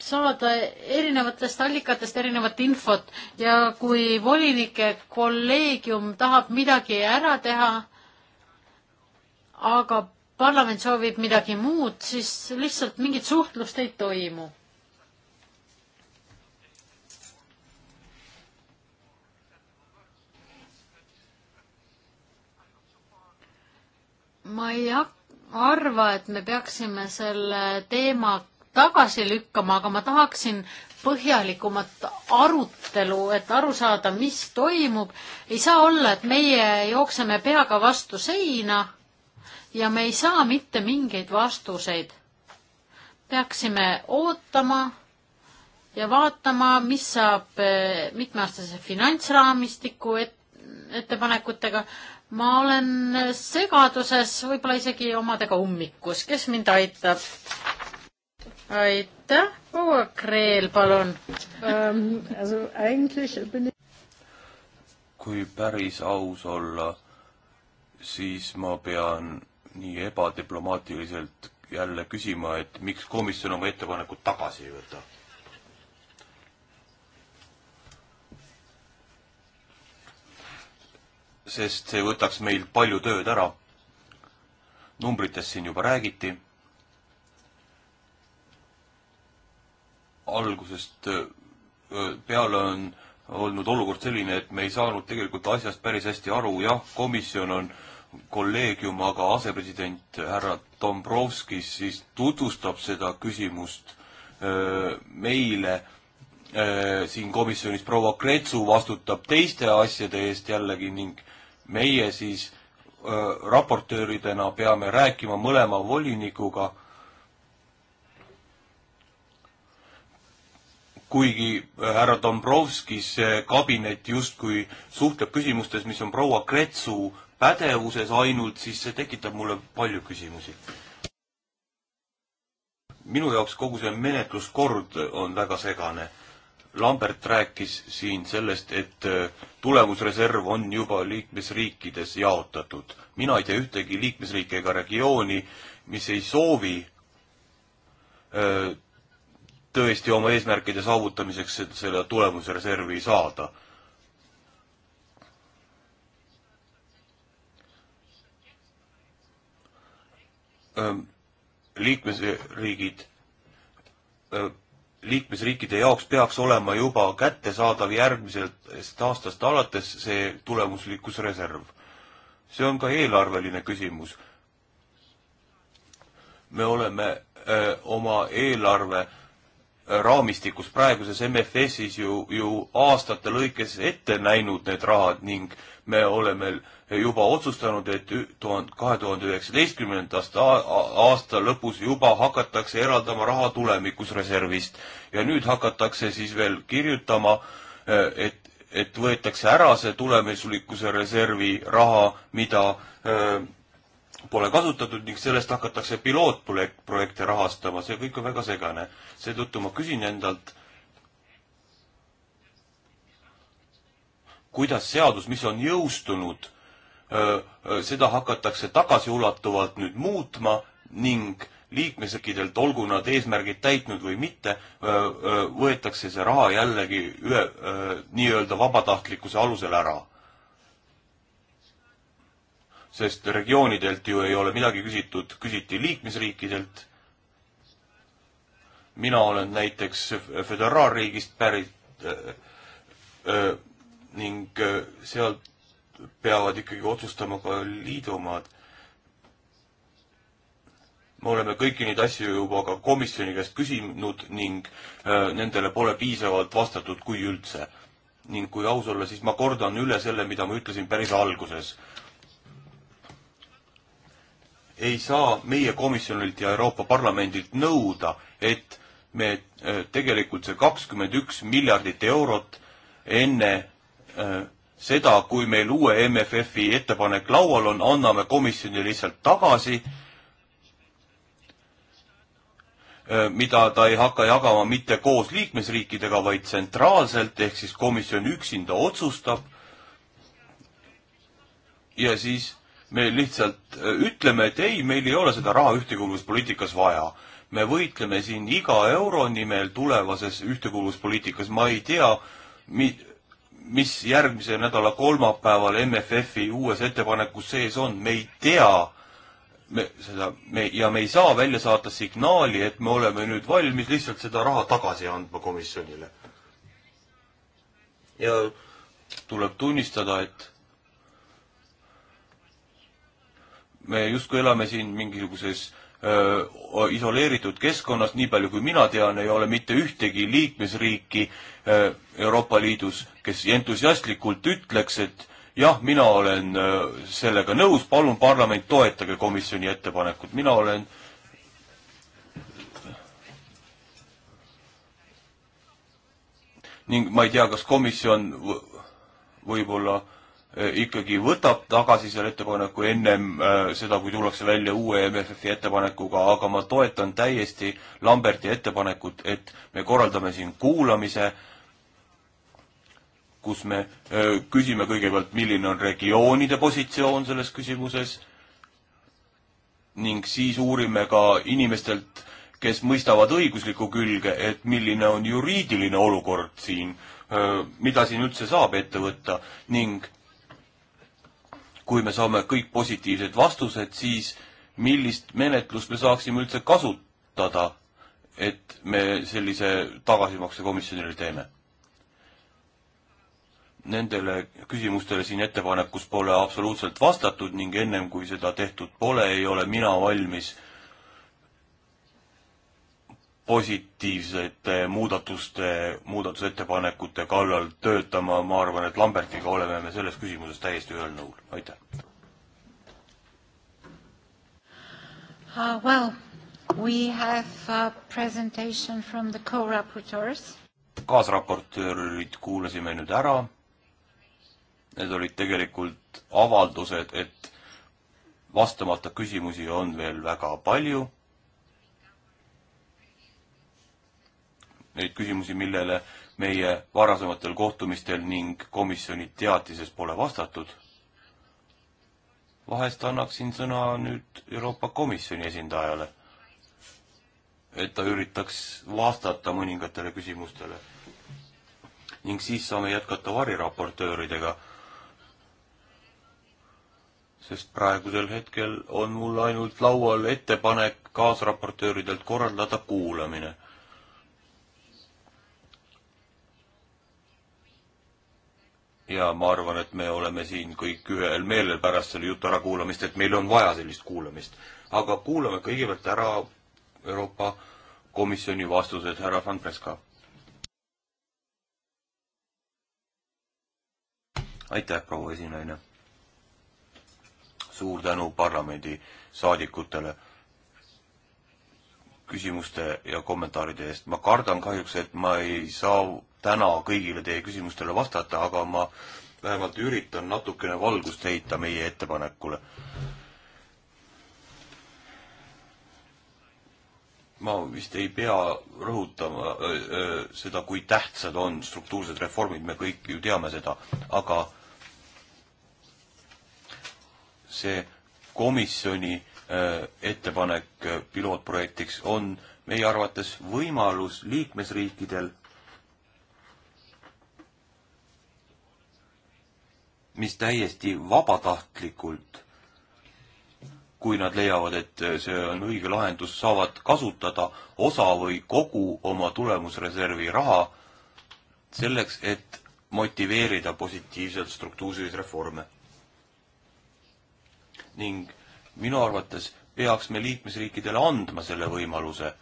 E: saada erinevatest allikatest erinevat infot ja kui volinike kolleegium tahab midagi ära teha, aga parlament soovib midagi muud, siis lihtsalt mingit suhtlust ei toimu. ma ei hakka arva, et me peaksime selle teema tagasi lükkama, aga ma tahaksin põhjalikumat arutelu, et aru saada, mis toimub. ei saa olla, et meie jookseme peaga vastu seina ja me ei saa mitte mingeid vastuseid. peaksime ootama ja vaatama, mis saab eh, mitmeaastase finantsraamistiku ette ettepanekutega. ma olen segaduses, võib-olla isegi omadega ummikus, kes mind aitab? aitäh, proua Kreel, palun ähm,.
B: kui päris aus olla, siis ma pean nii ebadiplomaatiliselt jälle küsima, et miks komisjon oma ettepanekut tagasi ei võta sest see võtaks meilt palju tööd ära. numbritest siin juba räägiti. algusest peale on olnud olukord selline, et me ei saanud tegelikult asjast päris hästi aru, jah, komisjon on kolleegium, aga asepresident härra Dombrovskis siis tutvustab seda küsimust öö, meile siin komisjonis proua Kretsu vastutab teiste asjade eest jällegi ning meie siis äh, raportööridena peame rääkima mõlema volinikuga, kuigi härra Dombrovskis kabinet justkui suhtleb küsimustes, mis on proua Kretsu pädevuses ainult, siis see tekitab mulle palju küsimusi. minu jaoks kogu see menetluskord on väga segane Lambert rääkis siin sellest, et äh, tulemusreserv on juba liikmesriikides jaotatud. mina ei tea ühtegi liikmesriiki ega regiooni, mis ei soovi äh, tõesti oma eesmärkide saavutamiseks seda tulemusreservi saada. Äh, liikmesriigid liikmesriikide jaoks peaks olema juba kättesaadav järgmisest aastast alates see tulemuslikkusreserv. see on ka eelarveline küsimus. me oleme öö, oma eelarve raamistikus, praeguses MFS-is ju, ju aastate lõikes ette näinud need rahad ning me oleme juba otsustanud, et tuhande, kahe tuhande üheksateistkümnendast aasta lõpus juba hakatakse eraldama raha tulemikusreservist. ja nüüd hakatakse siis veel kirjutama, e, et, et võetakse ära see tulemuslikkuse reservi raha, mida öö, e, pole kasutatud ning sellest hakatakse pilootprojekte rahastama, see kõik on väga segane. seetõttu ma küsin endalt, kuidas seadus, mis on jõustunud, seda hakatakse tagasiulatuvalt nüüd muutma ning liikmesriikidelt, olgu nad eesmärgid täitnud või mitte, võetakse see raha jällegi ühe nii-öelda vabatahtlikkuse alusel ära sest regioonidelt ju ei ole midagi küsitud, küsiti liikmesriikidelt. mina olen näiteks föderaalriigist pärit äh, äh, ning äh, sealt peavad ikkagi otsustama ka liidumaad. me oleme kõiki neid asju juba ka komisjoni käest küsinud ning äh, nendele pole piisavalt vastatud, kui üldse. ning kui aus olla, siis ma kordan üle selle, mida ma ütlesin päris alguses ei saa meie komisjonilt ja Euroopa Parlamendilt nõuda, et me äh, tegelikult see kakskümmend üks miljardit eurot enne äh, seda, kui meil uue MFF-i ettepanek laual on, anname komisjoni lihtsalt tagasi, äh, mida ta ei hakka jagama mitte koos liikmesriikidega, vaid tsentraalselt, ehk siis komisjon üksinda otsustab ja siis me lihtsalt äh, ütleme, et ei, meil ei ole seda raha ühtekuuluvuspoliitikas vaja. me võitleme siin iga euro nimel tulevases ühtekuuluvuspoliitikas, ma ei tea, mi-, mis järgmise nädala kolmapäeval MFF-i uues ettepanekus sees on, me ei tea, me seda, me, ja me ei saa välja saata signaali, et me oleme nüüd valmis lihtsalt seda raha tagasi andma komisjonile. ja tuleb tunnistada, et me justkui elame siin mingisuguses öö, isoleeritud keskkonnas, nii palju kui mina tean, ei ole mitte ühtegi liikmesriiki öö, Euroopa Liidus, kes entusiastlikult ütleks, et jah, mina olen öö, sellega nõus, palun parlament, toetage komisjoni ettepanekut, mina olen ning ma ei tea, kas komisjon võib-olla võib Äh, ikkagi võtab tagasi selle ettepaneku ennem äh, seda, kui tullakse välja uue MFF-i ettepanekuga, aga ma toetan täiesti Lamberti ettepanekut, et me korraldame siin kuulamise, kus me äh, küsime kõigepealt, milline on regioonide positsioon selles küsimuses ning siis uurime ka inimestelt, kes mõistavad õiguslikku külge, et milline on juriidiline olukord siin, mida siin üldse saab ette võtta ning kui me saame kõik positiivsed vastused, siis millist menetlust me saaksime üldse kasutada, et me sellise tagasimakse komisjonile teeme? Nendele küsimustele siin ettepanekus pole absoluutselt vastatud ning ennem kui seda tehtud pole, ei ole mina valmis äh, positiivsete muudatuste, muudatusettepanekute kallal töötama, ma arvan, et Lambertiga oleme me selles küsimuses täiesti ühel nõul, aitäh
A: uh,. Well, we have a presentation from the co-raporteurs.
B: kaasraportöörid kuulasime nüüd ära. Need olid tegelikult avaldused, et vastamata küsimusi on veel väga palju neid küsimusi, millele meie varasematel kohtumistel ning komisjoni teatises pole vastatud. vahest annaksin sõna nüüd Euroopa Komisjoni esindajale, et ta üritaks vastata mõningatele küsimustele. ning siis saame jätkata variraportööridega, sest praegusel hetkel on mul ainult laual ettepanek kaasraportööridelt korraldada kuulamine ja ma arvan, et me oleme siin kõik ühel meelel pärast selle jutu ärakuulamist, et meil on vaja sellist kuulamist. aga kuulame kõigepealt ära Euroopa Komisjoni vastused, härra Van Preska. aitäh, proua esinaine. suur tänu parlamendi saadikutele küsimuste ja kommentaaride eest. ma kardan kahjuks, et ma ei saa täna kõigile teie küsimustele vastata, aga ma vähemalt üritan natukene valgust heita meie ettepanekule. ma vist ei pea rõhutama öö, öö, seda, kui tähtsad on struktuursed reformid, me kõik ju teame seda, aga see komisjoni Äh, ettepanek äh, pilootprojektiks on meie arvates võimalus liikmesriikidel, mis täiesti vabatahtlikult, kui nad leiavad, et äh, see on õige lahendus, saavad kasutada osa või kogu oma tulemusreservi raha selleks, et motiveerida positiivselt struktuurseid reforme. ning minu arvates peaks me liikmesriikidele andma selle võimaluse,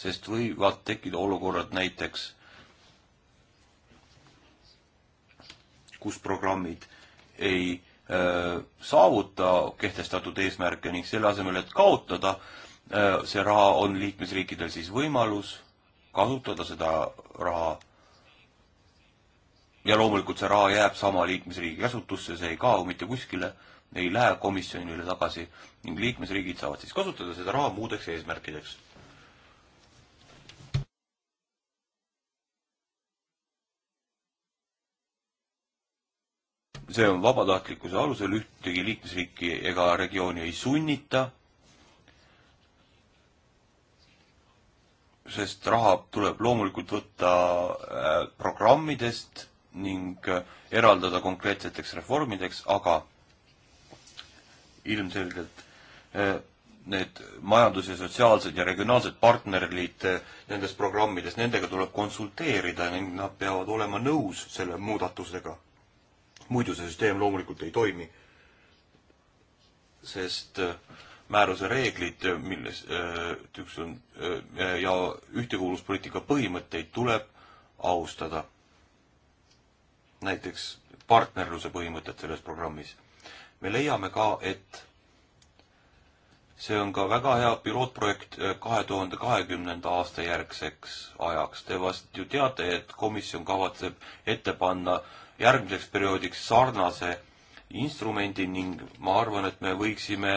B: sest võivad tekkida olukorrad näiteks, kus programmid ei öö, äh, saavuta kehtestatud eesmärke ning selle asemel, et kaotada, äh, see raha on liikmesriikidel siis võimalus kasutada seda raha ja loomulikult see raha jääb sama liikmesriigi käsutusse, see ei kao mitte kuskile ei lähe komisjonile tagasi ning liikmesriigid saavad siis kasutada seda raha muudeks eesmärkideks. see on vabatahtlikkuse alusel, ühtegi liikmesriiki ega regiooni ei sunnita, sest raha tuleb loomulikult võtta äh, programmidest ning äh, eraldada konkreetseteks reformideks, aga ilmselgelt eh, need majandus- ja sotsiaalsed ja regionaalsed partnerid eh, nendes programmides, nendega tuleb konsulteerida ning nad peavad olema nõus selle muudatusega. muidu see süsteem loomulikult ei toimi. sest eh, määruse reeglid, milles üks on, ja ühtekuuluvuspoliitika põhimõtteid tuleb austada. näiteks partnerluse põhimõtet selles programmis me leiame ka, et see on ka väga hea pilootprojekt eh, kahe tuhande kahekümnenda aasta järgseks ajaks. Te vast ju teate, et komisjon kavatseb ette panna järgmiseks perioodiks sarnase instrumendi ning ma arvan, et me võiksime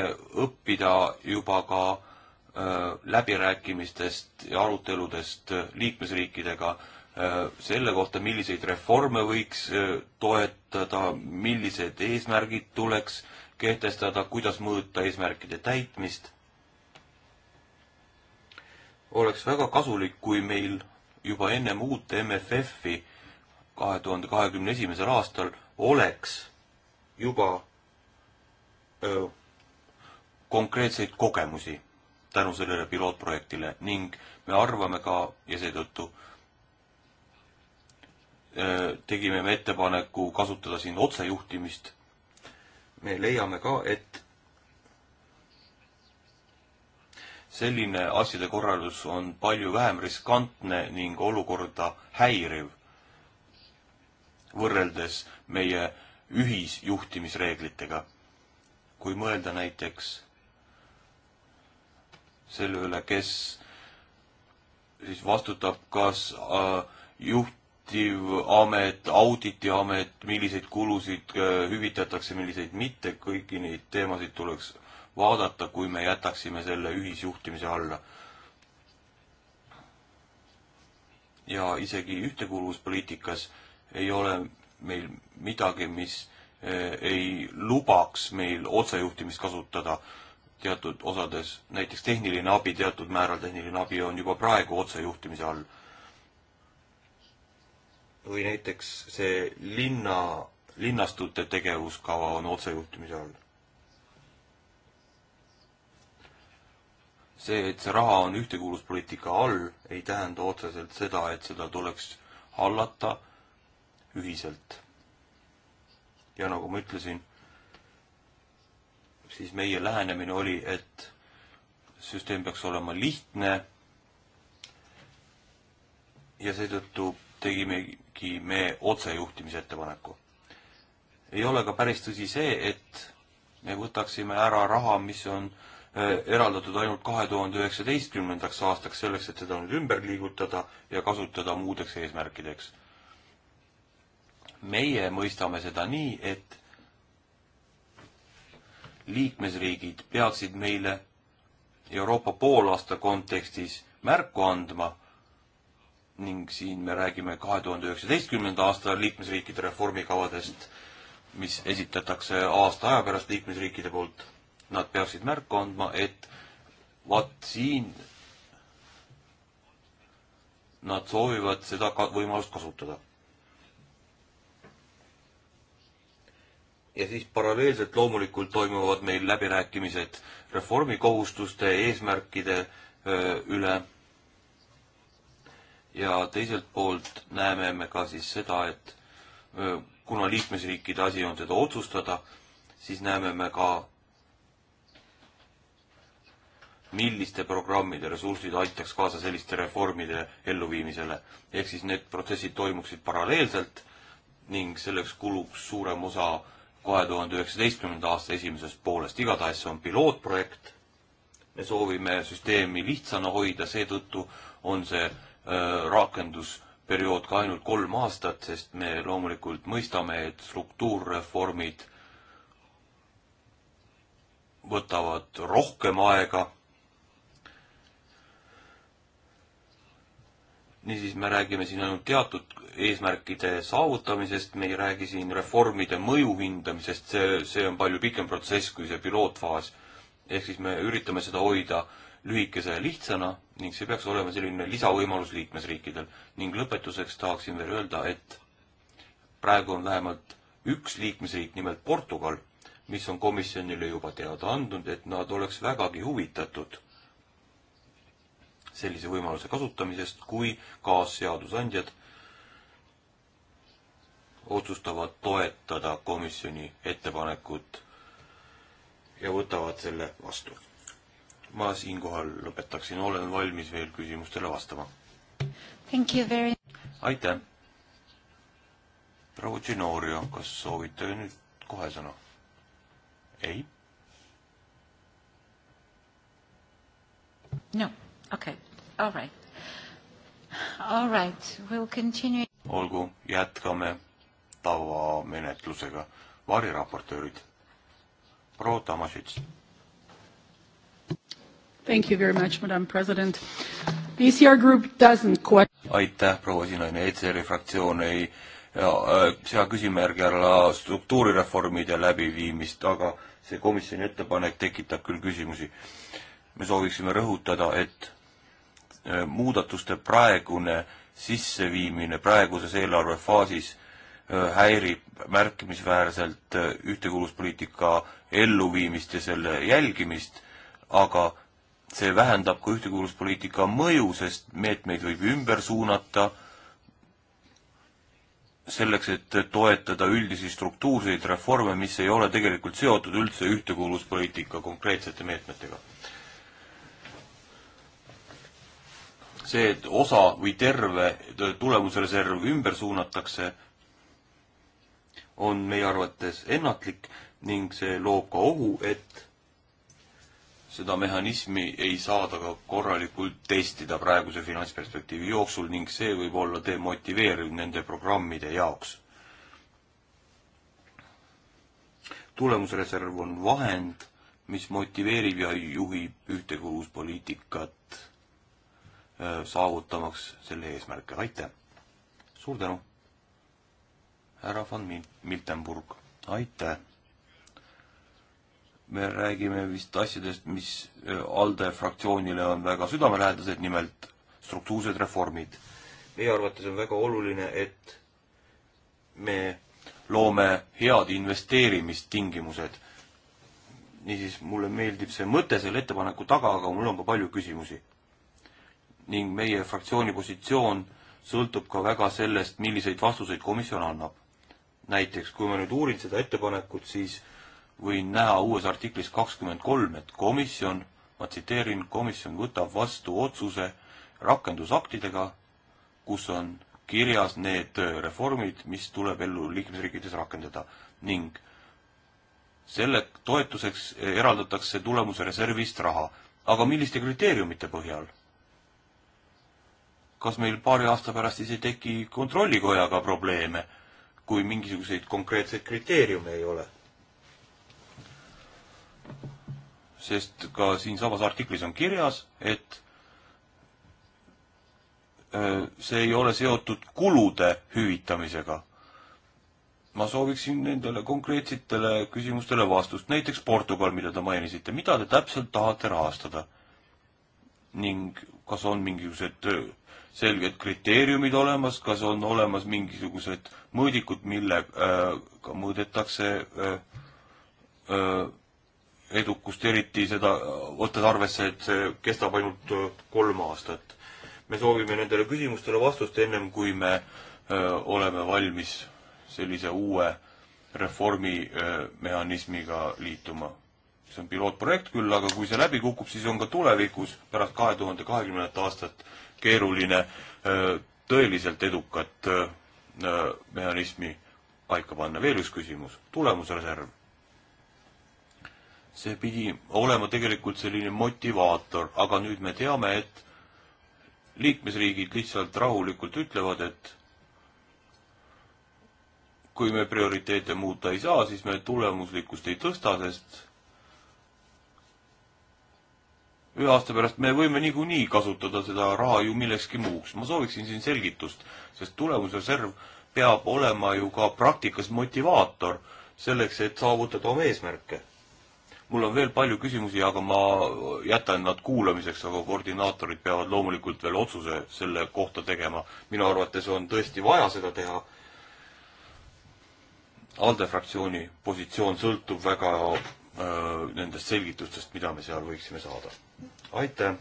B: õppida juba ka äh, läbirääkimistest ja aruteludest eh, liikmesriikidega Äh, selle kohta, milliseid reforme võiks äh, toetada, millised eesmärgid tuleks kehtestada, kuidas mõõta eesmärkide täitmist. oleks väga kasulik, kui meil juba ennem uut MFF-i kahe tuhande kahekümne esimesel aastal oleks juba öö, konkreetseid kogemusi tänu sellele pilootprojektile ning me arvame ka ja seetõttu äh, Äh, tegime me ettepaneku kasutada siin otsejuhtimist. me leiame ka, et selline asjade korraldus on palju vähem riskantne ning olukorda häiriv võrreldes meie ühisjuhtimisreeglitega. kui mõelda näiteks selle üle, kes siis vastutab, kas äh, juht detektiivamet, auditiamet, milliseid kulusid äh, hüvitatakse, milliseid mitte, kõiki neid teemasid tuleks vaadata, kui me jätaksime selle ühisjuhtimise alla. ja isegi ühtekuuluvuspoliitikas ei ole meil midagi, mis äh, ei lubaks meil otsejuhtimist kasutada teatud osades, näiteks tehniline abi, teatud määral tehniline abi on juba praegu otsejuhtimise all või näiteks see linna, linnastute tegevuskava on otsejuhtimise all. see, et see raha on ühtekuuluvuspoliitika all, ei tähenda otseselt seda, et seda tuleks hallata ühiselt. ja nagu ma ütlesin, siis meie lähenemine oli, et süsteem peaks olema lihtne ja seetõttu tegimegi me otsejuhtimise ettepaneku. ei ole ka päris tõsi see, et me võtaksime ära raha, mis on eh, eraldatud ainult kahe tuhande üheksateistkümnendaks aastaks selleks, et seda nüüd ümber liigutada ja kasutada muudeks eesmärkideks. meie mõistame seda nii, et liikmesriigid peaksid meile Euroopa poolaasta kontekstis märku andma ning siin me räägime kahe tuhande üheksateistkümnenda aasta liikmesriikide reformikavadest, mis esitatakse aasta aja pärast liikmesriikide poolt. Nad peaksid märku andma, et vaat siin nad soovivad seda ka võimalust kasutada. ja siis paralleelselt loomulikult toimuvad meil läbirääkimised reformikohustuste eesmärkide öö, üle ja teiselt poolt näeme me ka siis seda, et kuna liikmesriikide asi on seda otsustada, siis näeme me ka, milliste programmide ressursid aitaks kaasa selliste reformide elluviimisele. ehk siis need protsessid toimuksid paralleelselt ning selleks kuluks suurem osa kahe tuhande üheksateistkümnenda aasta esimesest poolest. igatahes see on pilootprojekt. me soovime süsteemi lihtsana hoida, seetõttu on see Äh, rakendusperiood ka ainult kolm aastat, sest me loomulikult mõistame, et struktuurreformid võtavad rohkem aega. niisiis, me räägime siin ainult teatud eesmärkide saavutamisest, me ei räägi siin reformide mõju hindamisest, see, see on palju pikem protsess kui see pilootfaas. ehk siis me üritame seda hoida äh, lühikese ja lihtsana ning see peaks olema selline lisavõimalus liikmesriikidel. ning lõpetuseks tahaksin veel öelda, et praegu on vähemalt üks liikmesriik, nimelt Portugal, mis on komisjonile juba teada andnud, et nad oleks vägagi huvitatud sellise võimaluse kasutamisest, kui kaasseadusandjad otsustavad toetada komisjoni ettepanekut ja võtavad selle vastu ma siinkohal lõpetaksin, olen valmis veel küsimustele vastama. Very... aitäh! proua Tšinorio, kas soovite nüüd kohe sõna? ei?
A: no okei okay., all right. All right, we'll continue.
B: olgu, jätkame tavamenetlusega. variraportöörid. proua Tamasits
C: Thank you very much, madam president. ECR e group doesn't quite
B: aitäh, proua Sinaine, ECR-i fraktsioon ei äh, sea küsimärgi alla struktuurireformide läbiviimist, aga see komisjoni ettepanek tekitab küll küsimusi. me sooviksime rõhutada, et äh, muudatuste praegune sisseviimine praeguses eelarvefaasis äh, häirib märkimisväärselt ühtekuuluvuspoliitika elluviimist ja selle jälgimist, aga see vähendab ka ühtekuuluvuspoliitika mõju, sest meetmeid võib ümber suunata selleks, et toetada üldisi struktuurseid reforme, mis ei ole tegelikult seotud üldse ühtekuuluvuspoliitika konkreetsete meetmetega. see, et osa või terve tulemusreserv ümber suunatakse, on meie arvates ennatlik ning see loob ka ohu, et seda mehhanismi ei saada ka korralikult testida praeguse finantsperspektiivi jooksul ning see võib olla demotiveeriv nende programmide jaoks. tulemusreserv on vahend, mis motiveerib ja juhib ühtekuuluvuspoliitikat äh, saavutamaks selle eesmärke. aitäh! suur tänu! härra von Miltenburg, aitäh! me räägime vist asjadest, mis äh, ALDE fraktsioonile on väga südamelähedased, nimelt struktuursed reformid. meie arvates on väga oluline, et me loome head investeerimistingimused. niisiis, mulle meeldib see mõte selle ettepaneku taga, aga mul on ka palju küsimusi. ning meie fraktsiooni positsioon sõltub ka väga sellest, milliseid vastuseid komisjon annab. näiteks, kui ma nüüd uurin seda ettepanekut, siis võin näha uues artiklis kakskümmend kolm, et komisjon, ma tsiteerin, komisjon võtab vastu otsuse rakendusaktidega, kus on kirjas need reformid, mis tuleb ellu liikmesriikides rakendada ning selle toetuseks eraldatakse tulemusreservist raha. aga milliste kriteeriumite põhjal? kas meil paari aasta pärast siis ei teki kontrollikojaga probleeme, kui mingisuguseid konkreetseid kriteeriume ei ole? sest ka siinsamas artiklis on kirjas, et äh, see ei ole seotud kulude hüvitamisega. ma sooviksin nendele konkreetsetele küsimustele vastust, näiteks Portugal, mida te mainisite, mida te täpselt tahate rahastada? ning kas on mingisugused äh, selged kriteeriumid olemas, kas on olemas mingisugused mõõdikud, millega äh, mõõdetakse äh, äh, edukust, eriti seda, võttes arvesse, et see kestab ainult äh, kolm aastat. me soovime nendele küsimustele vastust ennem, kui me öö, äh, oleme valmis sellise uue reformimehhanismiga äh, liituma. see on pilootprojekt küll, aga kui see läbi kukub, siis on ka tulevikus pärast kahe tuhande kahekümnendat aastat keeruline öö, tõeliselt edukat öö, mehhanismi paika panna. veel üks küsimus, tulemusreserv see pidi olema tegelikult selline motivaator, aga nüüd me teame, et liikmesriigid lihtsalt rahulikult ütlevad, et kui me prioriteete muuta ei saa, siis me tulemuslikkust ei tõsta, sest ühe aasta pärast me võime niikuinii kasutada seda raha ju millekski muuks. ma sooviksin siin selgitust, sest tulemusreserv peab olema ju ka praktikas motivaator selleks, et saavutada oma eesmärke mul on veel palju küsimusi, aga ma jätan nad kuulamiseks, aga koordinaatorid peavad loomulikult veel otsuse selle kohta tegema. minu arvates on tõesti vaja seda teha. ALDE fraktsiooni positsioon sõltub väga öö, äh, nendest selgitustest, mida me seal võiksime saada. aitäh!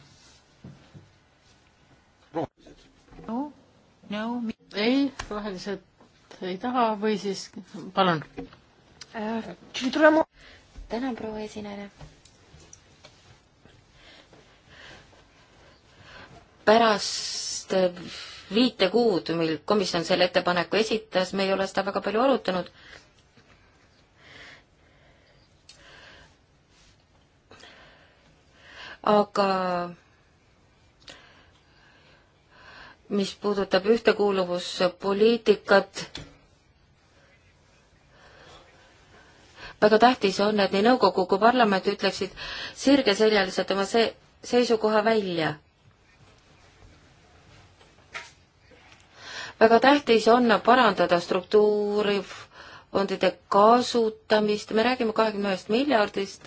B: rohelised
E: no,? No, ei, rohelised ei taha või siis palun
D: äh, tänan, proua esinaine. pärast äh, viite kuud, mil komisjon selle ettepaneku esitas, me ei ole seda väga palju arutanud aga mis puudutab ühtekuuluvuspoliitikat, väga tähtis on, et nii nõukogu kui parlament ütleksid sirgeseljaliselt oma see seisukoha välja. väga tähtis on parandada struktuurifondide kasutamist, me räägime kahekümne ühest miljardist.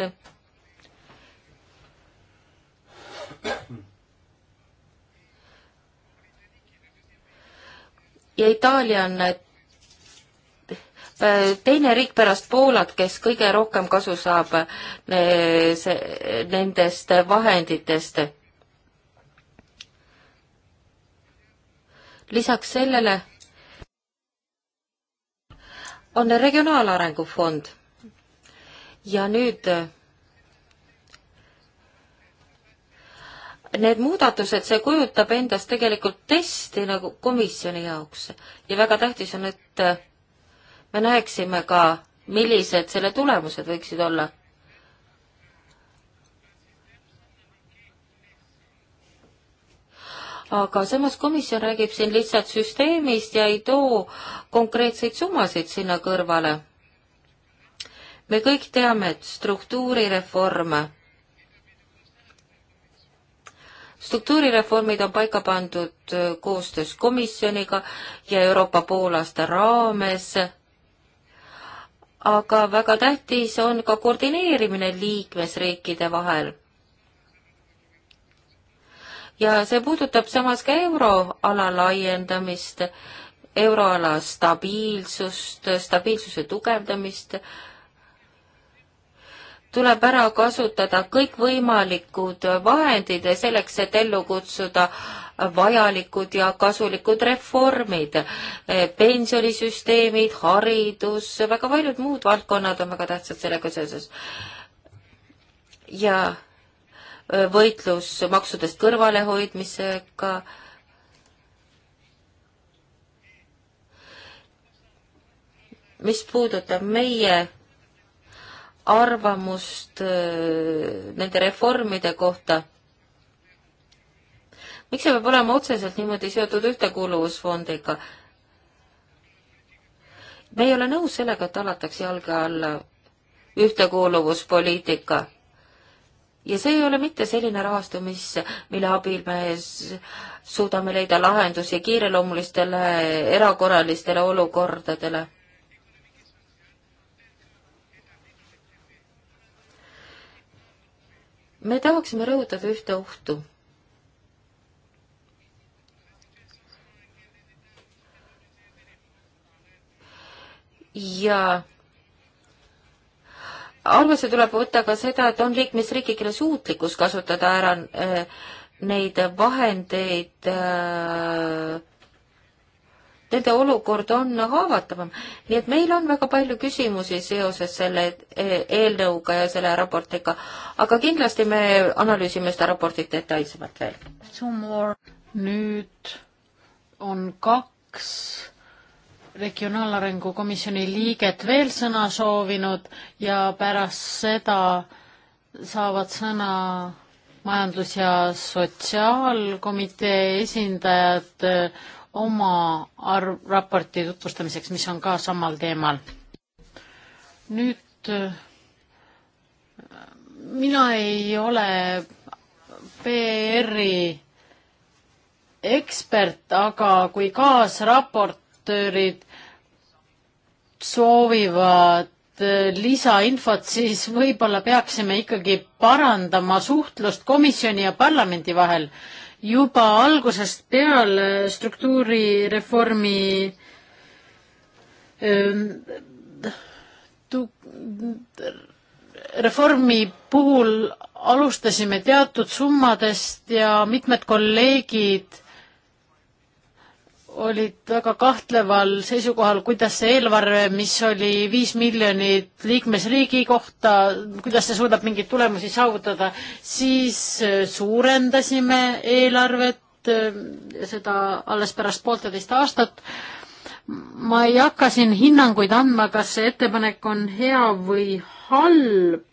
D: ja Itaalia on teine riik pärast Poolat, kes kõige rohkem kasu saab eh, see, nendest vahenditest. lisaks sellele on Regionaalarengu Fond ja nüüd need muudatused, see kujutab endast tegelikult testi nagu komisjoni jaoks ja väga tähtis on, et me näeksime ka, millised selle tulemused võiksid olla. aga samas komisjon räägib siin lihtsalt süsteemist ja ei too konkreetseid summasid sinna kõrvale. me kõik teame, et struktuurireform struktuurireformid on paika pandud koostöös komisjoniga ja Euroopa poolaasta raames aga väga tähtis on ka koordineerimine liikmesriikide vahel. ja see puudutab samas ka euroala laiendamist, euroala stabiilsust, stabiilsuse tugevdamist, tuleb ära kasutada kõikvõimalikud vahendid selleks, et ellu kutsuda äh, vajalikud ja kasulikud reformid. pensionisüsteemid, haridus, väga paljud muud valdkonnad on väga tähtsad sellega seoses. ja võitlus maksudest kõrvalehoidmisega mis puudutab meie arvamust äh, nende reformide kohta, miks see peab olema otseselt niimoodi seotud ühtekuuluvusfondiga? me ei ole nõus sellega, et alatakse jalge alla ühtekuuluvuspoliitika ja see ei ole mitte selline rahastumis, mille abil me suudame leida lahendusi kiireloomulistele erakorralistele olukordadele. me tahaksime rõhutada ühte ohtu ja arvesse tuleb võtta ka seda, et on liikmesriike, kelle suutlikkus kasutada ära äh, neid vahendeid, äh, nende olukord on haavatavam. nii et meil on väga palju küsimusi seoses selle äh, eelnõuga ja selle raportiga, aga kindlasti me analüüsime seda raportit detailsemalt veel.
E: nüüd on kaks Regionaalarengu Komisjoni liiget veel sõna soovinud ja pärast seda saavad sõna majandus- ja sotsiaalkomitee esindajad eh, oma arv, raporti tutvustamiseks, mis on ka samal teemal. nüüd eh, mina ei ole PR-i ekspert, aga kui kaasraport raportöörid soovivad äh, lisainfot, siis võib-olla peaksime ikkagi parandama suhtlust komisjoni ja parlamendi vahel. juba algusest peale struktuurireformi ähm, reformi puhul alustasime teatud summadest ja mitmed kolleegid olid väga kahtleval seisukohal, kuidas see eelarve, mis oli viis miljonit liikmesriigi kohta, kuidas see suudab mingeid tulemusi saavutada, siis äh, suurendasime eelarvet, äh, seda alles pärast poolteist aastat. ma ei hakka siin hinnanguid andma, kas see ettepanek on hea või halb.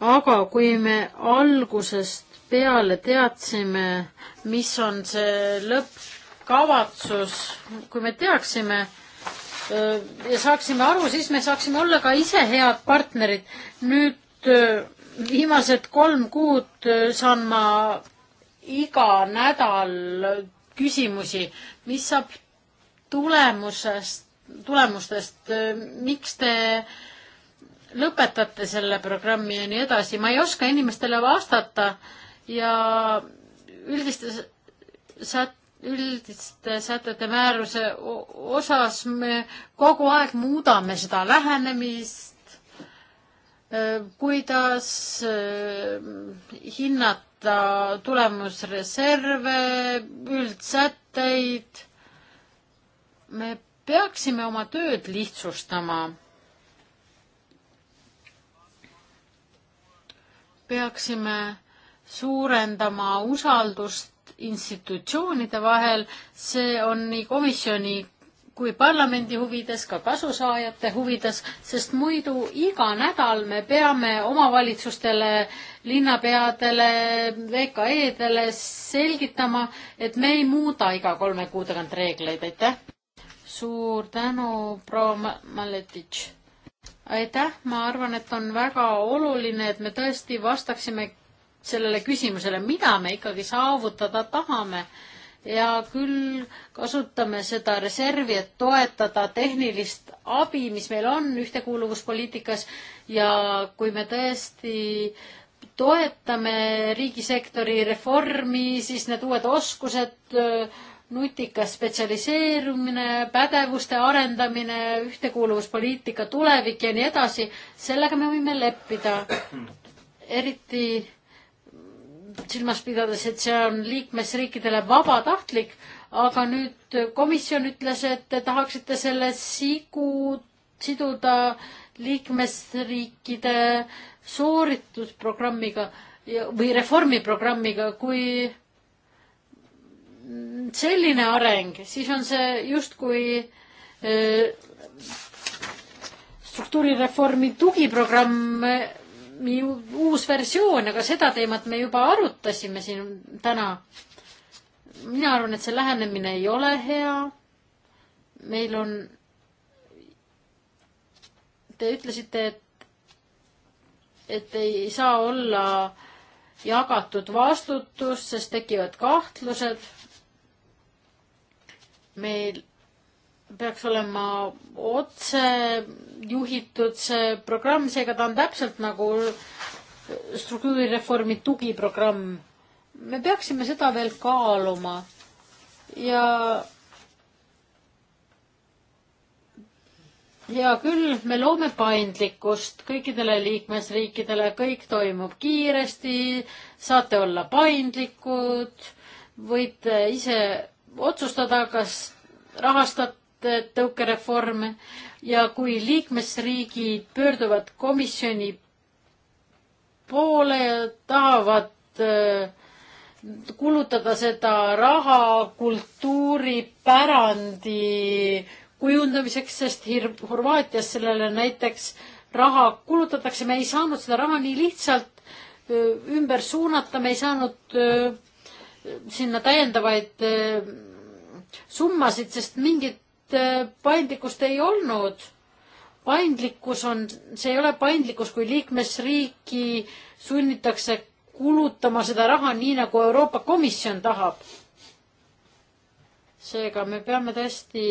E: aga kui me algusest peale teadsime, mis on see lõppkavatsus, kui me teaksime äh, ja saaksime aru, siis me saaksime olla ka ise head partnerid. nüüd äh, viimased kolm kuud äh, saan ma iga nädal küsimusi, mis saab tulemusest, tulemustest, miks te lõpetate selle programmi ja nii edasi. ma ei oska inimestele vastata ja üldistes sät-, üldiste sätete määruse osas me kogu aeg muudame seda lähenemist, kuidas eh, hinnata tulemusreserve, üldsätteid. me peaksime oma tööd lihtsustama peaksime suurendama usaldust institutsioonide vahel, see on nii komisjoni kui parlamendi huvides, ka kasusaajate huvides, sest muidu iga nädal me peame omavalitsustele, linnapeadele, VKE-dele selgitama, et me ei muuda iga kolme kuu tagant reegleid, aitäh. suur tänu, proua Maletitš. aitäh, ma arvan, et on väga oluline, et me tõesti vastaksime sellele küsimusele, mida me ikkagi saavutada tahame ja küll kasutame seda reservi, et toetada tehnilist abi, mis meil on ühtekuuluvuspoliitikas ja kui me tõesti toetame riigisektori reformi, siis need uued oskused, nutikas spetsialiseerumine, pädevuste arendamine, ühtekuuluvuspoliitika tulevik ja nii edasi, sellega me võime leppida. eriti silmas pidades, et see on liikmesriikidele vabatahtlik, aga nüüd komisjon ütles, et te tahaksite selle sigu, siduda liikmesriikide sooritusprogrammiga või reformiprogrammiga, kui selline areng, siis on see justkui äh, struktuurireformi tugiprogramm uus versioon, aga seda teemat me juba arutasime siin täna. mina arvan, et see lähenemine ei ole hea. meil on, te ütlesite, et, et ei saa olla jagatud vastutus, sest tekivad kahtlused. meil peaks olema otse juhitud see programm, seega ta on täpselt nagu struktuurireformi tugiprogramm. me peaksime seda veel kaaluma ja hea küll, me loome paindlikkust kõikidele liikmesriikidele, kõik toimub kiiresti, saate olla paindlikud, võite ise otsustada, kas rahastate tõukereform ja kui liikmesriigid pöörduvad komisjoni poole ja tahavad äh, kulutada seda raha kultuuripärandi kujundamiseks, sest Horvaatias sellele näiteks raha kulutatakse, me ei saanud seda raha nii lihtsalt äh, ümber suunata, me ei saanud äh, sinna täiendavaid summasid, sest mingid Äh, paindlikkust ei olnud. paindlikkus on, see ei ole paindlikkus, kui liikmesriiki sunnitakse kulutama seda raha nii, nagu Euroopa Komisjon tahab. seega me peame tõesti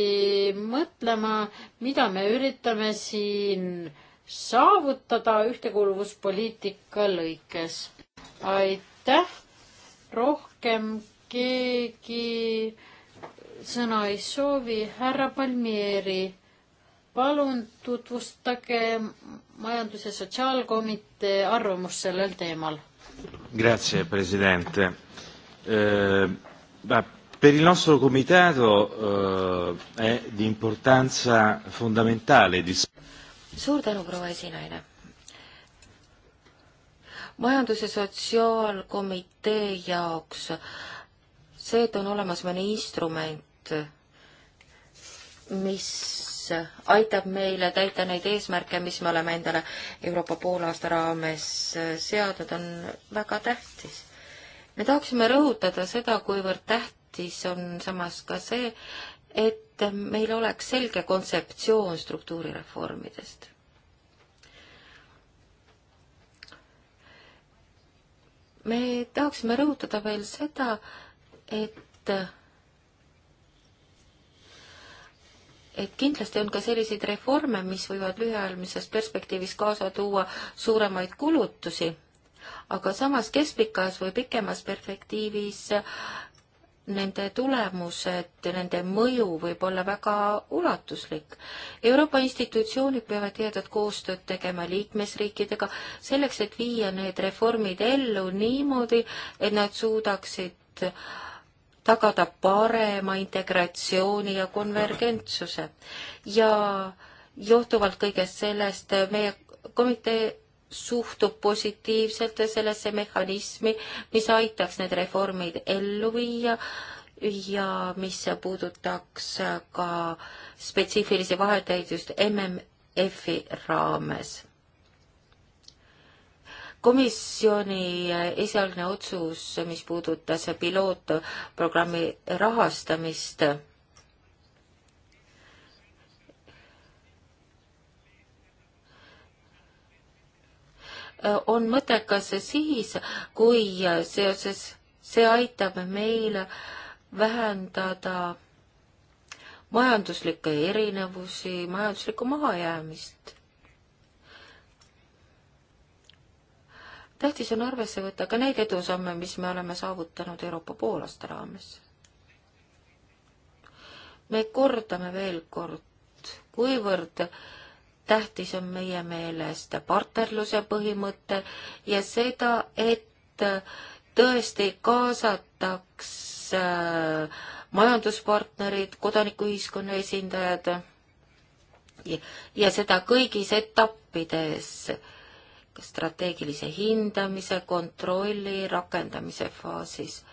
E: mõtlema, mida me üritame siin saavutada ühtekuuluvuspoliitika lõikes. aitäh, rohkem keegi sõna ei soovi. härra Palmieri, palun tutvustage majandus- ja sotsiaalkomitee arvamust sellel teemal.
B: Grazie, president eh,. Per il nostro comitato eh, è di importanza
C: fondamentale di...
D: suur tänu, proua esinaine majandus- ja sotsiaalkomitee jaoks see, et on olemas mõni instrument, raport, mis aitab meile täita neid eesmärke, mis me oleme endale Euroopa poolaasta raames seadnud, on väga tähtis. me tahaksime rõhutada seda, kuivõrd tähtis on samas ka see, et meil oleks selge kontseptsioon struktuurireformidest. me tahaksime rõhutada veel seda, et et kindlasti on ka selliseid reforme, mis võivad lühiajalises perspektiivis kaasa tuua suuremaid kulutusi, aga samas keskpikas või pikemas perspektiivis nende tulemused, nende mõju võib olla väga ulatuslik. Euroopa institutsioonid peavad tihedat koostööd tegema liikmesriikidega selleks, et viia need reformid ellu niimoodi, et nad suudaksid äh, tagada parema integratsiooni ja konvergentsuse. ja johtuvalt kõigest sellest meie komitee suhtub positiivselt sellesse mehhanismi, mis aitaks need reformid ellu viia ja mis puudutaks ka spetsiifilisi vahendeid just MMF-i raames komisjoni äh, esialgne otsus, mis puudutas pilootprogrammi rahastamist, äh, on mõttekas siis, kui äh, seoses, see aitab meil vähendada majanduslikke erinevusi, majanduslikku mahajäämist tähtis on arvesse võtta ka neid edusamme, mis me oleme saavutanud Euroopa poolaasta raames. me kordame veel kord, kuivõrd tähtis on meie meelest partnerluse põhimõte ja seda, et tõesti kaasataks äh, majanduspartnerid, kodanikuühiskonna esindajad ja, ja seda kõigis etappides strateegilise hindamise kontrolli rakendamise faasis.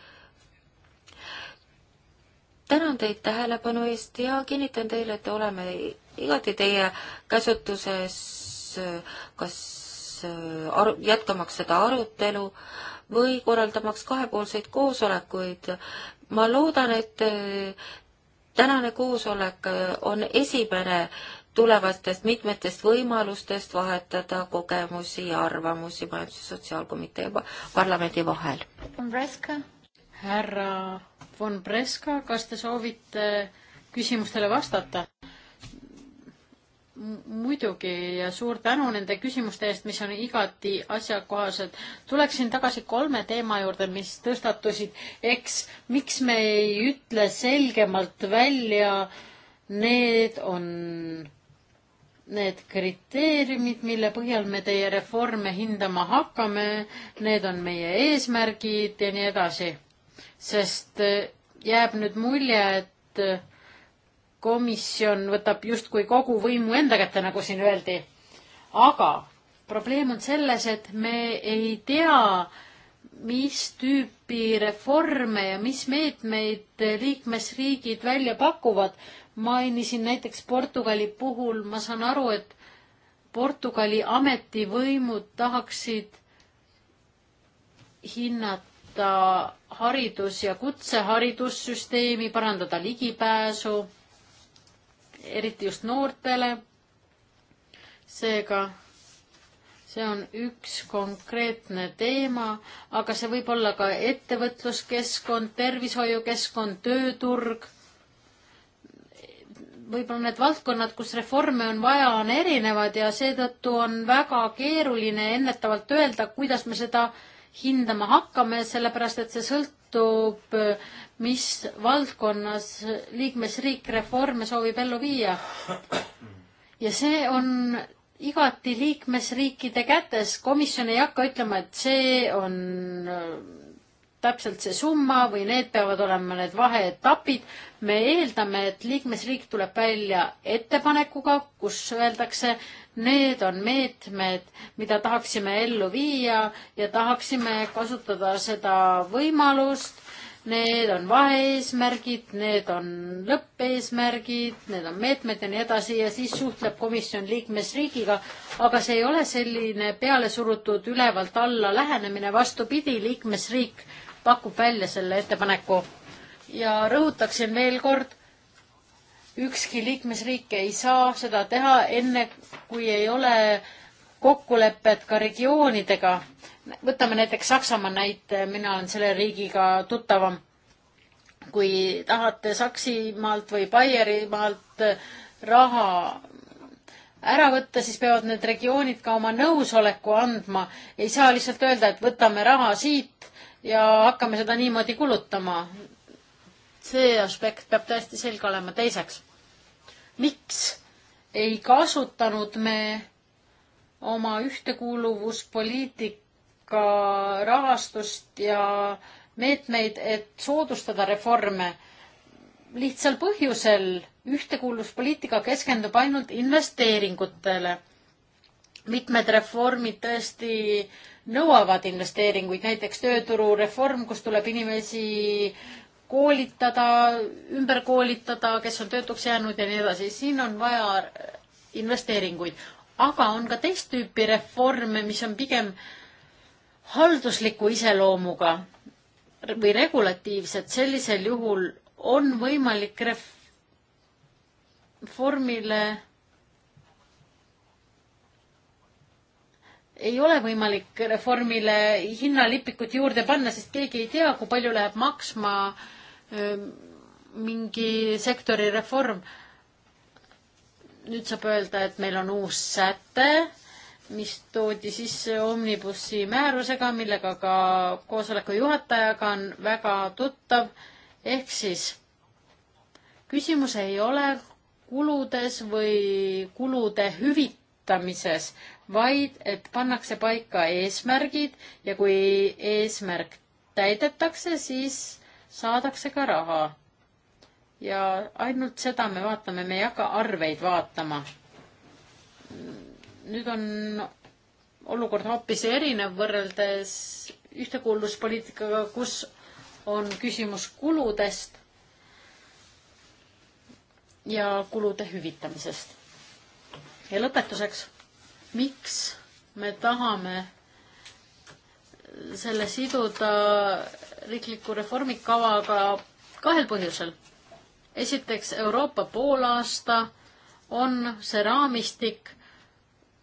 D: tänan teid tähelepanu eest ja kinnitan teile, et oleme igati teie käsutuses kas aru, jätkamaks seda arutelu või korraldamaks kahepoolseid koosolekuid. ma loodan, et tänane koosolek on esimene tulevastest mitmetest võimalustest vahetada kogemusi ja arvamusi Majandus- ja Sotsiaalkomitee ja parlamendi vahel.
E: härra von Breska, kas te soovite küsimustele vastata? muidugi ja suur tänu nende küsimuste eest, mis on igati asjakohased. tuleksin tagasi kolme teema juurde, mis tõstatusid. eks, miks me ei ütle selgemalt välja, need on need kriteeriumid, mille põhjal me teie reforme hindama hakkame, need on meie eesmärgid ja nii edasi. sest eh, jääb nüüd mulje, et eh, komisjon võtab justkui kogu võimu enda kätte, nagu siin öeldi. aga probleem on selles, et me ei tea, mis tüüpi reforme ja mis meetmeid liikmesriigid välja pakuvad mainisin näiteks Portugali puhul, ma saan aru, et Portugali ametivõimud tahaksid hinnata haridus- ja kutseharidussüsteemi, parandada ligipääsu, eriti just noortele. seega see on üks konkreetne teema, aga see võib olla ka ettevõtluskeskkond, tervishoiukeskkond, tööturg võib-olla need valdkonnad, kus reforme on vaja, on erinevad ja seetõttu on väga keeruline ennetavalt öelda, kuidas me seda hindama hakkame, sellepärast et see sõltub, mis valdkonnas liikmesriik reforme soovib ellu viia. ja see on igati liikmesriikide kätes, komisjon ei hakka ütlema, et see on täpselt see summa või need peavad olema need vaheetapid. me eeldame, et liikmesriik tuleb välja ettepanekuga, kus öeldakse, need on meetmed, mida tahaksime ellu viia ja tahaksime kasutada seda võimalust. Need on vaheeesmärgid, need on lõppeesmärgid, need on meetmed ja nii edasi ja siis suhtleb komisjon liikmesriigiga. aga see ei ole selline pealesurutud ülevalt alla lähenemine, vastupidi, liikmesriik pakub välja selle ettepaneku. ja rõhutaksin veel kord, ükski liikmesriik ei saa seda teha enne, kui ei ole kokkulepet ka regioonidega. võtame näiteks Saksamaa näite, mina olen selle riigiga tuttavam. kui tahate Saksimaalt või Baierimaalt raha ära võtta, siis peavad need regioonid ka oma nõusoleku andma. ei saa lihtsalt öelda, et võtame raha siit ja hakkame seda niimoodi kulutama. see aspekt peab täiesti selge olema. teiseks, miks ei kasutanud me oma ühtekuuluvuspoliitika rahastust ja meetmeid, et soodustada reforme. lihtsal põhjusel ühtekuuluvuspoliitika keskendub ainult investeeringutele mitmed reformid tõesti nõuavad investeeringuid, näiteks tööturureform, kus tuleb inimesi koolitada, ümber koolitada, kes on töötuks jäänud ja nii edasi, siin on vaja investeeringuid. aga on ka teist tüüpi reforme, mis on pigem haldusliku iseloomuga või regulatiivsed, sellisel juhul on võimalik reformile ei ole võimalik reformile hinnalipikut juurde panna, sest keegi ei tea, kui palju läheb maksma ähm, mingi sektori reform. nüüd saab öelda, et meil on uus säte, mis toodi sisse omnibussi määrusega, millega ka koosoleku juhatajaga on väga tuttav. ehk siis küsimus ei ole kuludes või kulude hüvitamises vaid et pannakse paika eesmärgid ja kui eesmärk täidetakse, siis saadakse ka raha. ja ainult seda me vaatame, me ei hakka arveid vaatama. nüüd on olukord hoopis erinev võrreldes ühtekuuluvuspoliitikaga, kus on küsimus kuludest ja kulude hüvitamisest. ja lõpetuseks miks me tahame selle siduda riikliku reformikavaga kahel põhjusel. esiteks Euroopa poolaasta on see raamistik,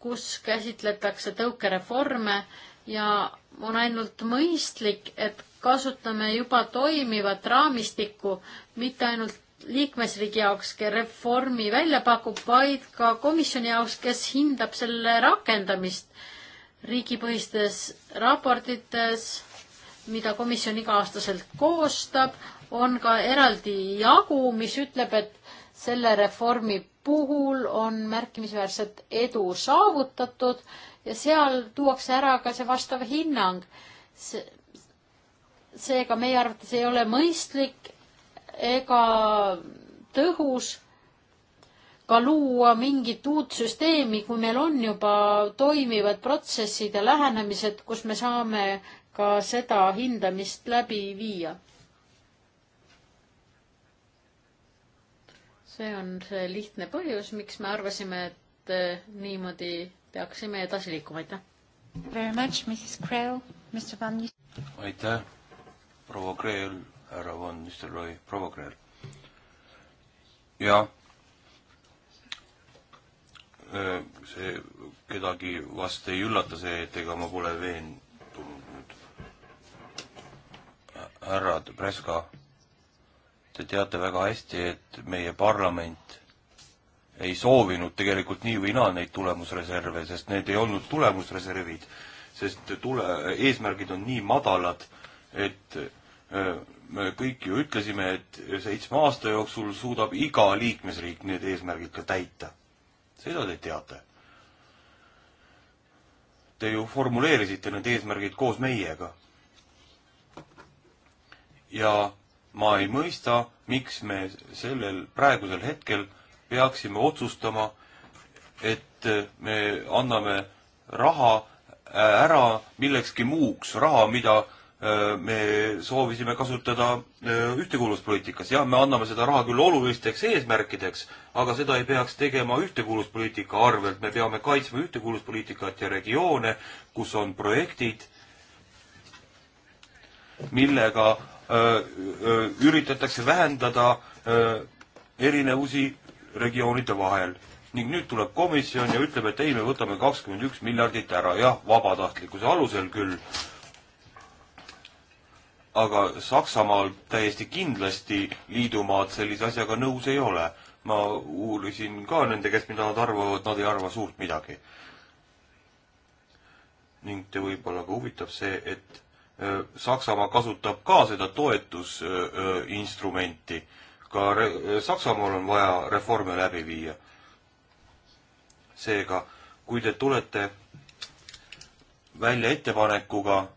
E: kus käsitletakse tõukereforme ja on ainult mõistlik, et kasutame juba toimivat raamistikku, mitte ainult liikmesriigi jaoks, kes reformi välja pakub, vaid ka komisjoni jaoks, kes hindab selle rakendamist riigipõhistes raportites, mida komisjon iga-aastaselt koostab, on ka eraldi jagu, mis ütleb, et selle reformi puhul on märkimisväärset edu saavutatud ja seal tuuakse ära ka see vastav hinnang. seega meie arvates ei ole mõistlik, ega tõhus ka luua mingit uut süsteemi, kui meil on juba toimivad protsessid ja lähenemised, kus me saame ka seda hindamist läbi viia. see on see lihtne põhjus, miks me arvasime, et eh, niimoodi peaksime edasi liikuma, aitäh.
A: Very much, Mrs Krell, Mr Van.
B: aitäh, proua Krell härra Van Nistelrooy, proua Kreel. jah, äh, see kedagi vast ei üllata see, et ega ma pole veendunud nüüd. härrad Preska, te teate väga hästi, et meie parlament ei soovinud tegelikult nii või naa neid tulemusreserve, sest need ei olnud tulemusreservid, sest tule, eesmärgid on nii madalad, et öö, äh, me kõik ju ütlesime, et seitsme aasta jooksul suudab iga liikmesriik need eesmärgid ka täita. seda te teate. Te ju formuleerisite need eesmärgid koos meiega. ja ma ei mõista, miks me sellel praegusel hetkel peaksime otsustama, et me anname raha ära millekski muuks, raha, mida äh, Äh, me soovisime kasutada äh, ühtekuuluvuspoliitikas. jah, me anname seda raha küll olulisteks eesmärkideks, aga seda ei peaks tegema ühtekuuluvuspoliitika arvelt, me peame kaitsma ühtekuuluvuspoliitikat ja regioone, kus on projektid, millega öö, äh, öö, üritatakse vähendada öö, erinevusi regioonide vahel. ning nüüd tuleb komisjon ja ütleb, et ei, me võtame kakskümmend üks miljardit ära, jah, vabatahtlikkuse alusel küll aga Saksamaal täiesti kindlasti liidumaad sellise asjaga nõus ei ole. ma uurisin ka nende käest, mida nad arvavad, nad ei arva suurt midagi. ning te võib-olla ka huvitab see, et äh, Saksamaa kasutab ka seda toetusinstrumenti. Äh, äh, ka Saksamaal on vaja reforme läbi viia. seega, kui te tulete välja ettepanekuga,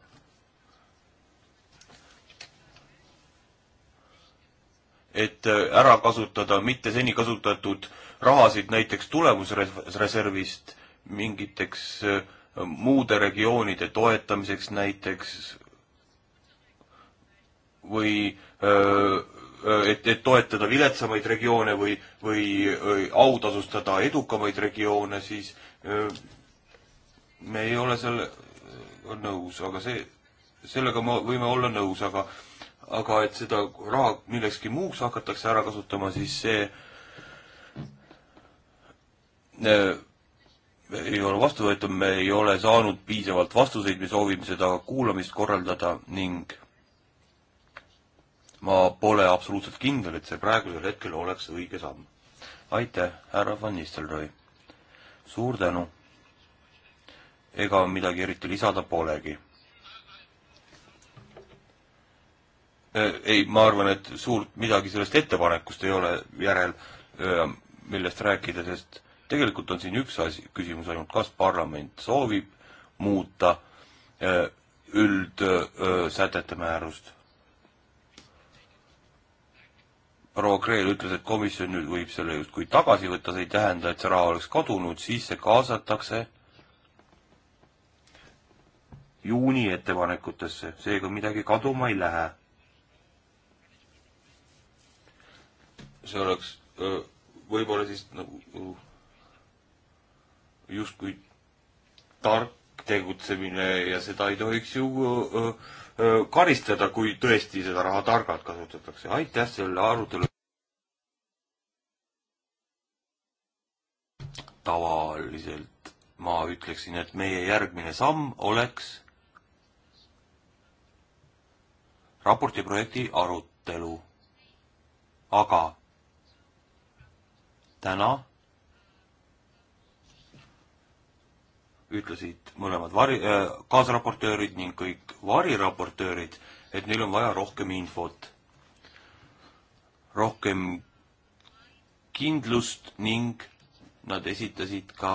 B: et äh, ära kasutada mitte seni kasutatud rahasid näiteks tulemusreservist mingiteks äh, muude regioonide toetamiseks näiteks või äh, et, et toetada viletsamaid regioone või, või autasustada edukamaid regioone, siis me ei ole selle nõus, aga see, sellega me võime olla nõus, aga aga et seda raha millekski muuks hakatakse ära kasutama, siis see äh, ei ole vastuvõetav, me ei ole saanud piisavalt vastuseid, me soovime seda kuulamist korraldada ning ma pole absoluutselt kindel, et see praegusel hetkel oleks õige samm. aitäh, härra Van Nistelrooy! suur tänu! ega midagi eriti lisada polegi Äh, ei, ma arvan, et suurt midagi sellest ettepanekust ei ole järel, äh, millest rääkida, sest tegelikult on siin üks asi, küsimus ainult, kas parlament soovib muuta äh, üldsätete määrust. proua Kreel ütles, et komisjon nüüd võib selle justkui tagasi võtta, see ei tähenda, et see raha oleks kadunud, siis see kaasatakse juuni ettepanekutesse, seega midagi kaduma ei lähe see oleks võib-olla siis nagu justkui tark tegutsemine ja seda ei tohiks ju karistada, kui tõesti seda raha targalt kasutatakse. aitäh selle arutelu. tavaliselt ma ütleksin, et meie järgmine samm oleks raportiprojekti arutelu. aga täna ütlesid mõlemad vari- äh,, kaasraportöörid ning kõik variraportöörid, et neil on vaja rohkem infot, rohkem kindlust ning nad esitasid ka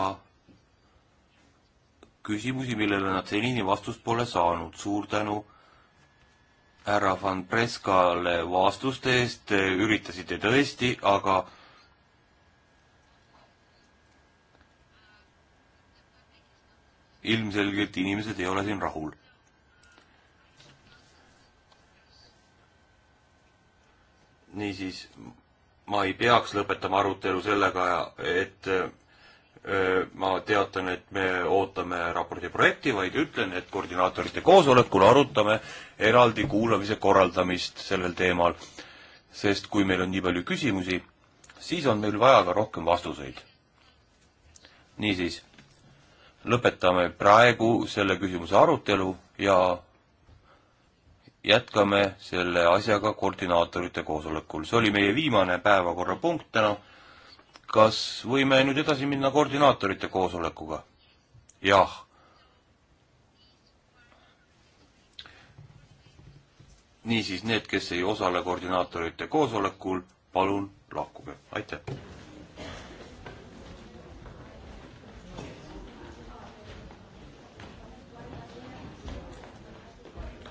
B: küsimusi, millele nad senini vastust pole saanud. suur tänu härra Van Preskale vastuste eest, üritasite tõesti, aga ilmselgelt inimesed ei ole siin rahul. niisiis, ma ei peaks lõpetama arutelu sellega, et ma teatan, et me ootame raporti projekti, vaid ütlen, et koordinaatorite koosolekul arutame eraldi kuulamise korraldamist sellel teemal. sest kui meil on nii palju küsimusi, siis on meil vaja ka rohkem vastuseid. niisiis, lõpetame praegu selle küsimuse arutelu ja jätkame selle asjaga koordinaatorite koosolekul. see oli meie viimane päevakorrapunkt täna. kas võime nüüd edasi minna koordinaatorite koosolekuga? jah. niisiis, need, kes ei osale koordinaatorite koosolekul, palun lahkuge, aitäh!